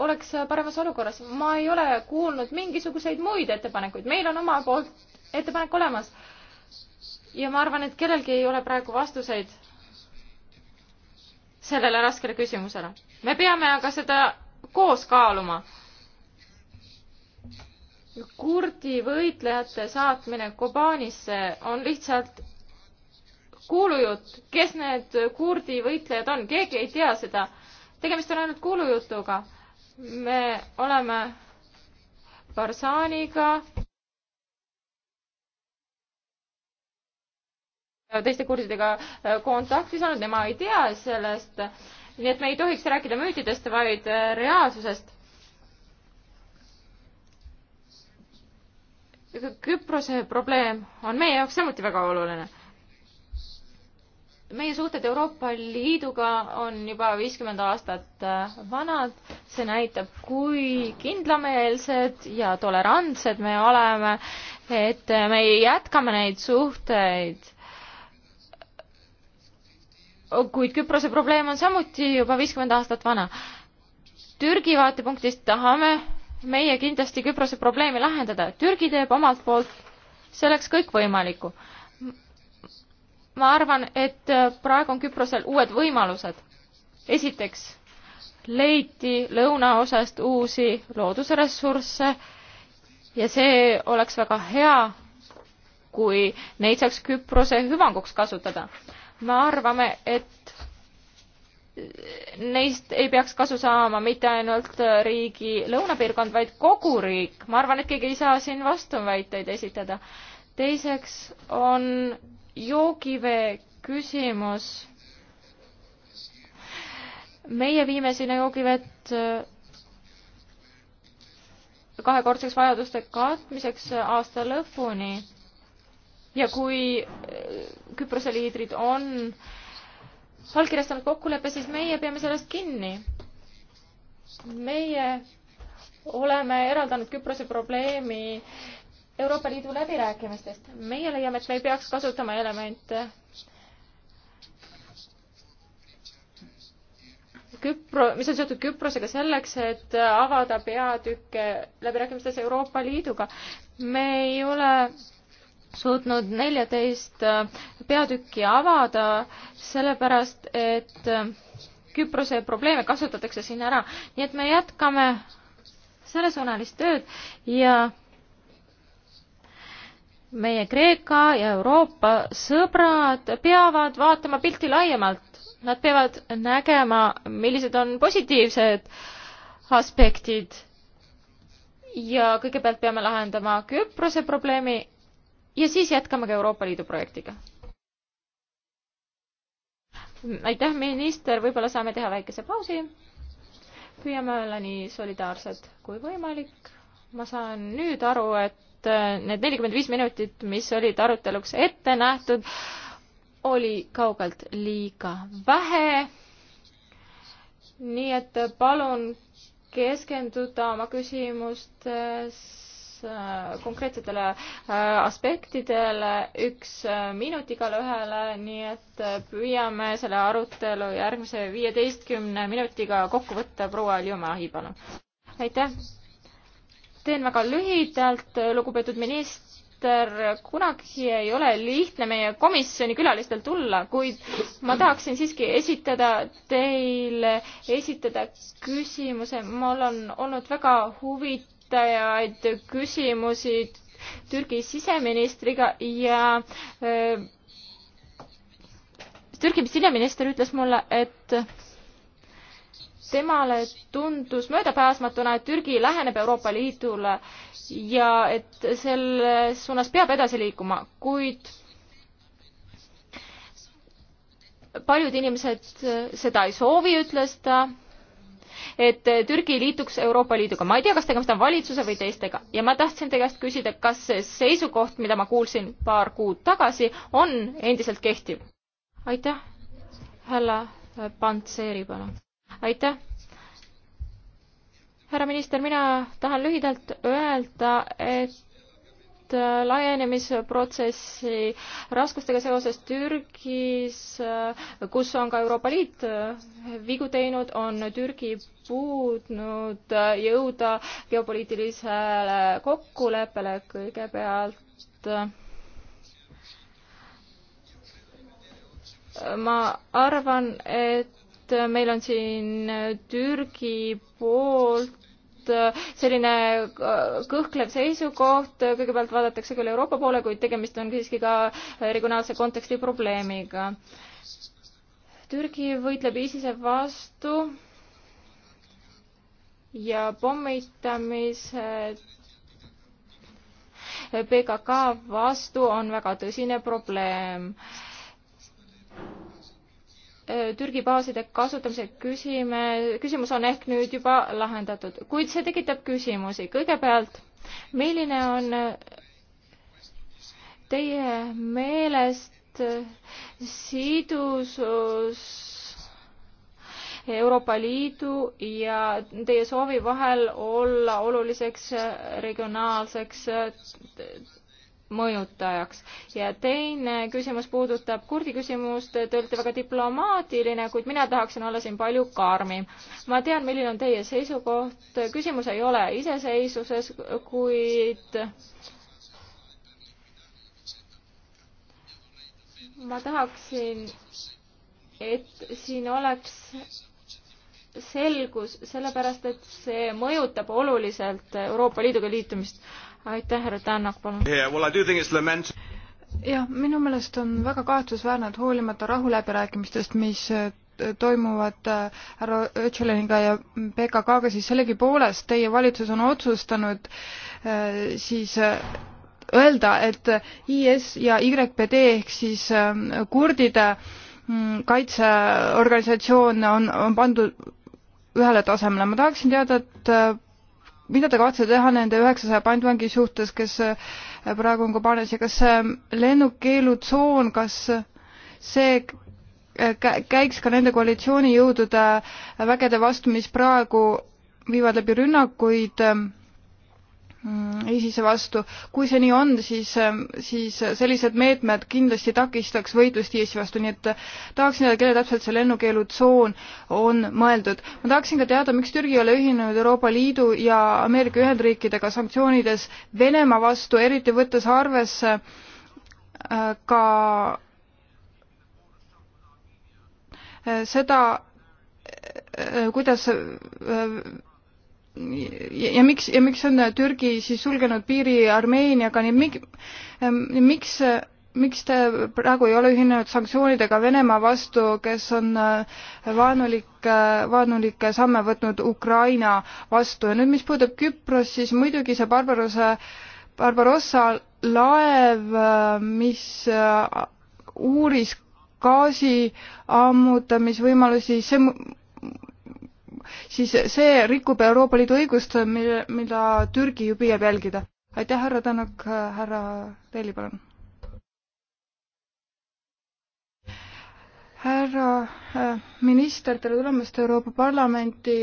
oleks paremas olukorras. ma ei ole kuulnud mingisuguseid muid ettepanekuid, meil on oma poolt ettepanek olemas. ja ma arvan, et kellelgi ei ole praegu vastuseid sellele raskele küsimusele. me peame aga seda koos kaaluma kurdi võitlejate saatmine Kobanisse on lihtsalt kuulujutt, kes need kurdi võitlejad on, keegi ei tea seda. tegemist on ainult kuulujutuga. me oleme Barzaniga. teiste kurdidega äh, kontaktis olnud, tema ei tea sellest. nii et me ei tohiks rääkida müütidest, vaid äh, reaalsusest Küprose probleem on meie jaoks samuti väga oluline. meie suhted Euroopa Liiduga on juba viiskümmend aastat äh, vanad, see näitab, kui kindlameelsed ja tolerantsed me oleme, et äh, me jätkame neid suhteid kuid Küprose probleem on samuti juba viiskümmend aastat vana. Türgi vaatepunktist tahame meie kindlasti Küprose probleemi lahendada. Türgi teeb omalt poolt selleks kõikvõimalikku. ma arvan, et äh, praegu on Küprosel uued võimalused. esiteks leiti lõunaosast uusi loodusressursse ja see oleks väga hea, kui neid saaks Küprose hüvanguks kasutada. me arvame, et neist ei peaks kasu saama mitte ainult riigi lõunapiirkond, vaid kogu riik. ma arvan, et keegi ei saa siin vastuväiteid esitada. teiseks on joogivee küsimus. meie viime sinna joogivett äh, kahekordseks vajaduste katmiseks aasta lõpuni. ja kui äh, Küprose liidrid on äh, allkirjastanud kokkuleppe, siis meie peame sellest kinni. meie oleme eraldanud Küprose probleemi Euroopa Liidu läbirääkimistest. meie leiame, et me ei peaks kasutama elemente Küpro, mis on seotud Küprosega selleks, et avada peatükke läbirääkimistes Euroopa Liiduga. me ei ole suutnud neljateist äh, peatükki avada, sellepärast et äh, Küprose probleeme kasutatakse siin ära, nii et me jätkame sellesuunalist tööd ja meie Kreeka ja Euroopa sõbrad peavad vaatama pilti laiemalt. Nad peavad nägema, millised on positiivsed aspektid. ja kõigepealt peame lahendama Küprose probleemi ja siis jätkame ka Euroopa Liidu projektiga. aitäh, minister, võib-olla saame teha väikese pausi. püüame olla nii solidaarsed kui võimalik. ma saan nüüd aru, et äh, need nelikümmend viis minutit, mis olid aruteluks ette nähtud, oli kaugelt liiga vähe. nii et palun keskenduda oma küsimustes Äh, konkreetsetele äh, aspektidele, üks äh, minut igale ühele, nii et püüame selle arutelu järgmise viieteistkümne minutiga kokku võtta. proua Ljumahi, palun. aitäh. teen väga lühidalt, lugupeetud minister minister, kunagi ei ole lihtne meie komisjoni külalistel tulla, kuid ma tahaksin siiski esitada teile, esitada küsimuse. mul on olnud väga huvitav tekitavaid küsimusi Türgi siseministriga ja äh, Türgi siseminister ütles mulle, et temale tundus möödapääsmatuna, et Türgi läheneb Euroopa Liidule ja et selles suunas peab edasi liikuma, kuid paljud inimesed seda ei soovi, ütles ta et Türgi liituks Euroopa Liiduga. ma ei tea, kas tegemist on valitsuse või teistega ja ma tahtsin teie käest küsida, kas see seisukoht, mida ma kuulsin paar kuud tagasi, on endiselt kehtiv? aitäh, härra Pantseri, palun. aitäh. härra minister, mina tahan lühidalt öelda, et et äh, laienemisprotsessi raskustega seoses Türgis, äh, kus on ka Euroopa Liit äh, vigu teinud, on Türgi puudnud jõuda geopoliitilisele kokkuleppele kõigepealt ma arvan, et meil on siin Türgi poolt olnud äh, selline äh, kõhklev seisukoht, kõigepealt vaadatakse küll Euroopa poole, kuid tegemist on siiski ka äh, regionaalse konteksti probleemiga. Türgi võitleb ISISe vastu ja pommitamised PKK vastu on väga tõsine probleem Äh, Türgi baaside kasutamise küsime, küsimus on ehk nüüd juba lahendatud, kuid see tekitab küsimusi. kõigepealt, milline on äh, teie meelest äh, sidusus Euroopa Liidu ja teie soovi vahel olla oluliseks regionaalseks mõjutajaks. ja teine küsimus puudutab kurdi küsimust, te olete väga diplomaatiline, kuid mina tahaksin olla siin palju karmim. ma tean, milline on teie seisukoht, küsimus ei ole iseseisvuses, kuid ma tahaksin, et siin oleks selgus, sellepärast et see mõjutab oluliselt Euroopa Liiduga liitumist aitäh, härra Tänak, palun yeah,. Well, jah, minu meelest on väga kahetsusväärne, et hoolimata rahuläbirääkimistest, mis äh, toimuvad äh, härra Öcaleniga ja PKK-ga, siis sellegipoolest teie valitsus on otsustanud äh, siis öelda, et IS ja YPD ehk siis ähm, kurdide mm, kaitseorganisatsioon on, on pandud ühele tasemele. ma tahaksin teada, et mida te kavatsete teha nende üheksasaja pantvangi suhtes, kes eh, praegu on Kobanes ja kas see eh, lennukeelutsoon, kas see eh, käiks ka nende koalitsioonijõudude vägede vastu, mis praegu viivad läbi rünnakuid äh, Mm, ISISe vastu. kui see nii on, siis, ähm, siis sellised meetmed kindlasti takistaks võitlust ISISe vastu, nii et äh, tahaksin teada, kelle täpselt see lennukeelutsoon on mõeldud. ma tahaksin ka teada, miks Türgi ei ole ühinenud Euroopa Liidu ja Ameerika Ühendriikidega sanktsioonides Venemaa vastu, eriti võttes arvesse äh, ka äh, seda, kuidas ja miks, ja miks on Türgi siis sulgenud piiri Armeeniaga, nii mik-, ähm, miks, miks te praegu ei ole ühinenud sanktsioonidega Venemaa vastu, kes on vaenulikke, äh, vaenulikke äh, samme võtnud Ukraina vastu ja nüüd, mis puudutab Küprost, siis muidugi see Barbarose, Barbarossa laev, äh, mis uuris gaasi ammutamisvõimalusi, see siis see rikub Euroopa Liidu õigust, mille, mida Türgi ju püüab jälgida. aitäh, härra Tänak, härra Reili, palun. härra äh, minister, tere tulemast Euroopa Parlamenti.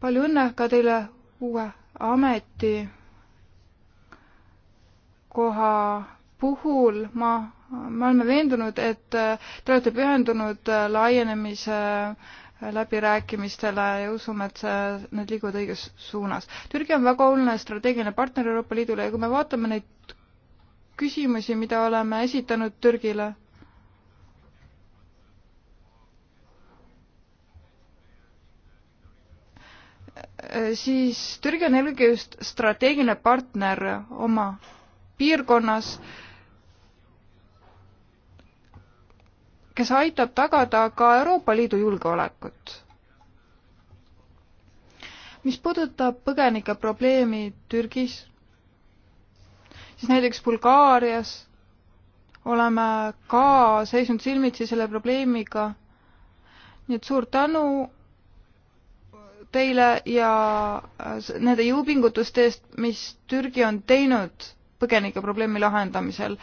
palju õnne ka teile uue ameti koha puhul. ma me oleme veendunud, et äh, te olete pühendunud äh, laienemise läbirääkimistele ja usume, et see, need liiguvad õiges suunas. Türgi on väga oluline strateegiline partner Euroopa Liidule ja kui me vaatame neid küsimusi, mida oleme esitanud Türgile, siis Türgi on eelkõige just strateegiline partner oma piirkonnas äh, kes aitab tagada ka Euroopa Liidu julgeolekut. mis puudutab põgenike probleemi Türgis, siis näiteks Bulgaarias oleme ka seisnud silmitsi selle probleemiga. nii et suur tänu teile ja nende jõupingutuste eest, mis Türgi on teinud põgenike probleemi lahendamisel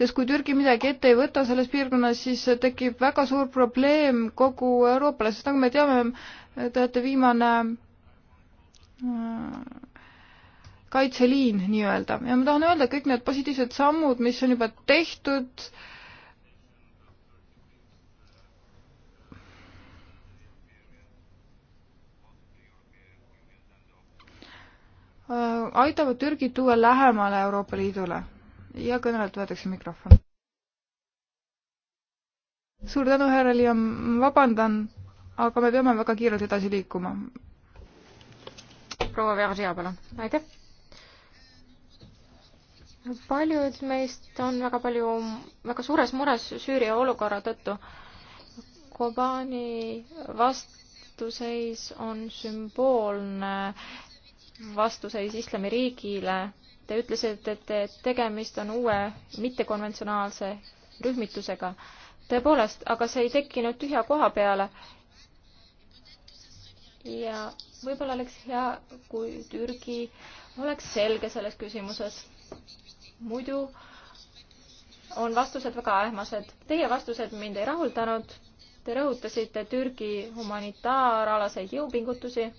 sest kui Türgi midagi ette ei võta selles piirkonnas, siis tekib väga suur probleem kogu Euroopale, sest nagu me teame, teate, viimane äh, kaitseliin nii-öelda ja ma tahan öelda, et kõik need positiivsed sammud, mis on juba tehtud, äh, aitavad Türgit tuua lähemale Euroopa Liidule ja kõnelejalt võetakse mikrofon. suur tänu, härra Liam, vabandan, aga me peame väga kiirelt edasi liikuma. proua Veasia, palun. aitäh. paljud meist on väga palju, väga suures mures Süüria olukorra tõttu. Kobani vastuseis on sümboolne vastuseis islamiriigile Te ütlesite, et tegemist on uue mittekonventsionaalse rühmitusega. tõepoolest, aga see ei tekkinud tühja koha peale. ja võib-olla oleks hea, kui Türgi oleks selge selles küsimuses. muidu on vastused väga ähmased. Teie vastused mind ei rahuldanud. Te rõhutasite Türgi humanitaaralaseid jõupingutusi.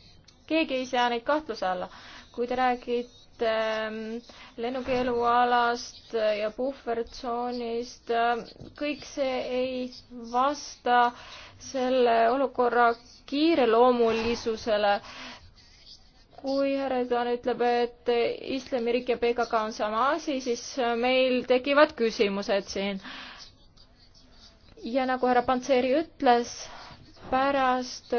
keegi ei sea neid kahtluse alla. kui te räägite et ähm, lennukeelualast ja puhvertsoonist, ähm, kõik see ei vasta selle olukorra kiireloomulisusele. kui härra Edan ütleb, et Islamiriik ja PKK on sama asi, siis äh, meil tekivad küsimused siin. ja nagu härra Pantseri ütles, pärast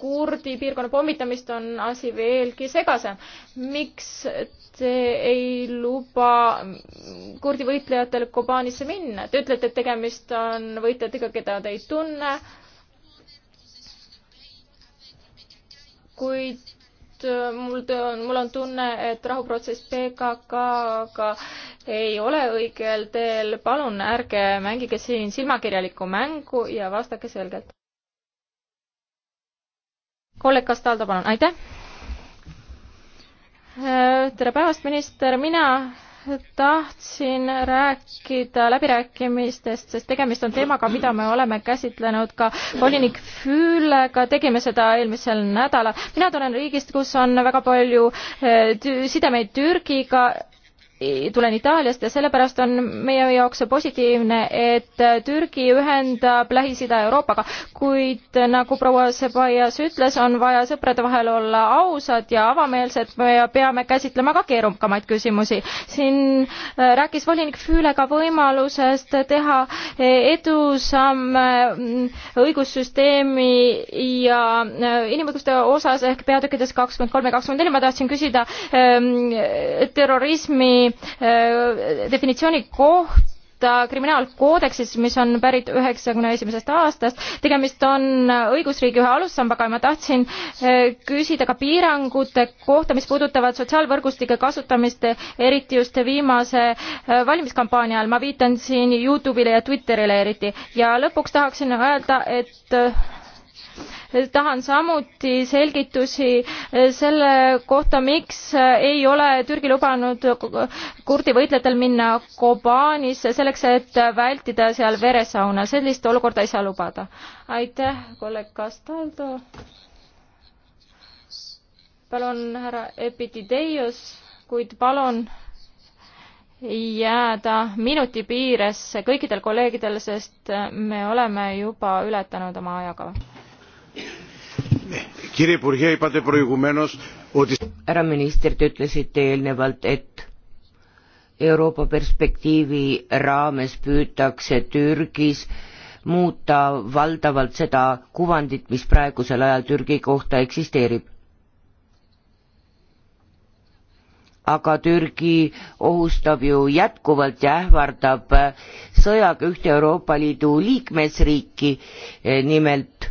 kurdi piirkonna pommitamist, on asi veelgi segasem. miks te ei luba kurdi võitlejatel Kobaanisse minna? Te ütlete, et tegemist on võitlejatega, keda te ei tunne. kuid äh, mul, mul on tunne, et rahuprotsess PKK-ga ei ole õigel teel. palun ärge mängige siin silmakirjalikku mängu ja vastake selgelt kolleeg Kastaldo, palun, aitäh. tere päevast, minister, mina tahtsin rääkida läbirääkimistest, sest tegemist on teemaga, mida me oleme käsitlenud ka volinik Füülega, tegime seda eelmisel nädalal. mina tulen riigist, kus on väga palju eh, sidemeid Türgiga tulen Itaaliast ja sellepärast on meie jaoks positiivne, et Türgi ühendab Lähis-Ida Euroopaga, kuid nagu proua Sebaias ütles, on vaja sõprade vahel olla ausad ja avameelsed, me peame käsitlema ka keerukamaid küsimusi. siin äh, rääkis volinik Füüle ka võimalusest teha äh, edusamme äh, õigussüsteemi ja inimõiguste osas ehk peatükkides kakskümmend kolm ja kakskümmend neli, ma tahtsin küsida ähm, terrorismi Äh, definitsiooni, definitsiooni kohta kohta kriminaalkoodeksis, mis on pärit üheksakümne esimesest aastast. tegemist on õigusriigi ühe alussambaga ja ma tahtsin äh, küsida ka piirangute kohta, mis puudutavad sotsiaalvõrgustike kasutamist, eriti just viimase äh, valimiskampaania ajal. ma viitan siin Youtube'ile ja Twitterile eriti. ja lõpuks tahaksin öelda, et tahan samuti selgitusi eh, selle kohta, miks eh, ei ole Türgi lubanud kurdi võitlejatel minna Kobaanisse selleks, et vältida seal veresauna, sellist olukorda ei saa lubada. aitäh, kolleeg Castaldo. palun, härra Epitideios, kuid palun jääda minuti piiresse kõikidel kolleegidel, sest me oleme juba ületanud oma ajakava härra minister, te ütlesite eelnevalt, et Euroopa perspektiivi raames püütakse Türgis muuta valdavalt seda kuvandit, mis praegusel ajal Türgi kohta eksisteerib. aga Türgi ohustab ju jätkuvalt ja ähvardab sõjaga ühte Euroopa Liidu liikmesriiki, eh, nimelt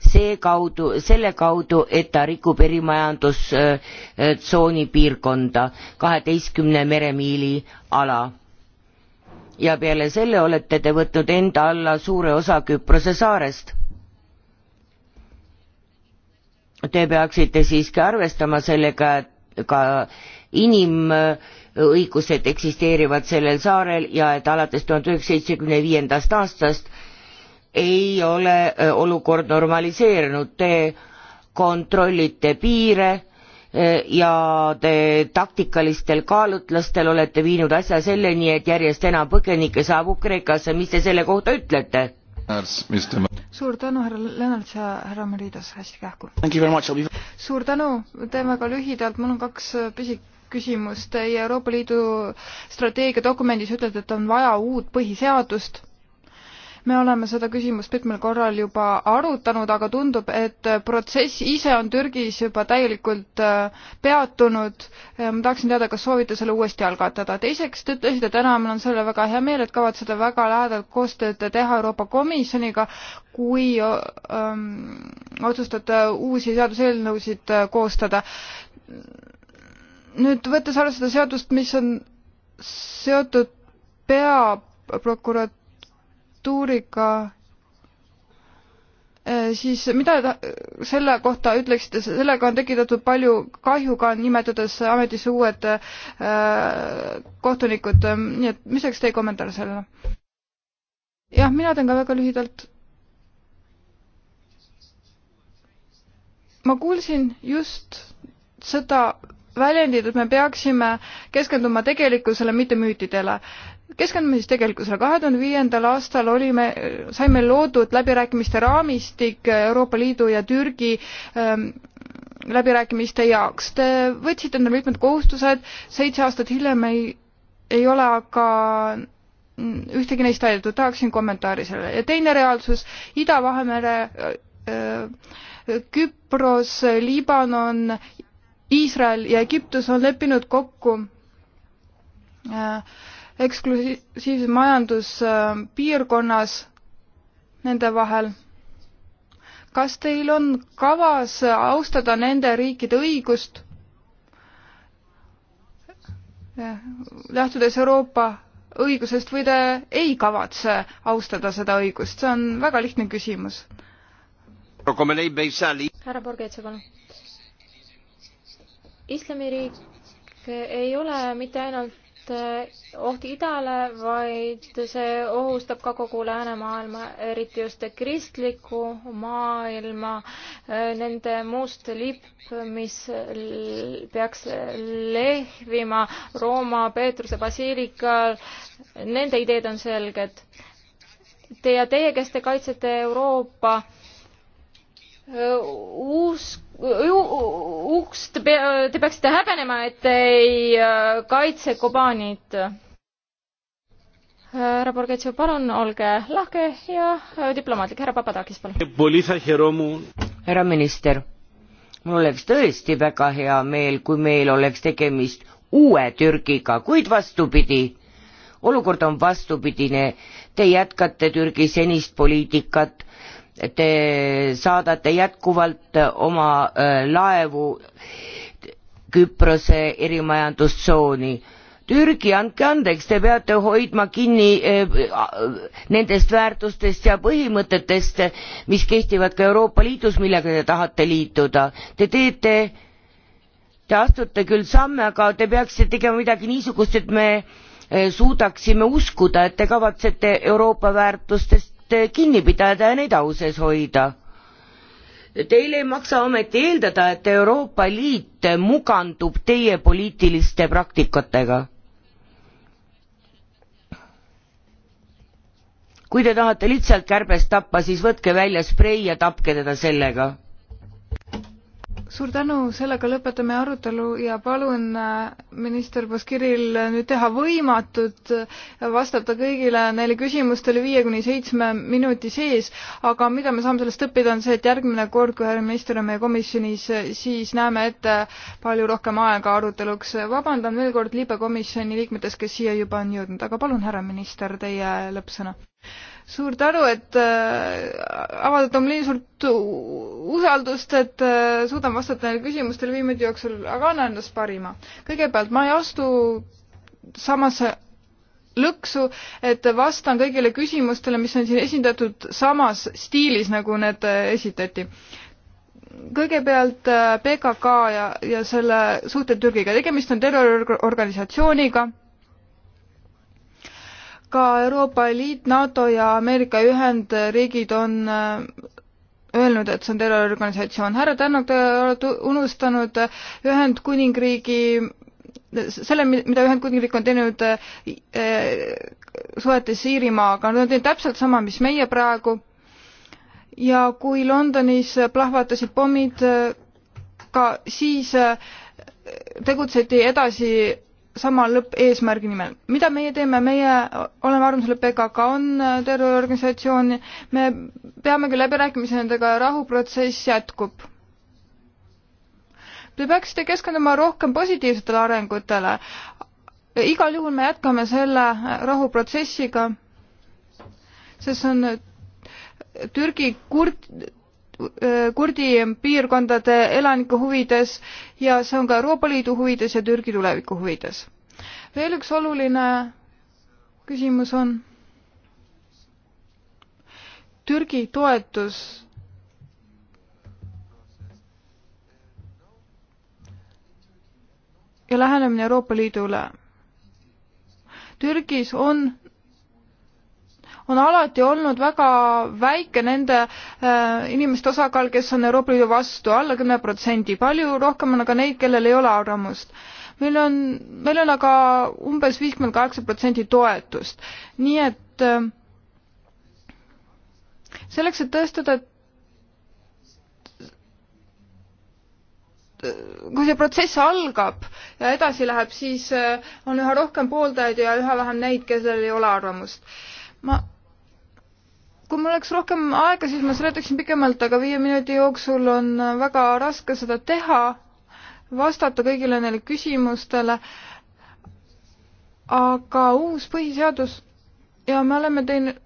see kaudu, selle kaudu, et ta rikub erimajandustsooni piirkonda, kaheteistkümne meremiili ala. ja peale selle olete te võtnud enda alla suure osa Küprose saarest. Te peaksite siiski arvestama sellega, et ka inimõigused eksisteerivad sellel saarel ja et alates tuhande üheksasaja seitsmekümne viiendast aastast ei ole olukord normaliseerunud, te kontrollite piire ja te taktikalistel kaalutlustel olete viinud asja selleni, et järjest enam põgenikke saabub Kreekasse, mis te selle kohta ütlete? suur tänu, härra Lennart ja härra Meridas, hästi kähku. suur tänu, teen väga lühidalt, mul on kaks pisikküsimust. Teie Euroopa Liidu strateegiadokumendis ütlete, et on vaja uut põhiseadust me oleme seda küsimust mitmel korral juba arutanud, aga tundub, et protsess ise on Türgis juba täielikult äh, peatunud. ma tahaksin teada, kas soovite selle uuesti algatada. teiseks, te ütlesite täna, mul on selle väga hea meel, et kavatsete väga lähedalt koostööd teha Euroopa Komisjoniga, kui ähm, otsustate uusi seaduseelnõusid äh, koostada. nüüd võttes arvesse seda seadust, mis on seotud peaprokurat-, kultuuriga, eh, siis mida ta, selle kohta ütleksite, sellega on tekitatud palju kahju ka nimetades ametisse uued äh, kohtunikud, nii et mis oleks teie kommentaar sellele? jah, mina teen ka väga lühidalt. ma kuulsin just seda väljendit, et me peaksime keskenduma tegelikkusele, mitte müütidele keskendume siis tegelikkusele. kahe tuhande viiendal aastal olime, sai meil loodud läbirääkimiste raamistik Euroopa Liidu ja Türgi ähm, läbirääkimiste jaoks. Te võtsite endale mitmed kohustused, seitse aastat hiljem ei, ei ole aga ühtegi neist täidetud, tahaksin kommentaari sellele. ja teine reaalsus, Ida-Vahemere äh,, äh Küpros, Liibanon, Iisrael ja Egiptus on leppinud kokku äh, eksklusiivses majanduspiirkonnas nende vahel. kas teil on kavas austada nende riikide õigust, eh, lähtudes Euroopa õigusest või te ei kavatse austada seda õigust, see on väga lihtne küsimus. härra Borgetsa, palun. islamiriik ei ole mitte ainult Eh, oht idale, vaid see ohustab ka kogu läänemaailma, eriti just kristlikku maailma, eh, nende must lipp, mis peaks lehvima Rooma Peetruse basiilikal, nende ideed on selged. Te ja teie, kes te kaitsete Euroopa eh, usk, uks, te pea-, te peaksite häbenema, et te ei äh, kaitse Kobanit. härra Borgetšov, palun olge lahke ja äh, diplomaatlik, härra Papadakis, palun. härra minister, mul oleks tõesti väga hea meel, kui meil oleks tegemist uue Türgiga, kuid vastupidi, olukord on vastupidine. Te jätkate Türgi senist poliitikat te saadate jätkuvalt oma äh, laevu Küprose erimajandustsooni. Türgi, andke andeks, te peate hoidma kinni äh, nendest väärtustest ja põhimõtetest, mis kehtivad ka Euroopa Liidus, millega te tahate liituda. Te teete, te astute küll samme, aga te peaksite tegema midagi niisugust, et me äh, suudaksime uskuda, et te kavatsete Euroopa väärtustest kinni pidada ja neid auses hoida. Teil ei maksa ometi eeldada, et Euroopa Liit mugandub teie poliitiliste praktikatega. kui te tahate lihtsalt kärbest tappa, siis võtke välja sprei ja tapke teda sellega suur tänu, sellega lõpetame arutelu ja palun äh, minister Baskiril äh, nüüd teha võimatut äh, vastata kõigile neile küsimustele viie kuni seitsme minuti sees, aga mida me saame sellest õppida, on see, et järgmine kord, kui härra minister on meie komisjonis, siis näeme ette palju rohkem aega aruteluks. vabandan veel kord libekomisjoni liikmetest, kes siia juba on jõudnud, aga palun, härra minister, teie lõppsõna suur tänu, et äh, avaldate mulle nii suurt usaldust, et äh, suudan vastata neile küsimustele viie minuti jooksul, aga annan endast parima. kõigepealt ma ei astu samasse lõksu, et vastan kõigile küsimustele, mis on siin esindatud samas stiilis, nagu need äh, esitati. kõigepealt äh, PKK ja, ja selle suhted Türgiga, tegemist on terroriorganisatsiooniga ka Euroopa Liit, NATO ja Ameerika Ühendriigid on äh, öelnud, et see on terroriorganisatsioon. härra Tänak, te olete unustanud Ühendkuningriigi selle, mida Ühendkuningriik on teinud äh, suhetes Iirimaaga, nad on teinud täpselt sama, mis meie praegu. ja kui Londonis plahvatasid pommid, äh, ka siis tegutseti edasi sama lõppeesmärgi nimel. mida meie teeme, meie oleme arvamusel, et PKK on äh, terroriorganisatsioon, me peame küll läbirääkimisi nendega, rahuprotsess jätkub. Te peaksite keskenduma rohkem positiivsetele arengutele. igal juhul me jätkame selle rahuprotsessiga, sest see on äh, Türgi kurt-, Äh, kurdi piirkondade elanike huvides ja see on ka Euroopa Liidu huvides ja Türgi tuleviku huvides. veel üks oluline küsimus on Türgi toetus ja lähenemine Euroopa Liidule. Türgis on on alati olnud väga väike nende äh, inimeste osakaal, kes on Euroopa Liidu vastu, alla kümne protsendi. palju rohkem on aga neid, kellel ei ole arvamust. meil on, meil on aga umbes viiskümmend kaheksa protsenti toetust, nii et äh, selleks, et tõestada, et äh, kui see protsess algab ja edasi läheb, siis on üha rohkem pooldajaid ja üha vähem neid, kellel ei ole arvamust. ma kui mul oleks rohkem aega, siis ma seletaksin pikemalt, aga viie minuti jooksul on väga raske seda teha, vastata kõigile neile küsimustele. aga uus põhiseadus ja me oleme teinud,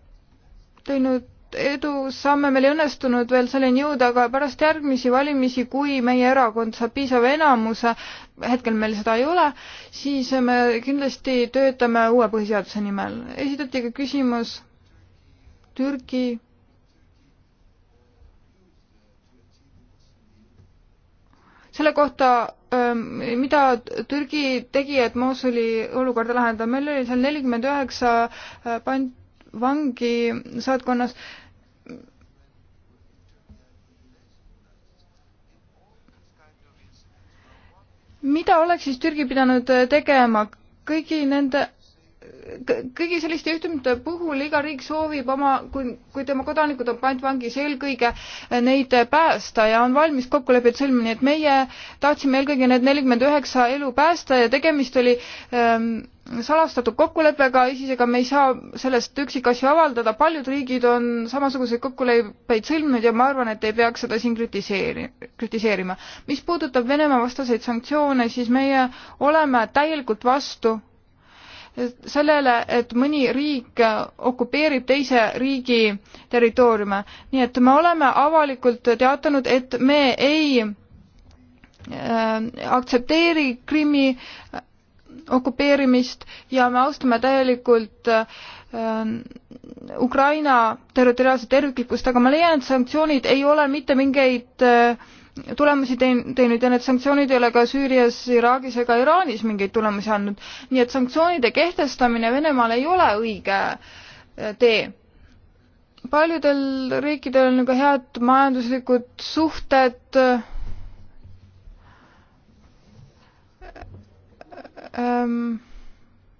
teinud edusamme, meil ei õnnestunud veel selleni jõuda, aga pärast järgmisi valimisi, kui meie erakond saab piisava enamuse, hetkel meil seda ei ole, siis me kindlasti töötame uue põhiseaduse nimel. esitati ka küsimus Türgi selle kohta, ähm, mida Türgi tegi, et Mosuli olukorda lahendada, meil oli seal nelikümmend üheksa äh, pantvangi saatkonnas. mida oleks siis Türgi pidanud äh, tegema kõigi nende kõigi selliste juhtumite puhul iga riik soovib oma, kui, kui tema kodanikud on pantvangis, eelkõige neid päästa ja on valmis kokkulepet sõlmima, nii et meie tahtsime eelkõige need nelikümmend üheksa elu päästa ja tegemist oli ähm, salastatud kokkuleppega, ISISega me ei saa sellest üksikasju avaldada, paljud riigid on samasuguseid kokkuleppeid sõlminud ja ma arvan, et ei peaks seda siin kritiseeri-, kritiseerima. mis puudutab Venemaa vastaseid sanktsioone, siis meie oleme täielikult vastu sellele, et mõni riik okupeerib teise riigi territooriume. nii et me oleme avalikult teatanud, et me ei äh, aktsepteeri Krimmi äh, okupeerimist ja me austame täielikult äh, Ukraina territoriaalset terviklikkust, aga ma leian, et sanktsioonid ei ole mitte mingeid äh, tulemusi teinud ja need sanktsioonid ei ole ka Süürias, Iraagis ega Iraanis mingeid tulemusi andnud. nii et sanktsioonide kehtestamine Venemaal ei ole õige äh, tee. paljudel riikidel on ka head majanduslikud suhted. Äh, ähm,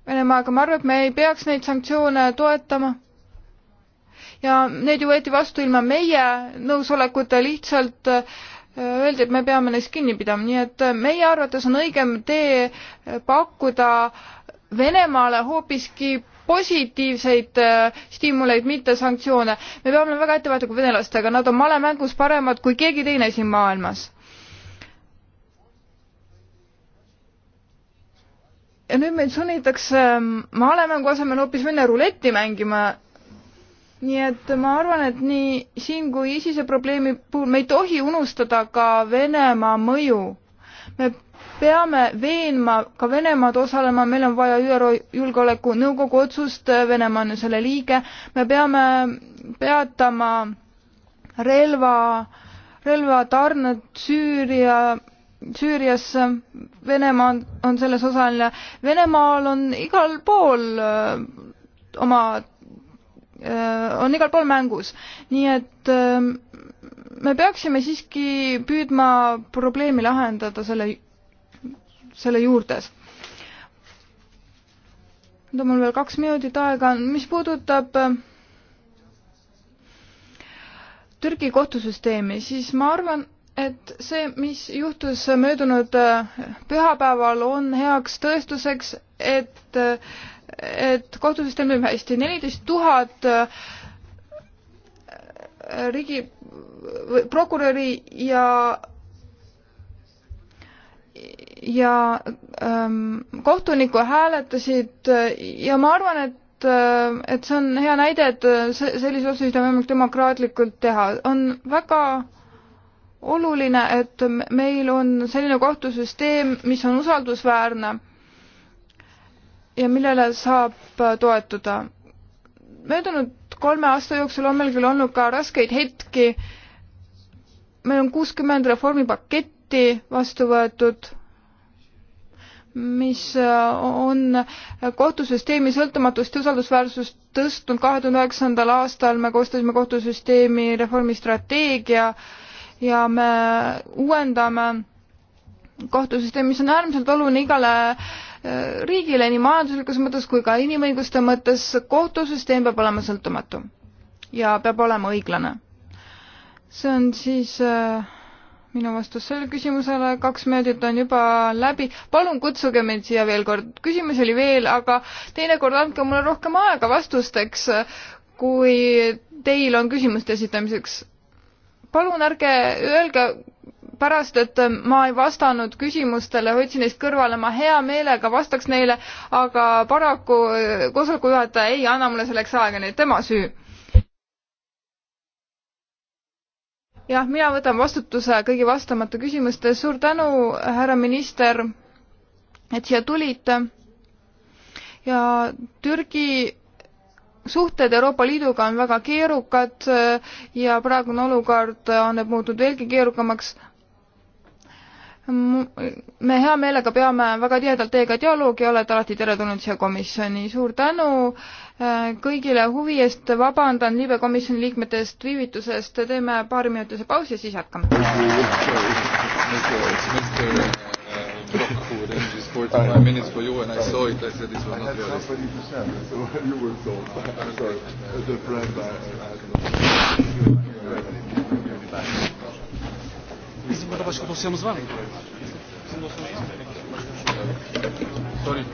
Venemaaga, ma arvan, et me ei peaks neid sanktsioone toetama ja need ju võeti vastu ilma meie nõusolekuta lihtsalt äh, öeldi, et me peame neist kinni pidama, nii et meie arvates on õigem tee pakkuda Venemaale hoopiski positiivseid äh, stiimuleid, mitte sanktsioone. me peame väga ettevaatlikud venelastega, nad on malemängus paremad kui keegi teine siin maailmas. ja nüüd meid sunnitakse ähm, malemängu asemel hoopis vene ruletti mängima nii et ma arvan, et nii siin kui ISISe probleemi puhul me ei tohi unustada ka Venemaa mõju. me peame veenma ka Venemaad osalema, meil on vaja ÜRO Julgeolekunõukogu otsust, Venemaa on ju selle liige, me peame peatama relva, relvatarned Süüria, Süüriasse, Venemaa on, on selles osaline. Venemaal on igal pool öö, äh, oma Äh, on igal pool mängus. nii et ähm, me peaksime siiski püüdma probleemi lahendada selle, selle juurdes. nüüd on mul veel kaks minutit aega, mis puudutab äh, Türgi kohtusüsteemi, siis ma arvan, et see, mis juhtus möödunud äh, pühapäeval, on heaks tõestuseks, et äh, et kohtusüsteem toimib hästi, neliteist tuhat äh, riigi prokuröri ja ja ähm, kohtuniku hääletasid ja ma arvan, et, äh, et see on hea näide, et äh, see, sellise otsuseid on võimalik demokraatlikult teha. on väga oluline, et meil on selline kohtusüsteem, mis on usaldusväärne ja millele saab äh, toetuda. möödunud kolme aasta jooksul on meil küll olnud ka raskeid hetki, meil on kuuskümmend reformipaketti vastu võetud, mis äh, on kohtusüsteemi sõltumatust ja usaldusväärsust tõstnud. kahe tuhande üheksandal aastal me koostasime kohtusüsteemi reformistrateegia ja me uuendame kohtusüsteemi, mis on äärmiselt oluline igale äh, riigile nii majanduslikus mõttes kui ka inimõiguste mõttes. kohtusüsteem peab olema sõltumatu ja peab olema õiglane. see on siis äh, minu vastus sellele küsimusele, kaks minutit on juba läbi. palun kutsuge mind siia veel kord, küsimusi oli veel, aga teinekord andke mulle rohkem aega vastusteks, kui teil on küsimuste esitamiseks palun ärge öelge pärast, et ähm, ma ei vastanud küsimustele, hoidsin neist kõrvale, ma hea meelega vastaks neile, aga paraku äh, koosoleku juhataja ei anna mulle selleks aega, nii et tema süü. jah, mina võtan vastutuse kõigi vastamata küsimuste, suur tänu, härra minister, et siia tulite ja Türgi suhted Euroopa Liiduga on väga keerukad äh, ja praegune olukord äh, on need muutunud veelgi keerukamaks, me hea meelega peame väga tihedalt teiega dialoogi, olete alati teretulnud siia komisjoni. suur tänu kõigile huvi eest, vabandan liibe komisjoni liikmete eest viivitusest, teeme paariminutise pausi ja siis jätkame. Block would end is 45 minutes for you, and I saw it. I said this was I not yours. So you were told. Sorry, the prep. I, I, I zbudować konsorcjum z wami. Sorry.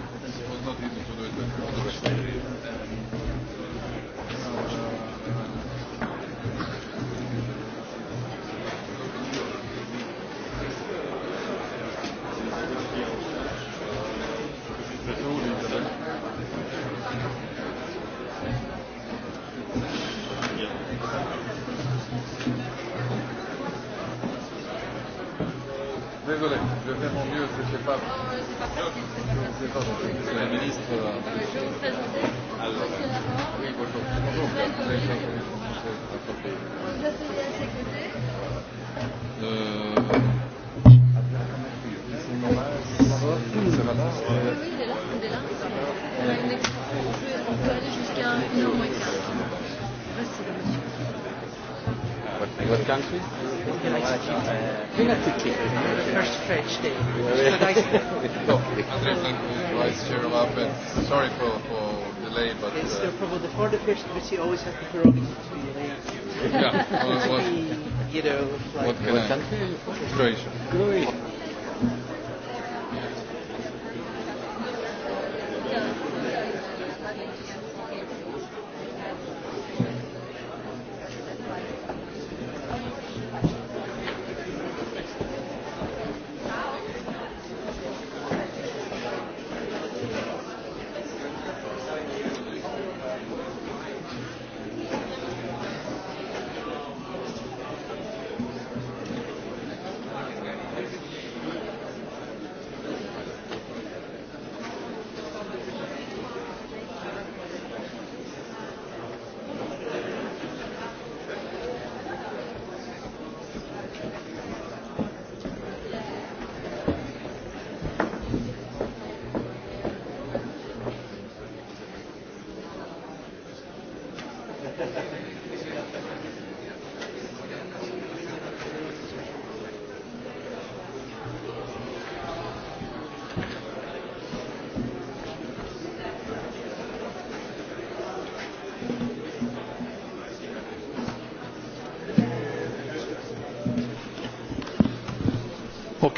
Because you always have the prerogative to be late. Yeah. Well, what, [laughs] you know, like, what, can what I? country?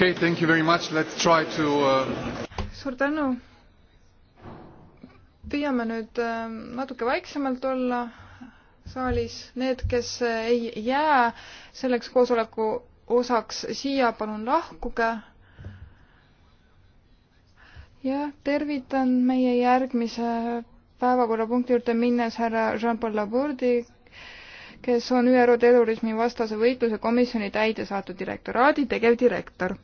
okei okay,, thank you very much, let's try to uh... suur tänu. püüame nüüd uh, natuke vaiksemalt olla saalis. Need, kes äh, ei jää selleks koosoleku osaks siia, palun lahkuge. ja tervitan meie järgmise päevakorrapunkti juurde minnes härra Jean-Paul Labordi, kes on ÜRO terrorismi vastase võitluse komisjoni täidesaatva direktoraadi tegevdirektor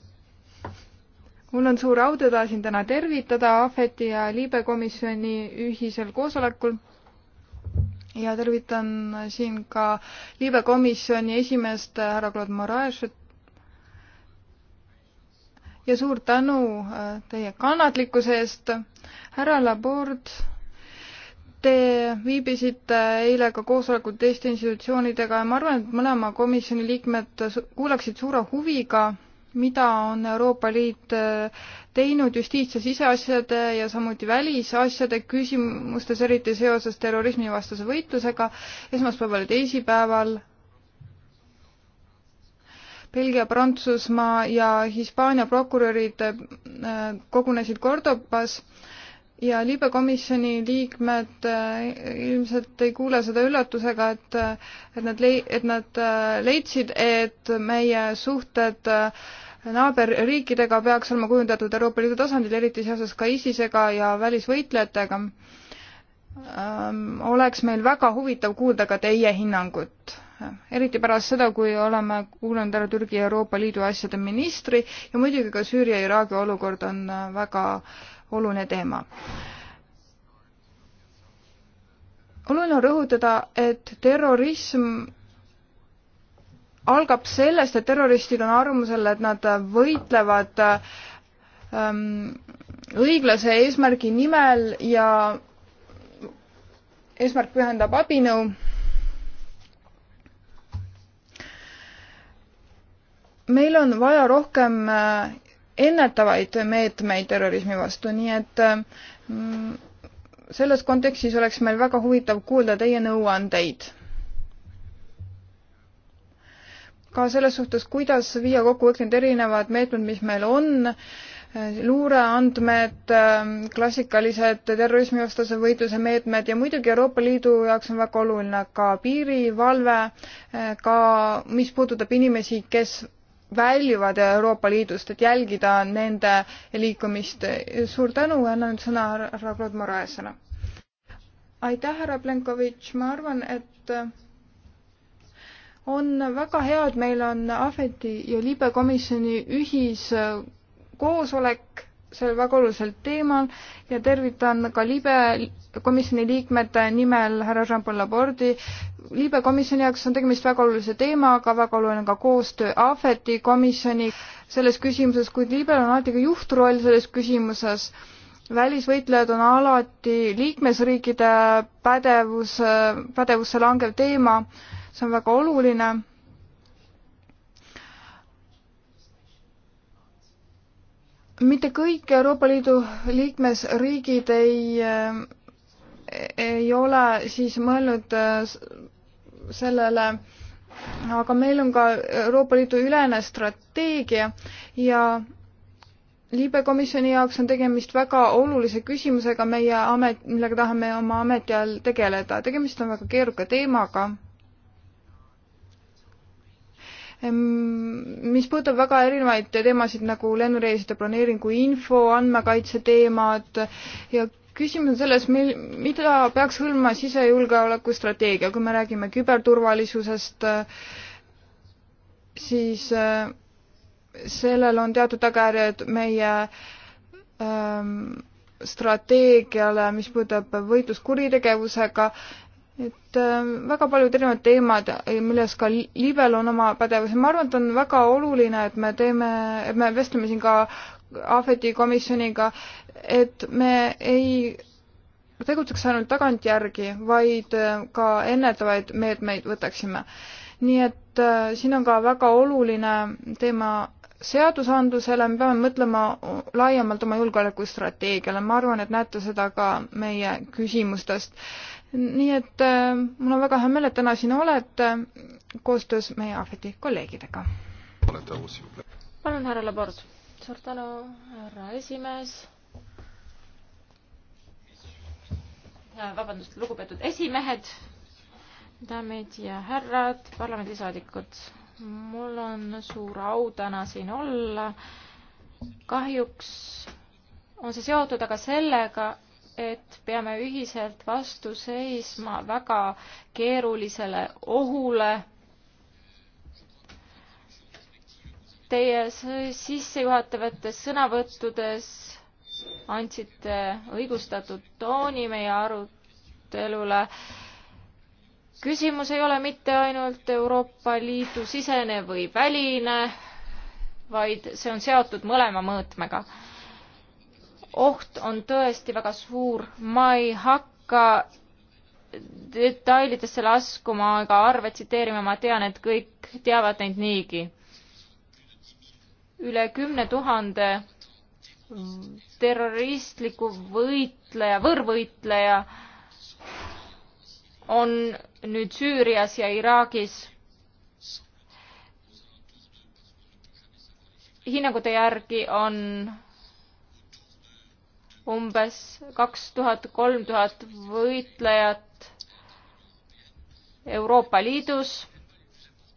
mul on suur au teda siin täna tervitada Ahveti ja Liibe komisjoni ühisel koosolekul ja tervitan siin ka Liibe komisjoni esimeest äh, härra Claude Moraesit. ja suur tänu äh, teie kannatlikkuse eest. härra Labord, te viibisite eile ka koosolekul teiste institutsioonidega ja ma arvan, et mõlema komisjoni liikmed kuulaksid suure huviga mida on Euroopa Liit äh, teinud justiits- ja siseasjade ja samuti välisasjade küsimustes, eriti seoses terrorismivastase võitlusega esmaspäeval ja teisipäeval. Belgia, Prantsusmaa ja Hispaania prokurörid äh, kogunesid Cordobas ja liibekomisjoni liikmed äh, ilmselt ei kuule seda üllatusega, et, et nad lei-, et nad leidsid, et meie suhted äh, naaberriikidega peaks olema kujundatud Euroopa Liidu tasandil, eriti seoses ka ISISega ja välisvõitlejatega. Ähm, oleks meil väga huvitav kuulda ka teie hinnangut, eriti pärast seda, kui oleme kuulanud ära Türgi ja Euroopa Liidu asjade ministri ja muidugi ka Süüria ja Iraagi olukord on äh, väga oluline teema oluline on rõhutada, et terrorism algab sellest, et terroristid on arvamusel, et nad võitlevad ähm, õiglase eesmärgi nimel ja eesmärk pühendab abinõu. meil on vaja rohkem äh, ennetavaid meetmeid terrorismi vastu, nii et äh, selles kontekstis oleks meil väga huvitav kuulda teie nõuandeid ka selles suhtes, kuidas viia kokku kõik need erinevad meetmed, mis meil on, luureandmed, ähm, klassikalised terrorismivastase võitluse meetmed ja muidugi Euroopa Liidu jaoks on väga oluline ka piirivalve, äh, ka mis puudutab inimesi, kes väljuvad Euroopa Liidust, et jälgida nende liikumist. suur tänu, annan sõna härra Claude Moraesele. aitäh, härra Plenkovitš, ma arvan, et on väga hea, et meil on Ahveti ja Liibe komisjoni ühiskoosolek sel väga olulisel teemal ja tervitan ka Liibe komisjoni liikmete nimel härra Jean-Paul Labordi. Liibe komisjoni jaoks on tegemist väga olulise teemaga, väga oluline on ka koostöö Ahveti komisjoni selles küsimuses, kuid Liibel on alati ka juhtroll selles küsimuses välisvõitlejad on alati liikmesriikide pädevus, pädevusse langev teema see on väga oluline. mitte kõik Euroopa Liidu liikmesriigid ei, ei ole siis mõelnud sellele, aga meil on ka Euroopa Liidu ülene strateegia ja liibekomisjoni jaoks on tegemist väga olulise küsimusega meie amet, millega tahame oma ameti all tegeleda. tegemist on väga keeruka teemaga mis puudutab väga erinevaid teemasid nagu lennureiside planeeringu info, andmekaitse teemad ja küsimus on selles, mil, mida peaks hõlma sisejulgeoleku strateegia, kui me räägime küberturvalisusest, siis eh, sellel on teatud tagajärjed meie ähm, strateegiale, mis puudutab võitlust kuritegevusega et äh, väga paljud erinevad teemad, milles ka Libel on oma pädevus ja ma arvan, et on väga oluline, et me teeme, et me vestleme siin ka Ahveti komisjoniga, et me ei tegutseks ainult tagantjärgi, vaid äh, ka ennetavaid meetmeid võtaksime. nii et äh, siin on ka väga oluline teema seadusandlusele, me peame mõtlema laiemalt oma julgeolekustrateegiale, ma arvan, et näete seda ka meie küsimustest nii et äh, mul on väga hea meel, et täna siin olete äh, koostöös meie Ahveti kolleegidega. palun, härra Labord. suur tänu, härra esimees. vabandust, lugupeetud esimehed, daamid ja härrad, parlamendisaadikud. mul on suur au täna siin olla. kahjuks on see seotud aga sellega, et peame ühiselt vastu seisma väga keerulisele ohule. Teie sissejuhatavates sõnavõttudes andsite õigustatud tooni meie arutelule. küsimus ei ole mitte ainult Euroopa Liidu sisene või väline, vaid see on seotud mõlema mõõtmega oht on tõesti väga suur. ma ei hakka detailidesse laskuma ega arve tsiteerima, ma tean, et kõik teavad neid niigi. üle kümne tuhande terroristliku võitleja, võõrvõitleja on nüüd Süürias ja Iraagis hinnangute järgi on umbes kaks tuhat, kolm tuhat võitlejat Euroopa Liidus,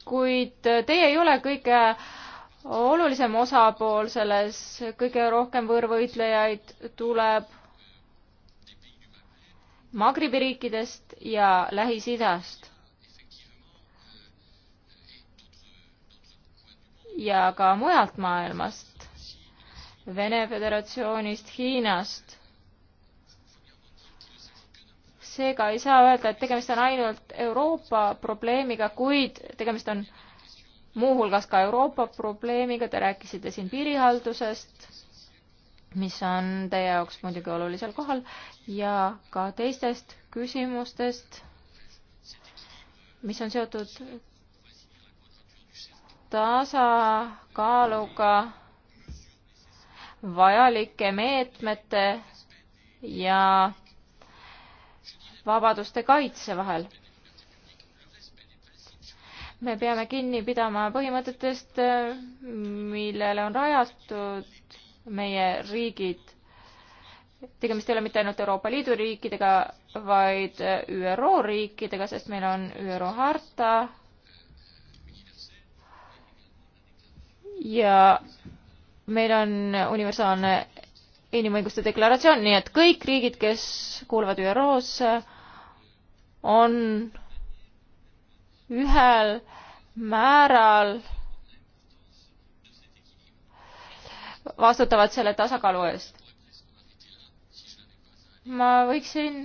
kuid teie ei ole kõige olulisem osapool selles, kõige rohkem võõrvõitlejaid tuleb Magribi riikidest ja Lähis-Idast. ja ka mujalt maailmast Vene Föderatsioonist, Hiinast. seega ei saa öelda, et tegemist on ainult Euroopa probleemiga, kuid tegemist on muuhulgas ka Euroopa probleemiga, te rääkisite siin piirihaldusest, mis on teie jaoks muidugi olulisel kohal, ja ka teistest küsimustest, mis on seotud tasakaaluga vajalike meetmete ja vabaduste kaitse vahel. me peame kinni pidama põhimõtetest, millele on rajatud meie riigid. tegemist ei ole mitte ainult Euroopa Liidu riikidega, vaid ÜRO riikidega, sest meil on ÜRO harta ja meil on universaalne inimõiguste deklaratsioon, nii et kõik riigid, kes kuuluvad ÜRO-sse, on ühel määral vastutavad selle tasakaalu eest. ma võiksin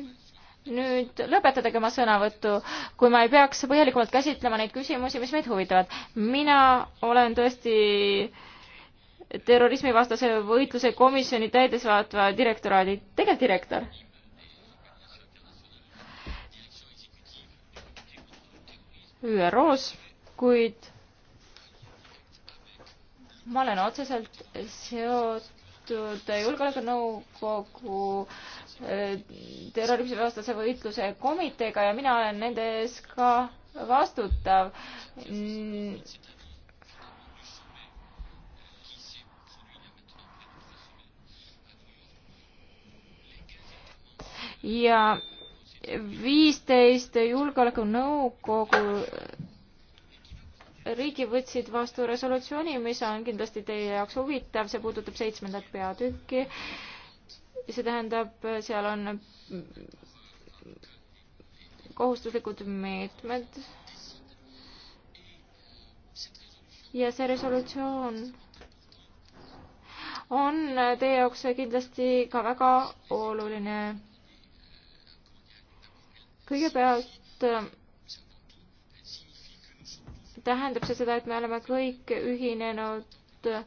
nüüd lõpetadagi oma sõnavõttu, kui ma ei peaks põhjalikumalt käsitlema neid küsimusi, mis meid huvitavad. mina olen tõesti äh, terrorismivastase võitluse komisjoni täidesaatva direktoraadi tegevdirektor. ÜRO-s, kuid ma olen otseselt seotud Julgeolekunõukogu äh, terrorismivastase võitluse komiteega ja mina olen nende ees ka vastutav ja viisteist julgeolekunõukogu riigi võtsid vastu resolutsiooni, mis on kindlasti teie jaoks huvitav, see puudutab seitsmendat peatükki. see tähendab, seal on kohustuslikud meetmed. ja see resolutsioon on teie jaoks kindlasti ka väga oluline kõigepealt äh, tähendab see seda, et me oleme kõik ühinenud äh,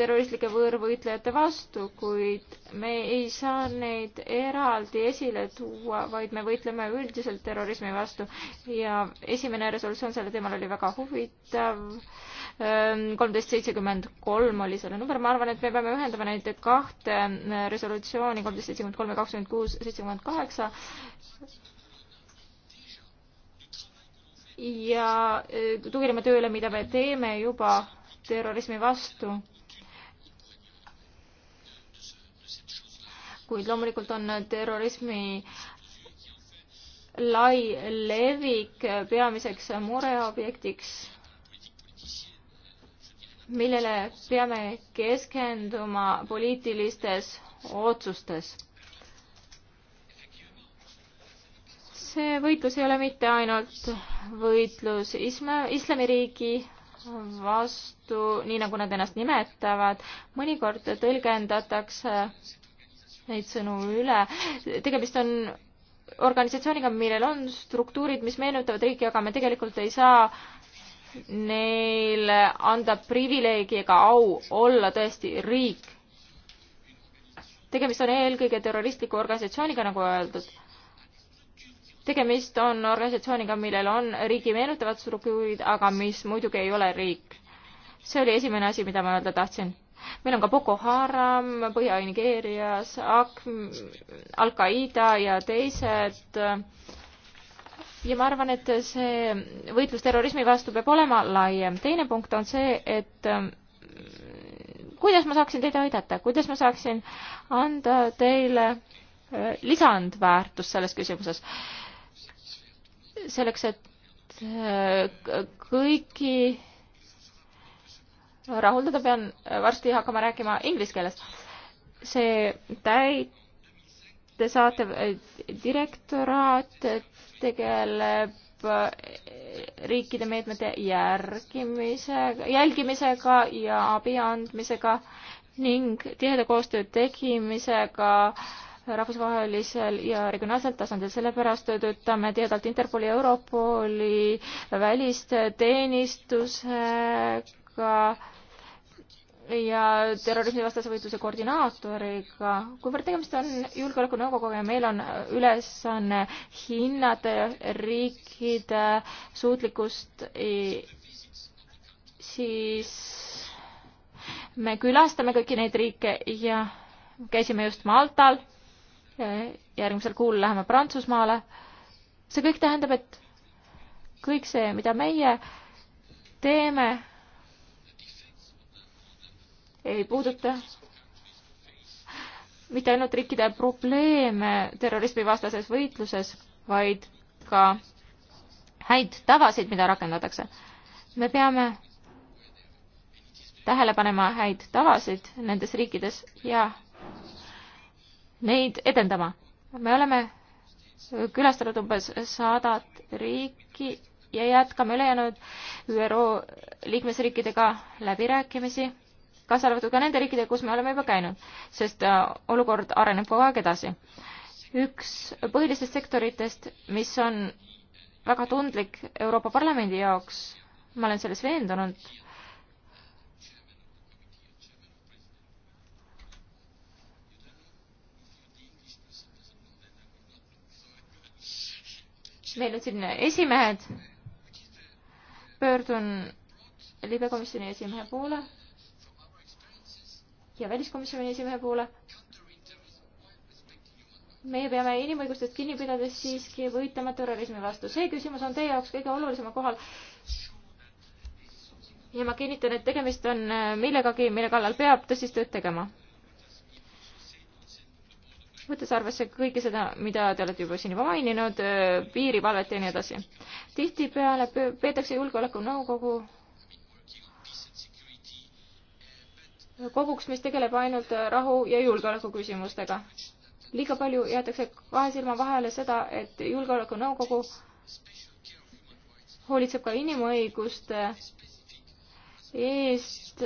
terroristlike võõrvõitlejate vastu, kuid me ei saa neid eraldi esile tuua, vaid me võitleme üldiselt terrorismi vastu ja esimene resolutsioon selle teemal oli väga huvitav Ehm, kolmteist seitsekümmend kolm oli selle number, ma arvan, et me peame ühendama neid kahte ehm, resolutsiooni, kolmteist seitsekümmend kolm ja kakskümmend kuus seitsekümmend kaheksa. ja ehm, tugineme tööle, mida me teeme juba terrorismi vastu kuid loomulikult on terrorismi lai levik peamiseks mureobjektiks millele peame keskenduma poliitilistes otsustes. see võitlus ei ole mitte ainult võitlus isma, islamiriigi vastu, nii nagu nad ennast nimetavad, mõnikord tõlgendatakse neid sõnu üle. tegemist on organisatsiooniga, millel on struktuurid, mis meenutavad riiki, aga me tegelikult ei saa neile anda privileegi ega au olla tõesti riik. tegemist on eelkõige terroristliku organisatsiooniga, nagu öeldud. tegemist on organisatsiooniga, millel on riigi meenutavad struktuurid, aga mis muidugi ei ole riik. see oli esimene asi, mida ma öelda tahtsin meil on ka Boko Haram Põhja-Nigeerias, Al-Qaeda ja teised äh, ja ma arvan, et see võitlus terrorismi vastu peab olema laiem. teine punkt on see, et ähm, kuidas ma saaksin teid aidata, kuidas ma saaksin anda teile äh, lisandväärtust selles küsimuses. selleks, et äh, kõiki rahuldada, pean varsti hakkama rääkima inglise keeles. see täit-, te saate, eh, direktoraat tegeleb eh, riikide meetmete järgimisega, jälgimisega ja abi andmisega ning tiheda koostöö tegimisega rahvusvahelisel ja regionaalsel tasandil, sellepärast töötame tihedalt Interpoli, Europoli, välisteenistusega ja terrorismivastase võitluse koordinaatoriga, kuivõrd tegemist on Julgeolekunõukoguga ja meil on ülesanne hinnata riikide suutlikkust, siis me külastame kõiki neid riike ja käisime just Maltal, järgmisel kuul läheme Prantsusmaale. see kõik tähendab, et kõik see, mida meie teeme ei puuduta mitte ainult riikide probleeme terrorismivastases võitluses, vaid ka häid tavasid, mida rakendatakse. me peame tähele panema häid tavasid nendes riikides ja neid edendama. me oleme külastanud umbes sadat riiki ja jätkame ülejäänud ÜRO liikmesriikidega läbirääkimisi kaasa arvatud ka nende riikidega, kus me oleme juba käinud, sest äh, olukord areneb kogu aeg edasi. üks põhilistest sektoritest, mis on väga tundlik Euroopa Parlamendi jaoks, ma olen selles veendunud, meil on siin esimehed, pöördun libekomisjoni esimehe poole ja väliskomisjoni esimehe poole. meie peame inimõigustest kinni pidades siiski võitlema terrorismi vastu. see küsimus on teie jaoks kõige olulisema kohal. ja ma kinnitan, et tegemist on äh, millegagi, mille kallal peab tõsist tööd tegema. võttes arvesse kõike seda, mida te olete juba siin juba maininud, äh, piirivalvet ja nii edasi. tihtipeale peetakse julgeolekunõukogu no koguks, mis tegeleb ainult rahu ja julgeoleku küsimustega. liiga palju jäetakse kahe silma vahele seda, et Julgeolekunõukogu hoolitseb ka inimõiguste eest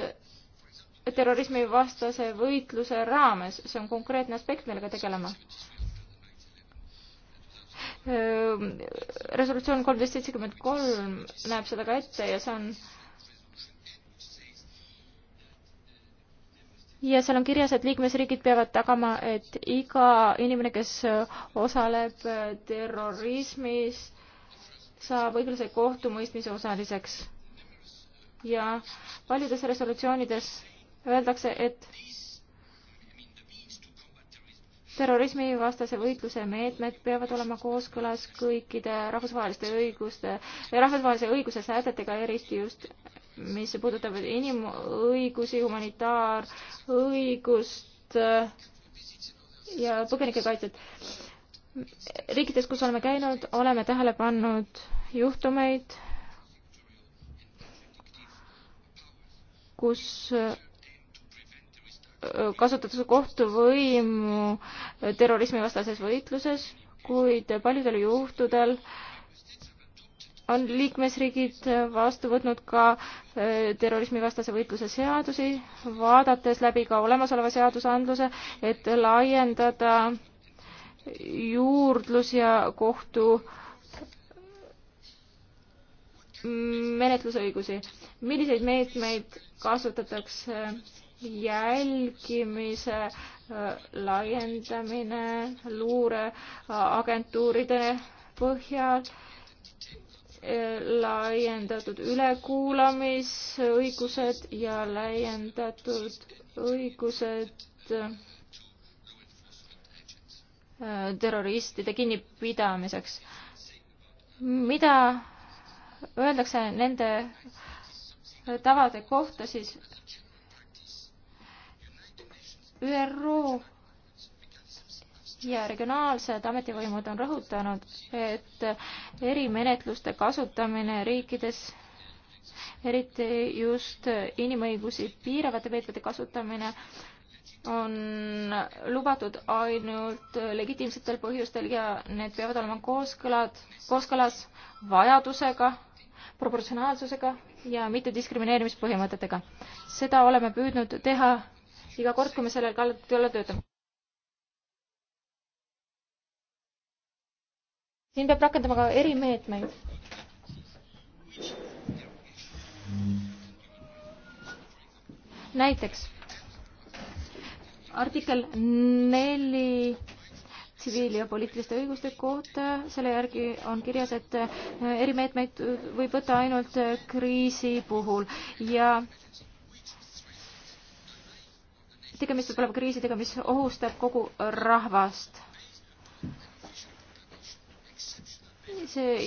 terrorismivastase võitluse raames, see on konkreetne aspekt, millega tegeleme. resolutsioon kolmteist seitsekümmend kolm näeb seda ka ette ja see on ja seal on kirjas, et liikmesriigid peavad tagama, et iga inimene, kes äh, osaleb äh, terrorismis, saab õiglase kohtumõistmise osaliseks. ja paljudes resolutsioonides öeldakse, et terrorismivastase võitluse meetmed peavad olema kooskõlas kõikide rahvusvaheliste õiguste, rahvusvahelise õiguse sätetega, eriti just mis puudutavad inimõigusi, humanitaarõigust äh, ja põgenikekaitset. riikides, kus oleme käinud, oleme tähele pannud juhtumeid, kus äh, kasutatakse kohtuvõimu terrorismivastases võitluses, kuid paljudel juhtudel äh, on liikmesriigid äh, vastu võtnud ka äh, terrorismivastase võitluse seadusi, vaadates läbi ka olemasoleva seadusandluse, et laiendada juurdlus ja kohtu mm, menetlusõigusi. milliseid meetmeid kasutatakse? jälgimise äh, laiendamine luureagentuuride põhjal laiendatud ülekuulamisõigused ja laiendatud õigused äh, terroristide kinnipidamiseks. mida öeldakse nende tavade kohta siis ÜRO ja regionaalsed ametivõimud on rõhutanud, et erimenetluste kasutamine riikides eriti just inimõigusi piiravate meetmete kasutamine on lubatud ainult legitiimsetel põhjustel ja need peavad olema kooskõlad, kooskõlas vajadusega, proportsionaalsusega ja mittediskrimineerimispõhimõtetega. seda oleme püüdnud teha iga kord, kui me sellel kallal töötame siin peab rakendama ka erimeetmeid. näiteks artikkel neli tsiviil- ja poliitiliste õiguste kohta, selle järgi on kirjas, et erimeetmeid võib võtta ainult kriisi puhul ja tegemist peab olema kriisidega, mis ohustab kogu rahvast.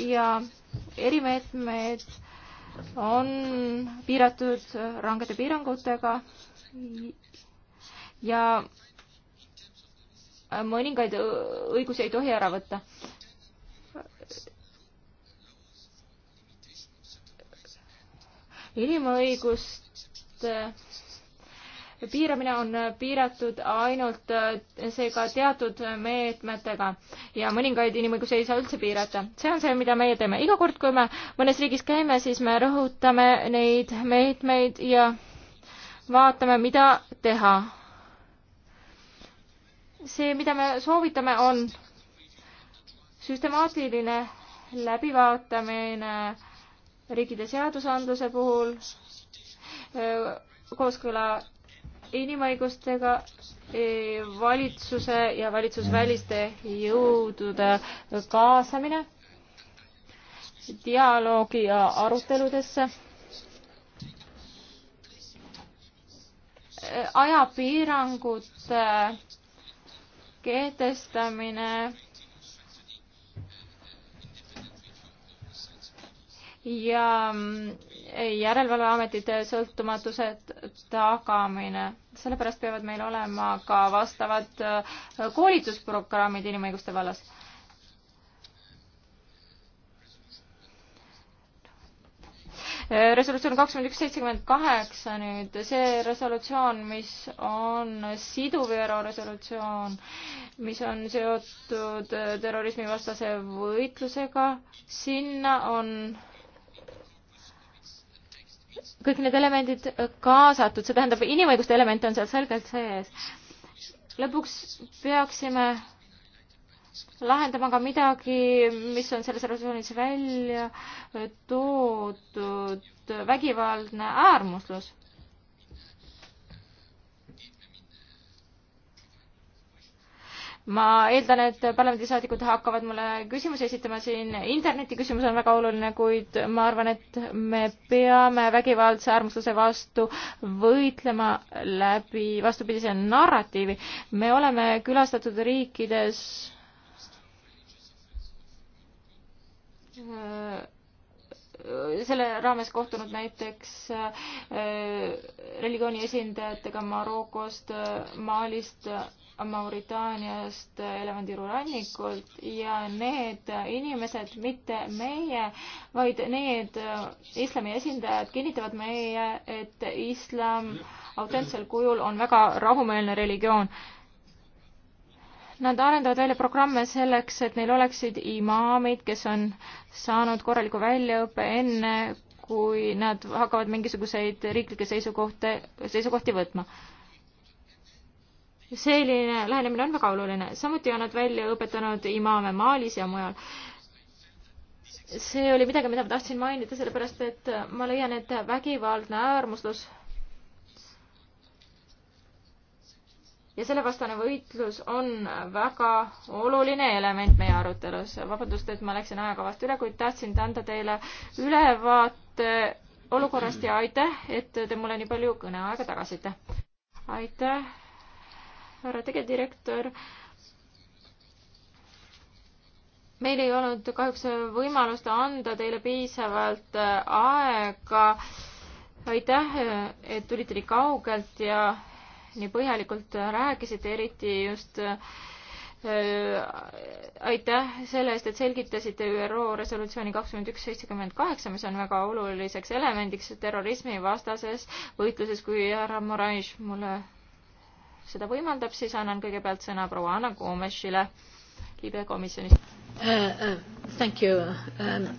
ja erimeetmed on piiratud rangete piirangutega ja mõningaid õigusi ei tohi ära võtta. inimõiguste piiramine on piiratud ainult eh, seega teatud meetmetega ja mõningaid inimõigusi ei saa üldse piirata. see on see, mida meie teeme. iga kord, kui me mõnes riigis käime, siis me rõhutame neid meetmeid ja vaatame, mida teha. see, mida me soovitame, on süstemaatiline läbivaatamine riikide seadusandluse puhul, eh, kooskõla inimõigustega e, valitsuse ja valitsusväliste jõudude kaasamine dialoogi ja aruteludesse. E, ajapiirangute kehtestamine ja mm, järelevalveametite sõltumatuse tagamine. sellepärast peavad meil olema ka vastavad äh, koolitusprogrammid inimõiguste vallas. Äh, resolutsioon kakskümmend üks seitsekümmend kaheksa nüüd, see resolutsioon, mis on siduv ÜRO resolutsioon, mis on seotud äh, terrorismivastase võitlusega, sinna on kõik need elemendid kaasatud, see tähendab, inimõiguste element on seal selgelt sees. lõpuks peaksime lahendama ka midagi, mis on selles resolutsioonis välja toodud, vägivaldne äärmuslus. ma eeldan, et parlamendisaadikud hakkavad mulle küsimusi esitama siin, interneti küsimus on väga oluline, kuid ma arvan, et me peame vägivaldse äärmusluse vastu võitlema läbi vastupidise narratiivi. me oleme külastatud riikides äh, selle raames kohtunud näiteks äh, religiooni esindajatega Marokost, äh, Malist Mauritaaniast elevandiru rannikult ja need inimesed, mitte meie, vaid need äh, islami esindajad kinnitavad meie, et islam autentsel kujul on väga rahumeelne religioon. Nad arendavad välja programme selleks, et neil oleksid imaamid, kes on saanud korraliku väljaõppe enne, kui nad hakkavad mingisuguseid riiklikke seisukohti, seisukohti võtma selline lähenemine on väga oluline. samuti on nad välja õpetanud imaame Malis ja mujal. see oli midagi, mida ma tahtsin mainida, sellepärast et ma leian, et vägivaldne äärmuslus ja sellevastane võitlus on väga oluline element meie arutelus. vabandust, et ma läksin ajakavast üle, kuid tahtsin anda teile ülevaate olukorrast ja aitäh, et te mulle nii palju kõneaega tagasite. aitäh härra tegevdirektor. meil ei olnud kahjuks võimalust anda teile piisavalt äh, aega. aitäh, et tulite nii kaugelt ja nii põhjalikult rääkisite, eriti just äh, aitäh selle eest, et selgitasite ÜRO resolutsiooni kakskümmend üks seitsekümmend kaheksa, mis on väga oluliseks elemendiks terrorismivastases võitluses, kui härra Morais mulle seda võimaldab, siis annan kõigepealt sõna proua Anna Koomešile libe komisjonist uh,. Uh, thank you um....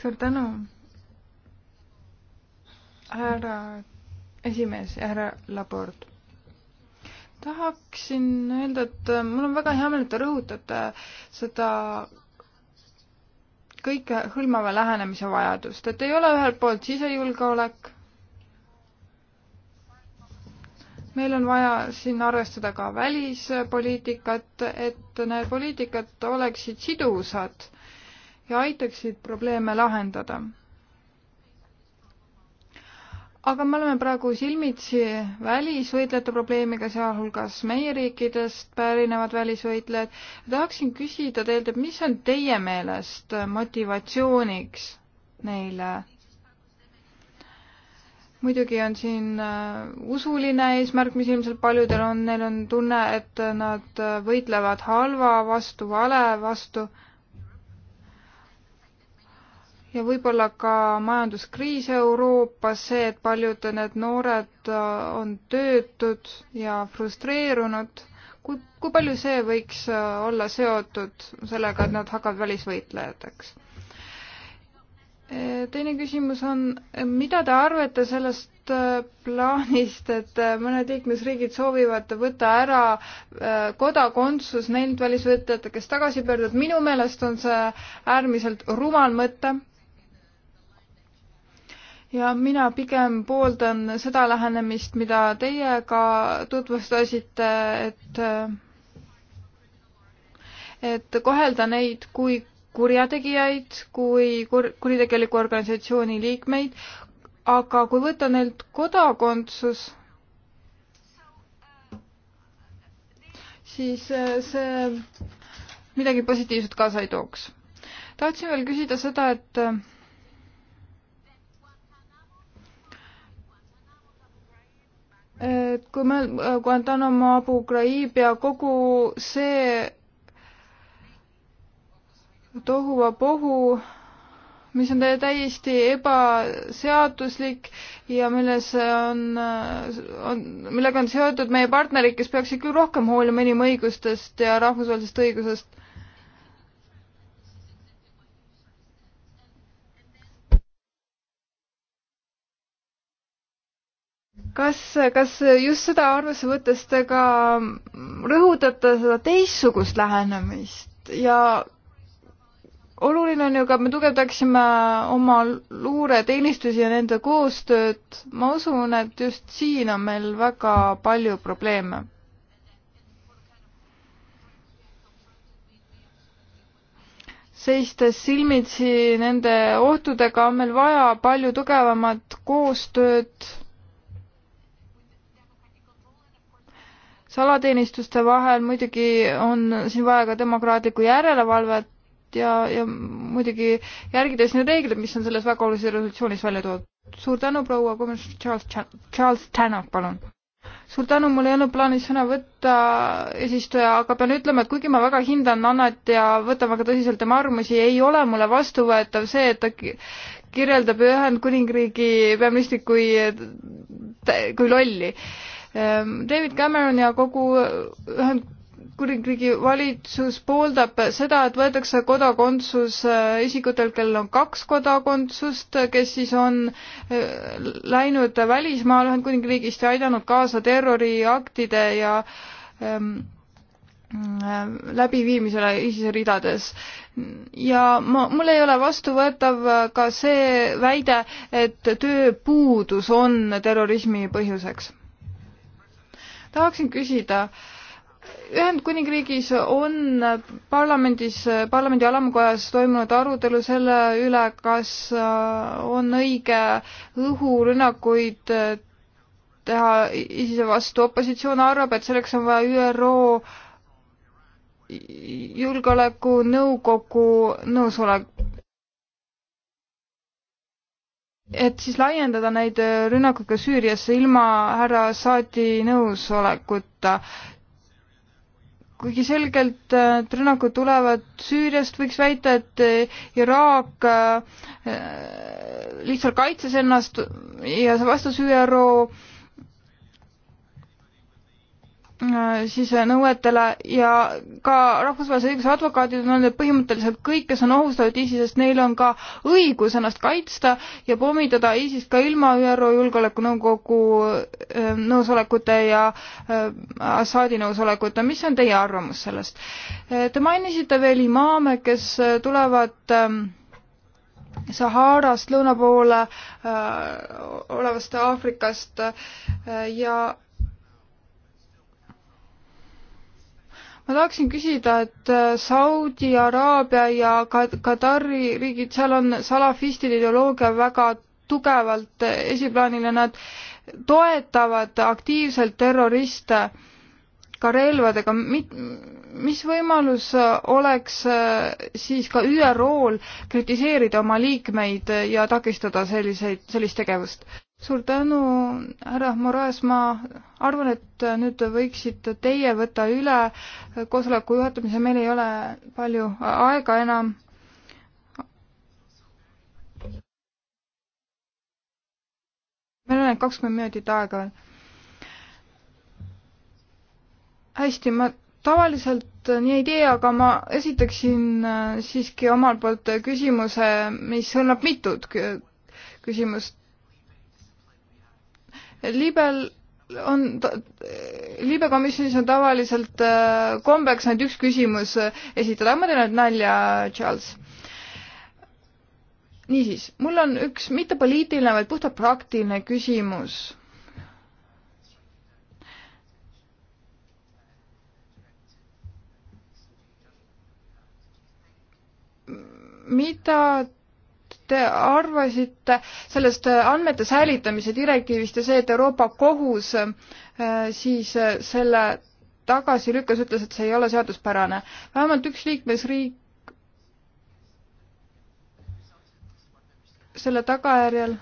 suur tänu, härra esimees ja härra Labord tahaksin öelda, et äh, mul on väga hea meel, et te rõhutate seda kõike hõlmava lähenemise vajadust, et ei ole ühelt poolt sisejulgeolek meil on vaja siin arvestada ka välispoliitikat, et need poliitikad oleksid sidusad ja aitaksid probleeme lahendada. aga me oleme praegu silmitsi välisvõitlejate probleemiga, sealhulgas meie riikidest pärinevad välisvõitlejad. tahaksin küsida teilt, et mis on teie meelest motivatsiooniks neile muidugi on siin äh, usuline eesmärk, mis ilmselt paljudel on, neil on tunne, et nad äh, võitlevad halva vastu, vale vastu. ja võib-olla ka majanduskriis Euroopas, see, et paljud need noored äh, on töötud ja frustreerunud. kui, kui palju see võiks olla seotud sellega, et nad hakkavad välisvõitlejateks? teine küsimus on, mida te arvate sellest äh, plaanist, et äh, mõned liikmesriigid soovivad võtta ära äh, kodakondsus neilt välisvõtjatelt, kes tagasi pöörduvad, minu meelest on see äärmiselt rumal mõte. ja mina pigem pooldan seda lähenemist, mida teie ka tutvustasite, et et kohelda neid kui kurjategijaid kui kur-, kuritegeliku organisatsiooni liikmeid, aga kui võtta neilt kodakondsus, siis äh, see midagi positiivset kaasa ei tooks. tahtsin veel küsida seda, et äh, et kui me äh, Guantanamo Abu Ghraib ja kogu see tohuvabohu, mis on täiesti ebaseaduslik ja milles on, on, millega on seotud meie partnerid, kes peaksid küll rohkem hoolima inimõigustest ja rahvusvahelisest õigusest. kas, kas just seda arvesse võttes te ka rõhutate seda teistsugust lähenemist ja oluline on ju ka, me tugevdaksime oma luureteenistusi ja nende koostööd. ma usun, et just siin on meil väga palju probleeme. seistes silmitsi nende ohtudega on meil vaja palju tugevamat koostööd salateenistuste vahel muidugi on siin vaja ka demokraatlikku järelevalvet poolt ja, ja muidugi järgides neid reegleid, mis on selles väga olulises resolutsioonis välja toodud. suur tänu, proua komisjon, Charles, Charles Tannock, palun suur tänu, mul ei olnud plaanis sõna võtta, eesistuja, aga pean ütlema, et kuigi ma väga hindan Annet ja võtan väga tõsiselt tema arvamusi, ei ole mulle vastuvõetav see, et ta kirjeldab Ühendkuningriigi peaministrit kui, kui lolli. Ehm, David Cameron ja kogu ühend-, Kuningriigi valitsus pooldab seda, et võetakse kodakondsus äh, isikutel, kellel on kaks kodakondsust, kes siis on äh, läinud välismaale Ühendkuningriigist ja aidanud kaasa terroriaktide ja ähm, äh, läbiviimisele ISISe ridades. ja ma, mul ei ole vastuvõetav ka see väide, et tööpuudus on terrorismi põhjuseks. tahaksin küsida äh, Ühendkuningriigis on parlamendis, parlamendi alamkojas toimunud arutelu selle üle, kas äh, on õige õhurünnakuid äh, teha ISISe vastu. opositsioon arvab, et selleks on vaja ÜRO julgeolekunõukogu nõusolek. et siis laiendada neid rünnakuid ka Süüriasse ilma härra Assaadi nõusolekuta kuigi selgelt äh, et rünnakud tulevad Süüriast, võiks väita, et äh, Iraak äh, lihtsalt kaitses ennast ja vastas ÜRO siis nõuetele ja ka rahvusvahelise õiguse advokaadid on öelnud, et põhimõtteliselt kõik, kes on ohustatud ISISest, neil on ka õigus ennast kaitsta ja pommitada ISIS ka ilma ÜRO Julgeolekunõukogu äh, nõusolekuta ja äh, Assaadi nõusolekuta. mis on teie arvamus sellest? Äh, te mainisite veel imaame, kes tulevad ähm, Saharast lõuna poole olevast Aafrikast ja ma tahaksin küsida, et äh, Saudi Araabia ja Katari riigid, seal on salafistide ideoloogia väga tugevalt äh, esiplaanil ja nad toetavad aktiivselt terroriste ka relvadega. mis võimalus äh, oleks siis ka ÜRO-l kritiseerida oma liikmeid ja takistada selliseid, sellist tegevust? suur tänu, härra Moraes, ma arvan, et nüüd võiksite teie võtta üle koosoleku juhatamise, meil ei ole palju aega enam. meil on ainult kakskümmend minutit aega veel. hästi, ma tavaliselt nii ei tee, aga ma esitaksin siiski omalt poolt küsimuse, mis hõlmab mitut küsimust libel on, libekomisjonis on tavaliselt äh, kombeks ainult üks küsimus äh, esitada, ma teen nüüd nalja, Charles. niisiis, mul on üks mitte poliitiline, vaid puhtalt praktiline küsimus. mida te arvasite sellest andmete säilitamise direktiivist ja see, et Euroopa Kohus äh, siis äh, selle tagasi lükkas, ütles, et see ei ole seaduspärane. vähemalt üks liikmesriik selle tagajärjel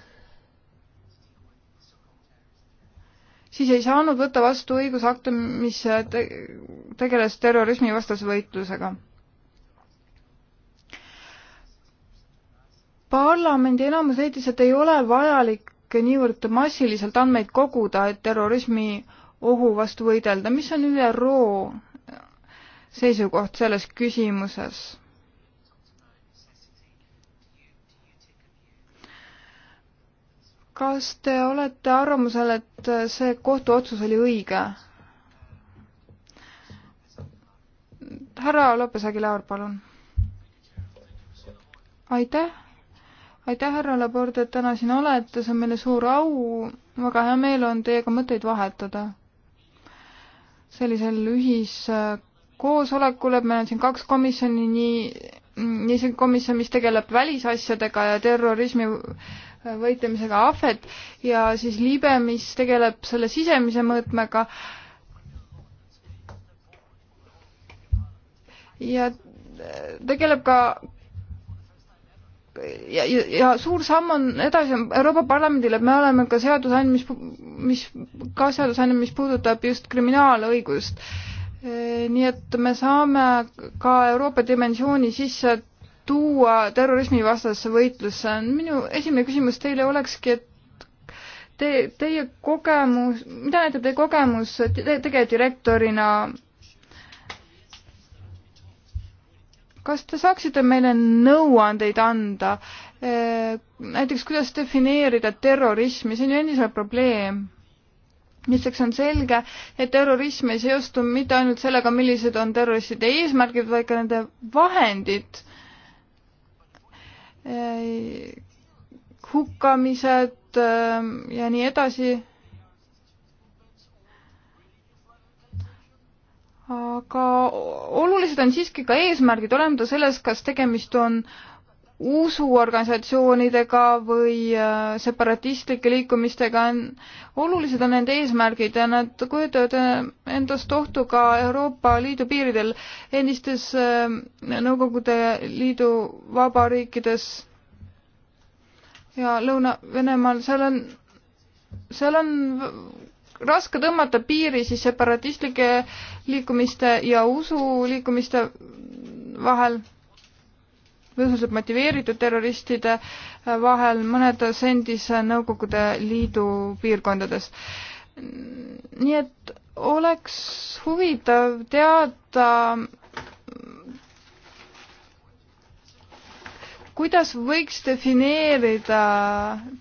siis ei saanud võtta vastu õigusakte, mis äh, tegeles terrorismivastase võitlusega parlamendi enamus leidis, et ei ole vajalik niivõrd massiliselt andmeid koguda, et terrorismi ohu vastu võidelda, mis on ÜRO seisukoht selles küsimuses? kas te olete arvamusel, et see kohtuotsus oli õige? härra Lopes-Agilaar, palun. aitäh aitäh, härra Labord, et täna siin olete, see on meile suur au. väga hea meel on teiega mõtteid vahetada. sellisel ühiskoosolekul, et meil on siin kaks komisjoni, nii, nii see komisjon, mis tegeleb välisasjadega ja terrorismi võitlemisega ahvet ja siis libe, mis tegeleb selle sisemise mõõtmega. ja tegeleb ka ja, ja, ja suur samm on edasi Euroopa Parlamendil, et me oleme ka seadusandja, mis, mis ka seadusandja, mis puudutab just kriminaalõigust. nii et me saame ka Euroopa dimensiooni sisse tuua terrorismivastasesse võitlusse. minu esimene küsimus teile olekski, et te, teie kogemus, mida näitab teie kogemus te, tegevdirektorina te kas te saaksite meile nõuandeid anda, näiteks kuidas defineerida terrorismi, see on ju endiselt probleem. lihtsalt on selge, et terrorism ei seostu mitte ainult sellega, millised on terroristide eesmärgid, vaid ka nende vahendid, hukkamised ähm, ja nii edasi aga olulised on siiski ka eesmärgid, olemata selles, kas tegemist on usuorganisatsioonidega või äh, separatistlike liikumistega on, olulised on nende eesmärgid ja nad kujutavad äh, endast ohtu ka Euroopa Liidu piiridel. endistes äh, Nõukogude Liidu vabariikides ja Lõuna-Venemaal, seal on, seal on raske tõmmata piiri siis separatistlike liikumiste ja usuliikumiste vahel või usuliselt motiveeritud terroristide äh, vahel mõnedes endise äh, Nõukogude Liidu piirkondades. nii et oleks huvitav teada, kuidas võiks defineerida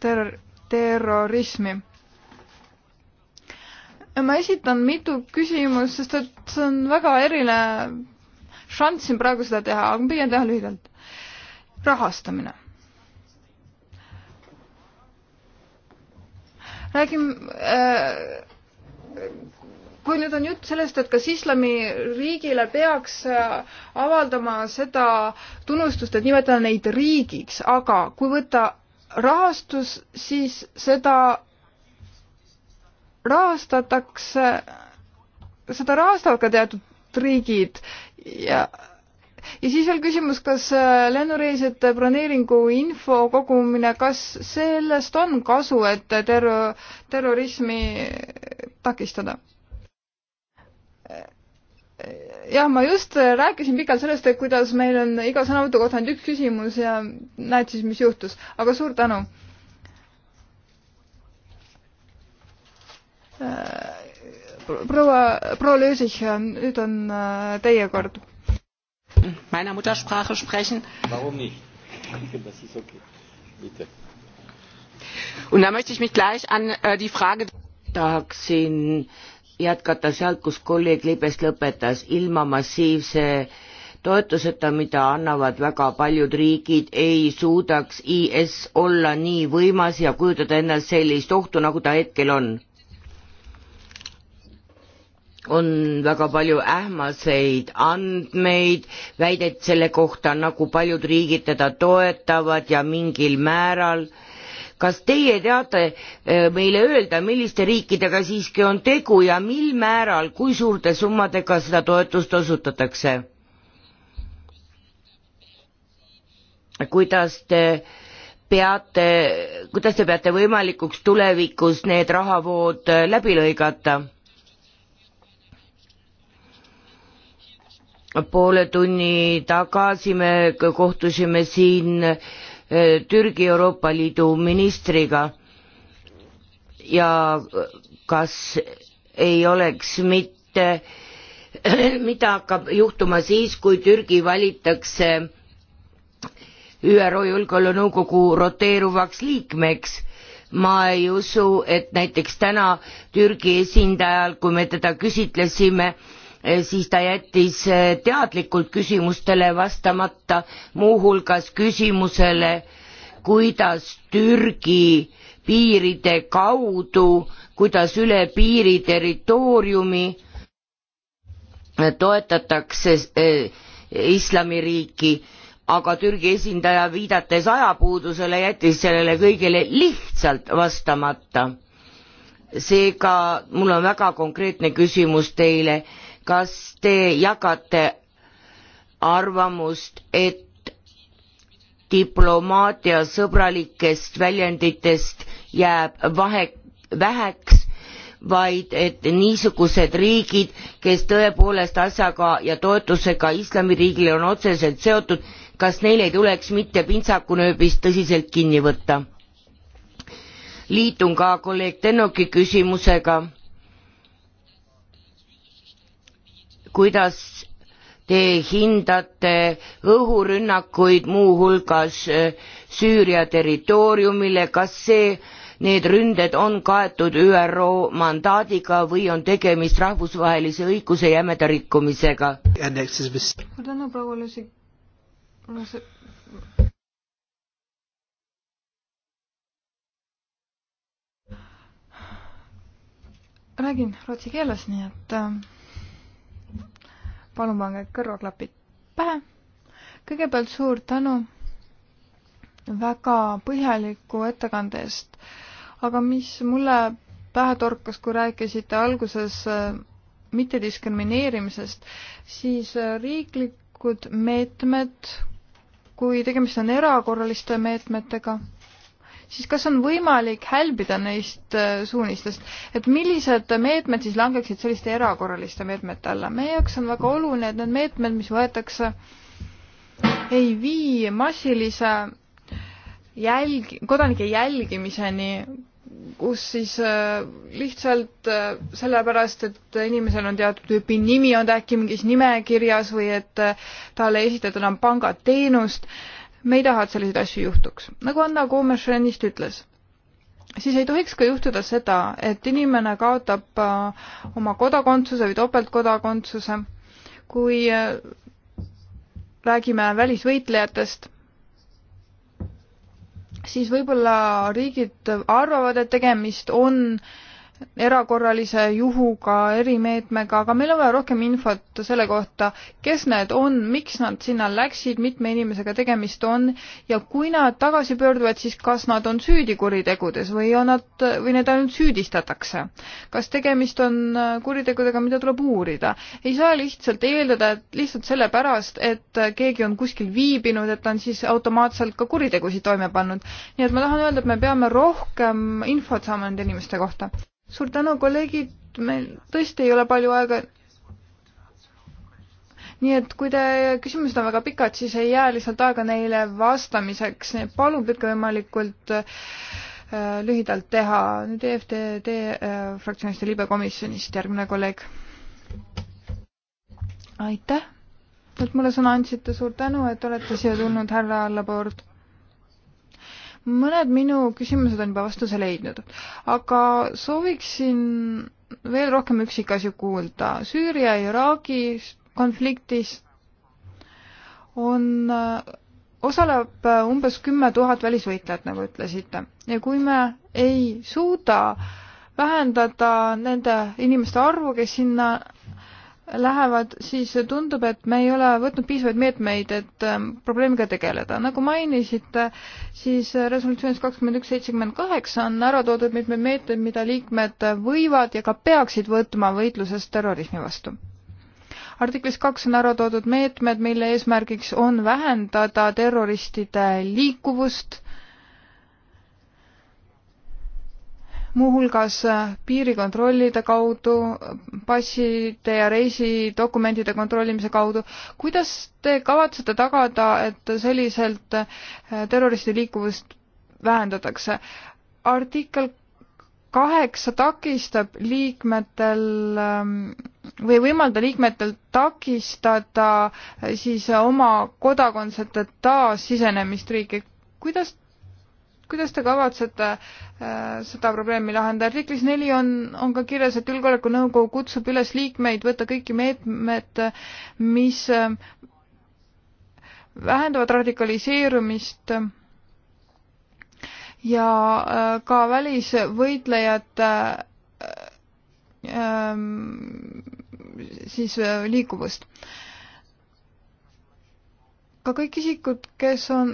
ter-, terrorismi ma esitan mitu küsimust, sest et see on väga eriline šanss siin praegu seda teha, aga ma püüan teha lühidalt. rahastamine. räägime äh, kui nüüd on jutt sellest, et kas islamiriigile peaks äh, avaldama seda tunnustust, et nimetada neid riigiks, aga kui võtta rahastus, siis seda rahastatakse, seda rahastavad ka teatud riigid ja ja siis veel küsimus, kas äh, lennureisijate broneeringu info kogumine, kas sellest on kasu, et terro-, terrorismi takistada? jah, ma just äh, rääkisin pikalt sellest, et kuidas meil on iga sõnavõtu kohta ainult üks küsimus ja näed siis, mis juhtus, aga suur tänu proua, proua Lösich, nüüd on äh, teie kord. Meiner Muttersprache sprechen. Warum nicht? Das ist okay. Bitte. Und da möchte ich mich gleich an äh, die Frage tahaksin jätkata sealt, kus kolleeg Libes lõpetas, ilma massiivse toetuseta, mida annavad väga paljud riigid, ei suudaks IS olla nii võimas ja kujutada endast sellist ohtu, nagu ta hetkel on on väga palju ähmaseid andmeid, väidet selle kohta, nagu paljud riigid teda toetavad ja mingil määral. kas teie teate eh, meile öelda, milliste riikidega siiski on tegu ja mil määral, kui suurte summadega seda toetust osutatakse? kuidas te peate, kuidas te peate võimalikuks tulevikus need rahavood läbi lõigata? poole tunni tagasi me kohtusime siin eh, Türgi Euroopa Liidu ministriga ja kas ei oleks mitte, [clears throat] mida hakkab juhtuma siis, kui Türgi valitakse ÜRO Julgeolekunõukogu roteeruvaks liikmeks ma ei usu et näiteks täna türgi esindajal kui me teda küsitlesime Eh, siis ta jättis eh, teadlikult küsimustele vastamata, muuhulgas küsimusele, kuidas Türgi piiride kaudu, kuidas üle piiri territooriumi toetatakse eh, islamiriiki, aga Türgi esindaja, viidates ajapuudusele, jättis sellele kõigele lihtsalt vastamata. seega mul on väga konkreetne küsimus teile kas te jagate arvamust, et diplomaatia sõbralikest väljenditest jääb vahe, väheks, vaid et niisugused riigid, kes tõepoolest asjaga ja toetusega islamiriigile on otseselt seotud, kas neil ei tuleks mitte pintsakunööbist tõsiselt kinni võtta? liitun ka kolleeg Tenoki küsimusega kuidas te hindate õhurünnakuid muuhulgas äh, Süüria territooriumile, kas see, need ründed on kaetud ÜRO mandaadiga või on tegemist rahvusvahelise õiguse jämeda rikkumisega? suur tänu, proua Lüsik. räägin rootsi keeles, nii et äh, palun pange kõrvaklapid pähe. kõigepealt suur tänu väga põhjaliku ettekande eest, aga mis mulle pähe torkas, kui rääkisite alguses äh, mittediskrimineerimisest, siis äh, riiklikud meetmed, kui tegemist on erakorraliste meetmetega siis kas on võimalik hälbida neist äh, suunistest, et millised meetmed siis langeksid selliste erakorraliste meetmete alla? meie jaoks on väga oluline, et need meetmed, mis võetakse, ei vii massilise jälg-, kodanike jälgimiseni, kus siis äh, lihtsalt äh, sellepärast, et inimesel on teatud tüüpi nimi, on ta äkki mingis nimekirjas või et talle ei esitata enam pangateenust me ei taha, et selliseid asju juhtuks. nagu Anna Koomes ennist ütles, siis ei tohiks ka juhtuda seda, et inimene kaotab äh, oma kodakondsuse või topeltkodakondsuse, kui äh, räägime välisvõitlejatest, siis võib-olla riigid arvavad, et tegemist on äh, erakorralise juhuga, erimeetmega, aga meil on vaja rohkem infot selle kohta, kes need on, miks nad sinna läksid, mitme inimesega tegemist on ja kui nad tagasi pöörduvad, siis kas nad on süüdi kuritegudes või on nad, või neid ainult süüdistatakse. kas tegemist on äh, kuritegudega, mida tuleb uurida? ei saa lihtsalt eeldada, et lihtsalt sellepärast, et äh, keegi on kuskil viibinud, et ta on siis automaatselt ka kuritegusid toime pannud. nii et ma tahan öelda, et me peame rohkem infot saama nende inimeste kohta suur tänu, kolleegid, meil tõesti ei ole palju aega. nii et kui teie küsimused on väga pikad, siis ei jää lihtsalt aega neile vastamiseks, nii et palun püüdke võimalikult äh, lühidalt teha. nüüd EFTD äh, fraktsioonist ja libekomisjonist järgmine kolleeg. aitäh, et mulle sõna andsite, suur tänu, et olete siia tulnud, härra Allapoolt mõned minu küsimused on juba vastuse leidnud, aga sooviksin veel rohkem üksikasju kuulda. Süüria ja Iraagi konfliktis on, äh, osaleb äh, umbes kümme tuhat välisvõitlejat, nagu ütlesite. ja kui me ei suuda vähendada nende inimeste arvu, kes sinna lähevad, siis tundub, et me ei ole võtnud piisavaid meetmeid, et ähm, probleemiga tegeleda. nagu mainisite, siis resolutsioonis kakskümmend üks seitsekümmend kaheksa on ära toodud mitmed meetmed, mida liikmed võivad ja ka peaksid võtma võitluses terrorismi vastu. artiklis kaks on ära toodud meetmed, mille eesmärgiks on vähendada terroristide liikuvust muuhulgas äh, piirikontrollide kaudu, passide ja reisidokumentide kontrollimise kaudu. kuidas te kavatsete tagada, et selliselt äh, terroristi liikuvust vähendatakse? artikkel kaheksa takistab liikmetel ähm, või võimalda liikmetel takistada äh, siis oma kodakondsete taassisenemist riiki. kuidas kuidas te kavatsete äh, seda probleemi lahendada? artiklis neli on, on ka kirjas, et Julgeolekunõukogu kutsub üles liikmeid võtta kõiki meetmed, mis äh, vähendavad radikaliseerumist ja äh, ka välisvõitlejate äh, ähm, siis äh, liikuvust. ka kõik isikud, kes on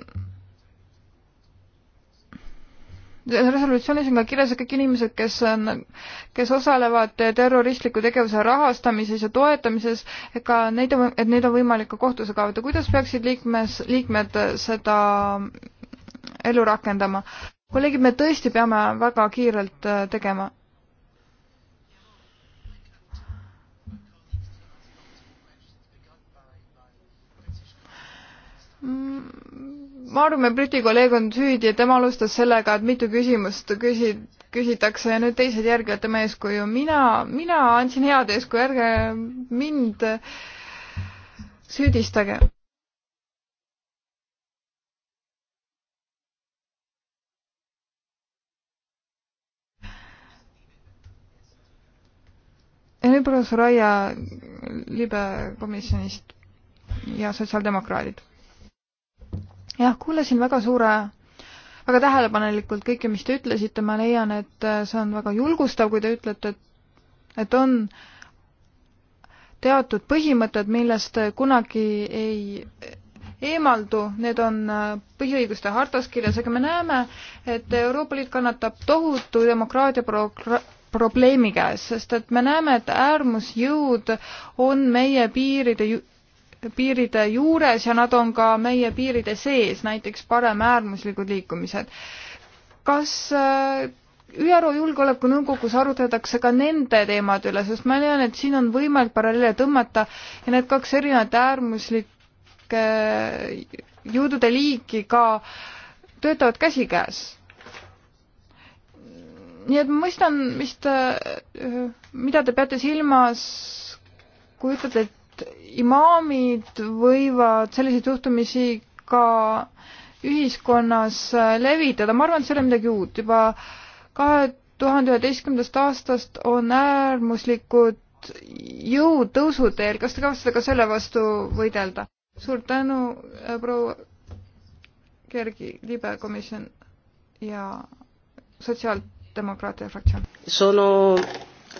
resolutsioonis on ka kirjas, et kõik inimesed, kes on, kes osalevad terroristliku tegevuse rahastamises ja toetamises, ega neid on, et neid on võimalik ka kohtusse kaevata. kuidas peaksid liikmes, liikmed seda elu rakendama? kolleegid, me tõesti peame väga kiirelt äh, tegema. Mm, ma arvan, et Briti kolleeg on süüdi, et tema alustas sellega, et mitu küsimust küsi-, küsitakse ja nüüd teised järgivad tema eeskuju. mina, mina andsin head eeskuju, ärge mind süüdistage. ja nüüd proua Soraya libekomisjonist ja sotsiaaldemokraadid jah, kuulasin väga suure, väga tähelepanelikult kõike, mis te ütlesite, ma leian, et äh, see on väga julgustav, kui te ütlete, et, et on teatud põhimõtted, millest kunagi ei eemaldu, need on äh, põhiõiguste hartas kirjas, aga me näeme, et Euroopa Liit kannatab tohutu demokraatia pro-, probleemi käes, sest et me näeme, et äärmusjõud on meie piiride ju-, piiride juures ja nad on ka meie piiride sees, näiteks paremäärmuslikud liikumised. kas äh, ÜRO Julgeolekunõukogus arutletakse ka nende teemade üle, sest ma tean, et siin on võimalik paralleele tõmmata ja need kaks erinevat äärmuslike äh, jõudude liiki ka töötavad käsikäes nii et ma mõistan, mis te, äh, mida te peate silmas, kui ütlete, et et imaamid võivad selliseid juhtumisi ka ühiskonnas levitada, ma arvan, et see ei ole midagi uut, juba kahe tuhande üheteistkümnendast aastast on äärmuslikud jõud tõusuteel, kas te kavatsete ka selle vastu võidelda? suur tänu, äh, proua Kergi, libekomisjon ja sotsiaaldemokraatia fraktsioon. sono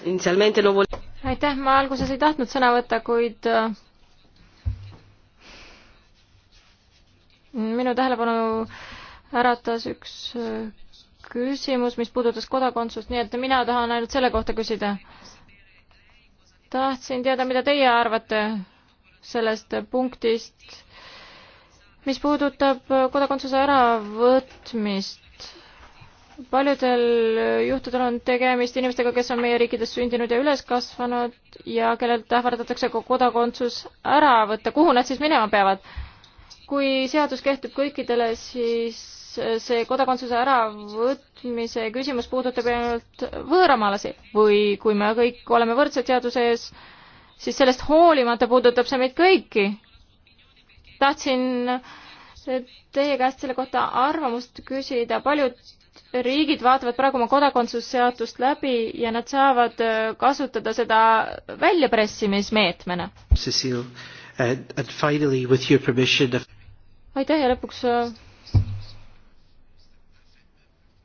initsialmente no vol- aitäh, ma alguses ei tahtnud sõna võtta, kuid äh, minu tähelepanu äratas üks äh, küsimus, mis puudutas kodakondsust, nii et mina tahan ainult selle kohta küsida. tahtsin teada, mida teie arvate sellest punktist, mis puudutab kodakondsuse äravõtmist paljudel juhtudel on tegemist inimestega, kes on meie riikides sündinud ja üles kasvanud ja kellelt ähvardatakse ka kodakondsus ära võtta, kuhu nad siis minema peavad? kui seadus kehtib kõikidele, siis see kodakondsuse äravõtmise küsimus puudutab ainult võõramaalasi või kui me kõik oleme võrdsed seaduse ees, siis sellest hoolimata puudutab see meid kõiki. tahtsin teie käest selle kohta arvamust küsida, paljud riigid vaatavad praegu oma kodakondsusseadust läbi ja nad saavad äh, kasutada seda väljapressimismeetmena. Uh, aitäh ja lõpuks äh,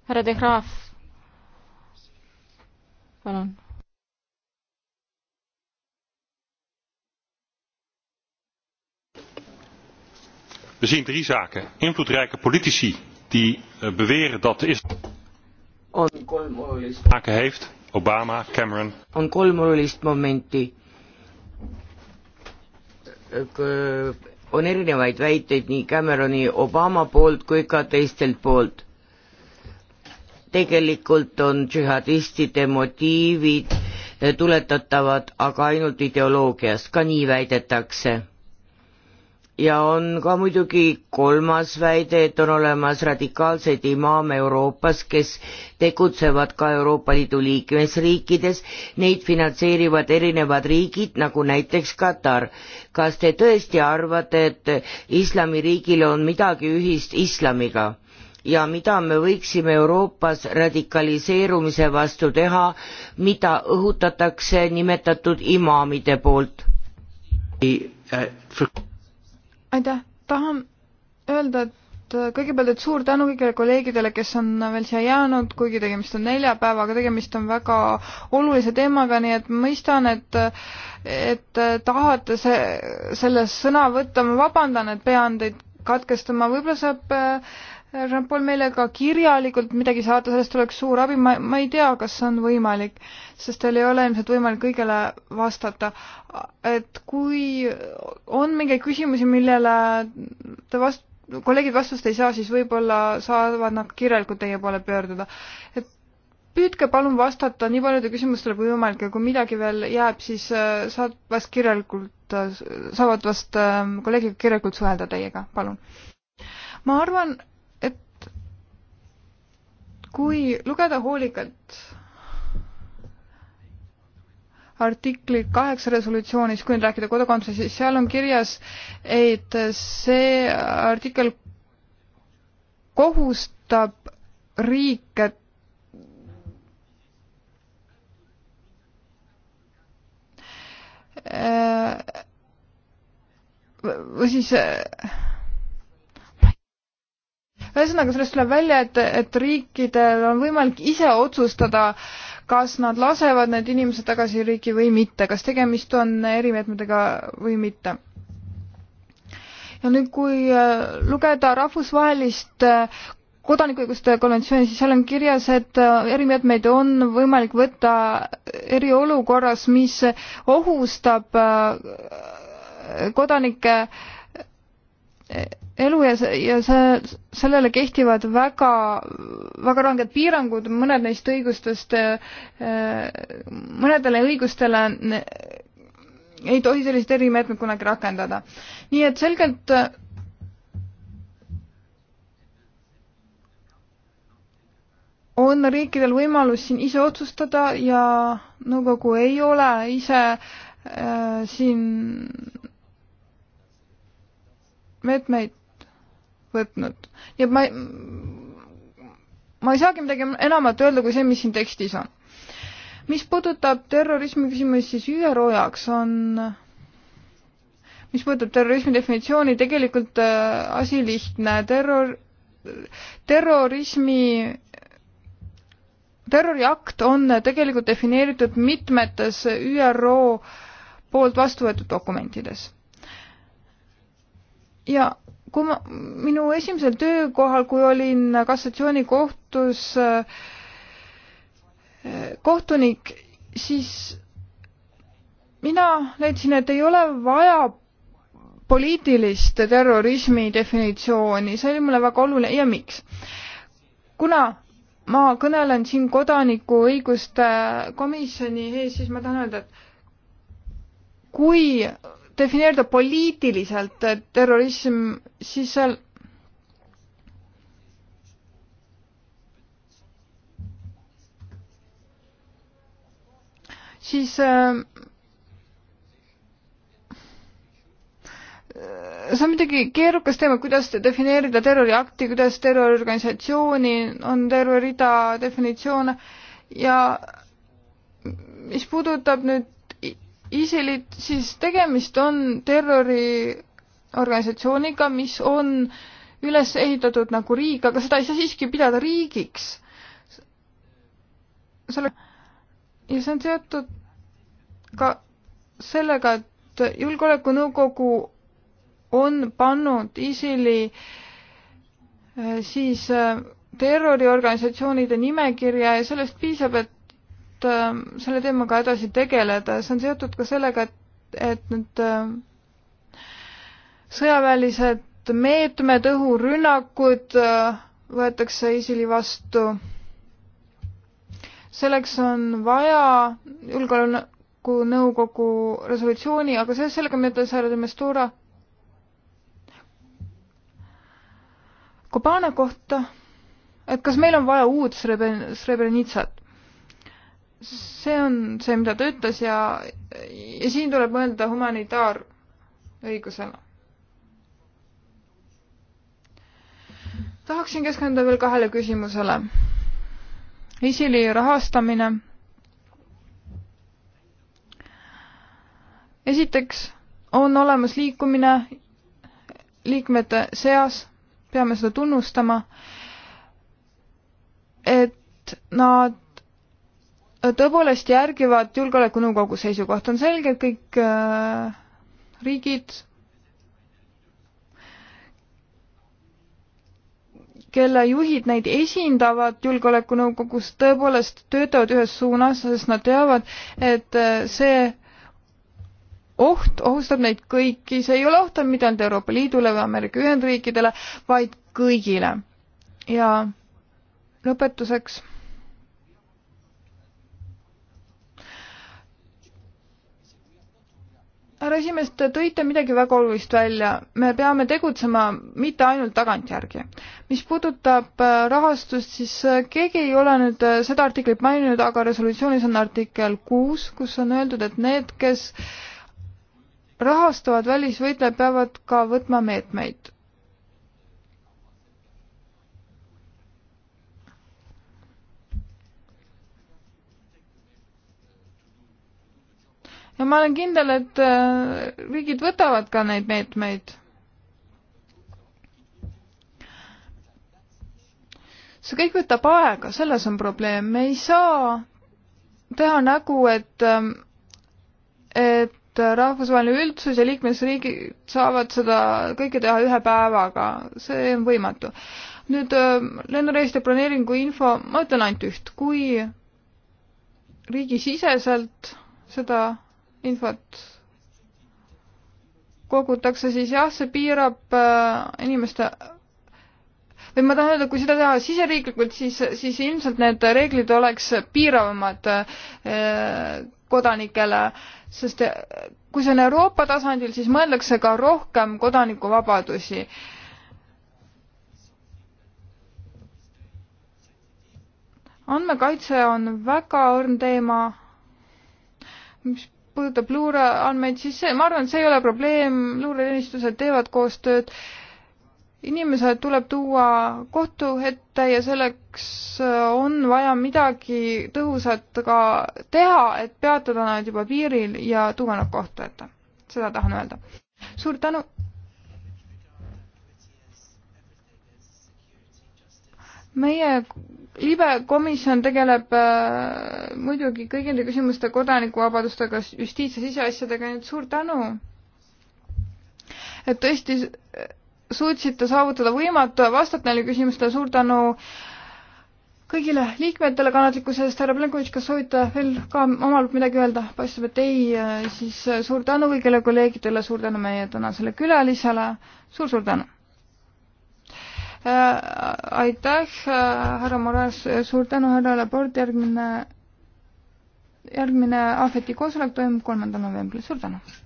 härra De Graaf, palun. We zien drie zaken. Invloedrijke politici die eh, beweren dat de islam on kolm olulist maken heeft Obama, Cameron. on kolm olulist momenti. Eh, on erinevaid väiteid nii Cameroni Obama poolt kui ka teistelt poolt. tegelikult on džihadistide motiivid eh, tuletatavad aga ainult ideoloogias, ka nii väidetakse ja on ka muidugi kolmas väide, et on olemas radikaalseid imaame Euroopas, kes tegutsevad ka Euroopa Liidu liikmesriikides, neid finantseerivad erinevad riigid, nagu näiteks Katar. kas te tõesti arvate, et islamiriigil on midagi ühist islamiga? ja mida me võiksime Euroopas radikaliseerumise vastu teha, mida õhutatakse nimetatud imaamide poolt? Äh, äh, aitäh, tahan öelda, et äh, kõigepealt, et suur tänu kõigile kolleegidele, kes on veel siia jäänud, kuigi tegemist on neljapäevaga, tegemist on väga olulise teemaga, nii et mõistan, et et äh, tahate see, selles sõna võtta, ma vabandan, et pean teid katkestama, võib-olla saab äh, Jean-Paul meile ka kirjalikult midagi saata, sellest oleks suur abi, ma, ma ei tea, kas see on võimalik, sest teil ei ole ilmselt võimalik kõigele vastata. et kui on mingeid küsimusi, millele te vast-, kolleegid vastust ei saa, siis võib-olla saavad nad kirjalikult teie poole pöörduda. et püüdke palun vastata nii paljude küsimustele kui võimalik ja kui midagi veel jääb, siis äh, saad vast kirjalikult, äh, saavad vast ähm, kolleegiga kirjalikult suhelda teiega, palun. ma arvan, kui lugeda hoolikalt artikli kaheksa resolutsioonis, kui nüüd rääkida kodakondsusest, siis seal on kirjas, et see artikkel kohustab riike äh, või siis äh, ühesõnaga, sellest tuleb välja, et, et riikidel on võimalik ise otsustada, kas nad lasevad need inimesed tagasi riiki või mitte, kas tegemist on erimeetmetega või mitte ja nüüd, kui äh, lugeda rahvusvahelist äh, kodanikuõiguste konventsiooni, siis seal on kirjas, et äh, erimeetmeid on võimalik võtta eriolukorras, mis ohustab kodanike elu ja, ja see, sellele kehtivad väga, väga ranged piirangud, mõned neist õigustest, äh, mõnedele õigustele ei tohi selliseid erimeetmeid kunagi rakendada. nii et selgelt on riikidel võimalus siin ise otsustada ja nõukogu ei ole ise äh, siin meetmeid võtnud. nii et ma ei, ma ei saagi midagi enamat öelda kui see, mis siin tekstis on. mis puudutab terrorismi küsimust, siis ÜRO jaoks on mis puudutab terrorismi definitsiooni, tegelikult äh, asi lihtne, terror, terrorismi terroriakt on tegelikult defineeritud mitmetes ÜRO poolt vastu võetud dokumentides. ja kui ma, minu esimesel töökohal, kui olin kassatsioonikohtus kohtunik, siis mina leidsin, et ei ole vaja poliitilist terrorismi definitsiooni, see oli mulle väga oluline ja miks? kuna ma kõnelen siin kodanikuõiguste komisjoni ees, siis ma tahan öelda, et kui defineerida poliitiliselt terrorism, siis seal siis äh, äh see on muidugi keerukas teema, kuidas defineerida terroriakti, kuidas terroriorganisatsiooni, on terve rida definitsioone ja mis puudutab nüüd ISILit, siis tegemist on terroriorganisatsiooniga, mis on üles ehitatud nagu riik, aga seda ei saa siiski pidada riigiks. selle ja see on seotud ka sellega, et Julgeolekunõukogu on pannud ISILi äh, siis äh, terroriorganisatsioonide nimekirja ja sellest piisab, et et äh, selle teemaga edasi tegeleda, see on seotud ka sellega, et, et need äh, sõjaväelised meetmed, õhurünnakud äh, võetakse ISILi vastu. selleks on vaja julgeolekunõukogu resolutsiooni, aga see, sellega me ütleme, härra Demestura. Kobane kohta, et kas meil on vaja uut Srebrenitsat? see on see, mida ta ütles ja, ja siin tuleb mõelda humanitaarõigusele. tahaksin keskenduda veel kahele küsimusele. ISILi rahastamine. esiteks on olemas liikumine liikmete seas, peame seda tunnustama, et nad tõepoolest järgivad Julgeolekunõukogu seisukohta, on selge, et kõik äh, riigid, kelle juhid neid esindavad Julgeolekunõukogus, tõepoolest töötavad ühes suunas, sest nad teavad, et äh, see oht ohustab neid kõiki, see ei ole oht mitte ainult Euroopa Liidule või Ameerika Ühendriikidele, vaid kõigile. ja lõpetuseks härra esimees, te tõite midagi väga olulist välja, me peame tegutsema mitte ainult tagantjärgi. mis puudutab äh, rahastust, siis äh, keegi ei ole nüüd äh, seda artiklit maininud, aga resolutsioonis on artikkel kuus, kus on öeldud, et need, kes rahastavad välisvõitlejaid, peavad ka võtma meetmeid. ja ma olen kindel, et äh, riigid võtavad ka neid meetmeid. see kõik võtab aega, selles on probleem, me ei saa teha nägu, et, ähm, et rahvusvaheline üldsus ja liikmesriigid saavad seda kõike teha ühe päevaga, see on võimatu. nüüd ähm, lennureiside planeeringu info, ma ütlen ainult üht, kui riigisiseselt seda infot kogutakse, siis jah, see piirab äh, inimeste või ma tahan öelda, kui seda teha siseriiklikult, siis, siis ilmselt need reeglid oleks piiravamad äh, kodanikele, sest äh, kui see on Euroopa tasandil, siis mõeldakse ka rohkem kodanikuvabadusi. andmekaitse on väga õrn teema, mis puudutab luureandmeid, siis see, ma arvan, et see ei ole probleem, luureteenistused teevad koostööd, inimesed tuleb tuua kohtu ette ja selleks äh, on vaja midagi tõhusat ka teha, et peatada nad juba piiril ja tuua nad kohtu ette. seda tahan öelda. suur tänu! meie libe komisjon tegeleb äh, muidugi kõigi nende küsimuste kodanikuvabadustega, justiits- ja siseasjadega, nii et suur tänu. et tõesti suutsite saavutada võimatu ja vastata neile küsimustele, suur tänu kõigile liikmetele kannatlikkuse eest, härra Plenkovitš, kas soovite veel ka omal midagi öelda? paistab, et ei, äh, siis äh, suur tänu kõigile kolleegidele, suur tänu meie tänasele külalisele suur,, suur-suur tänu! Äh, aitäh, äh, härra Moraes, suur tänu, härra Labord, järgmine, järgmine ahveti koosolek toimub kolmandal novembril, suur tänu!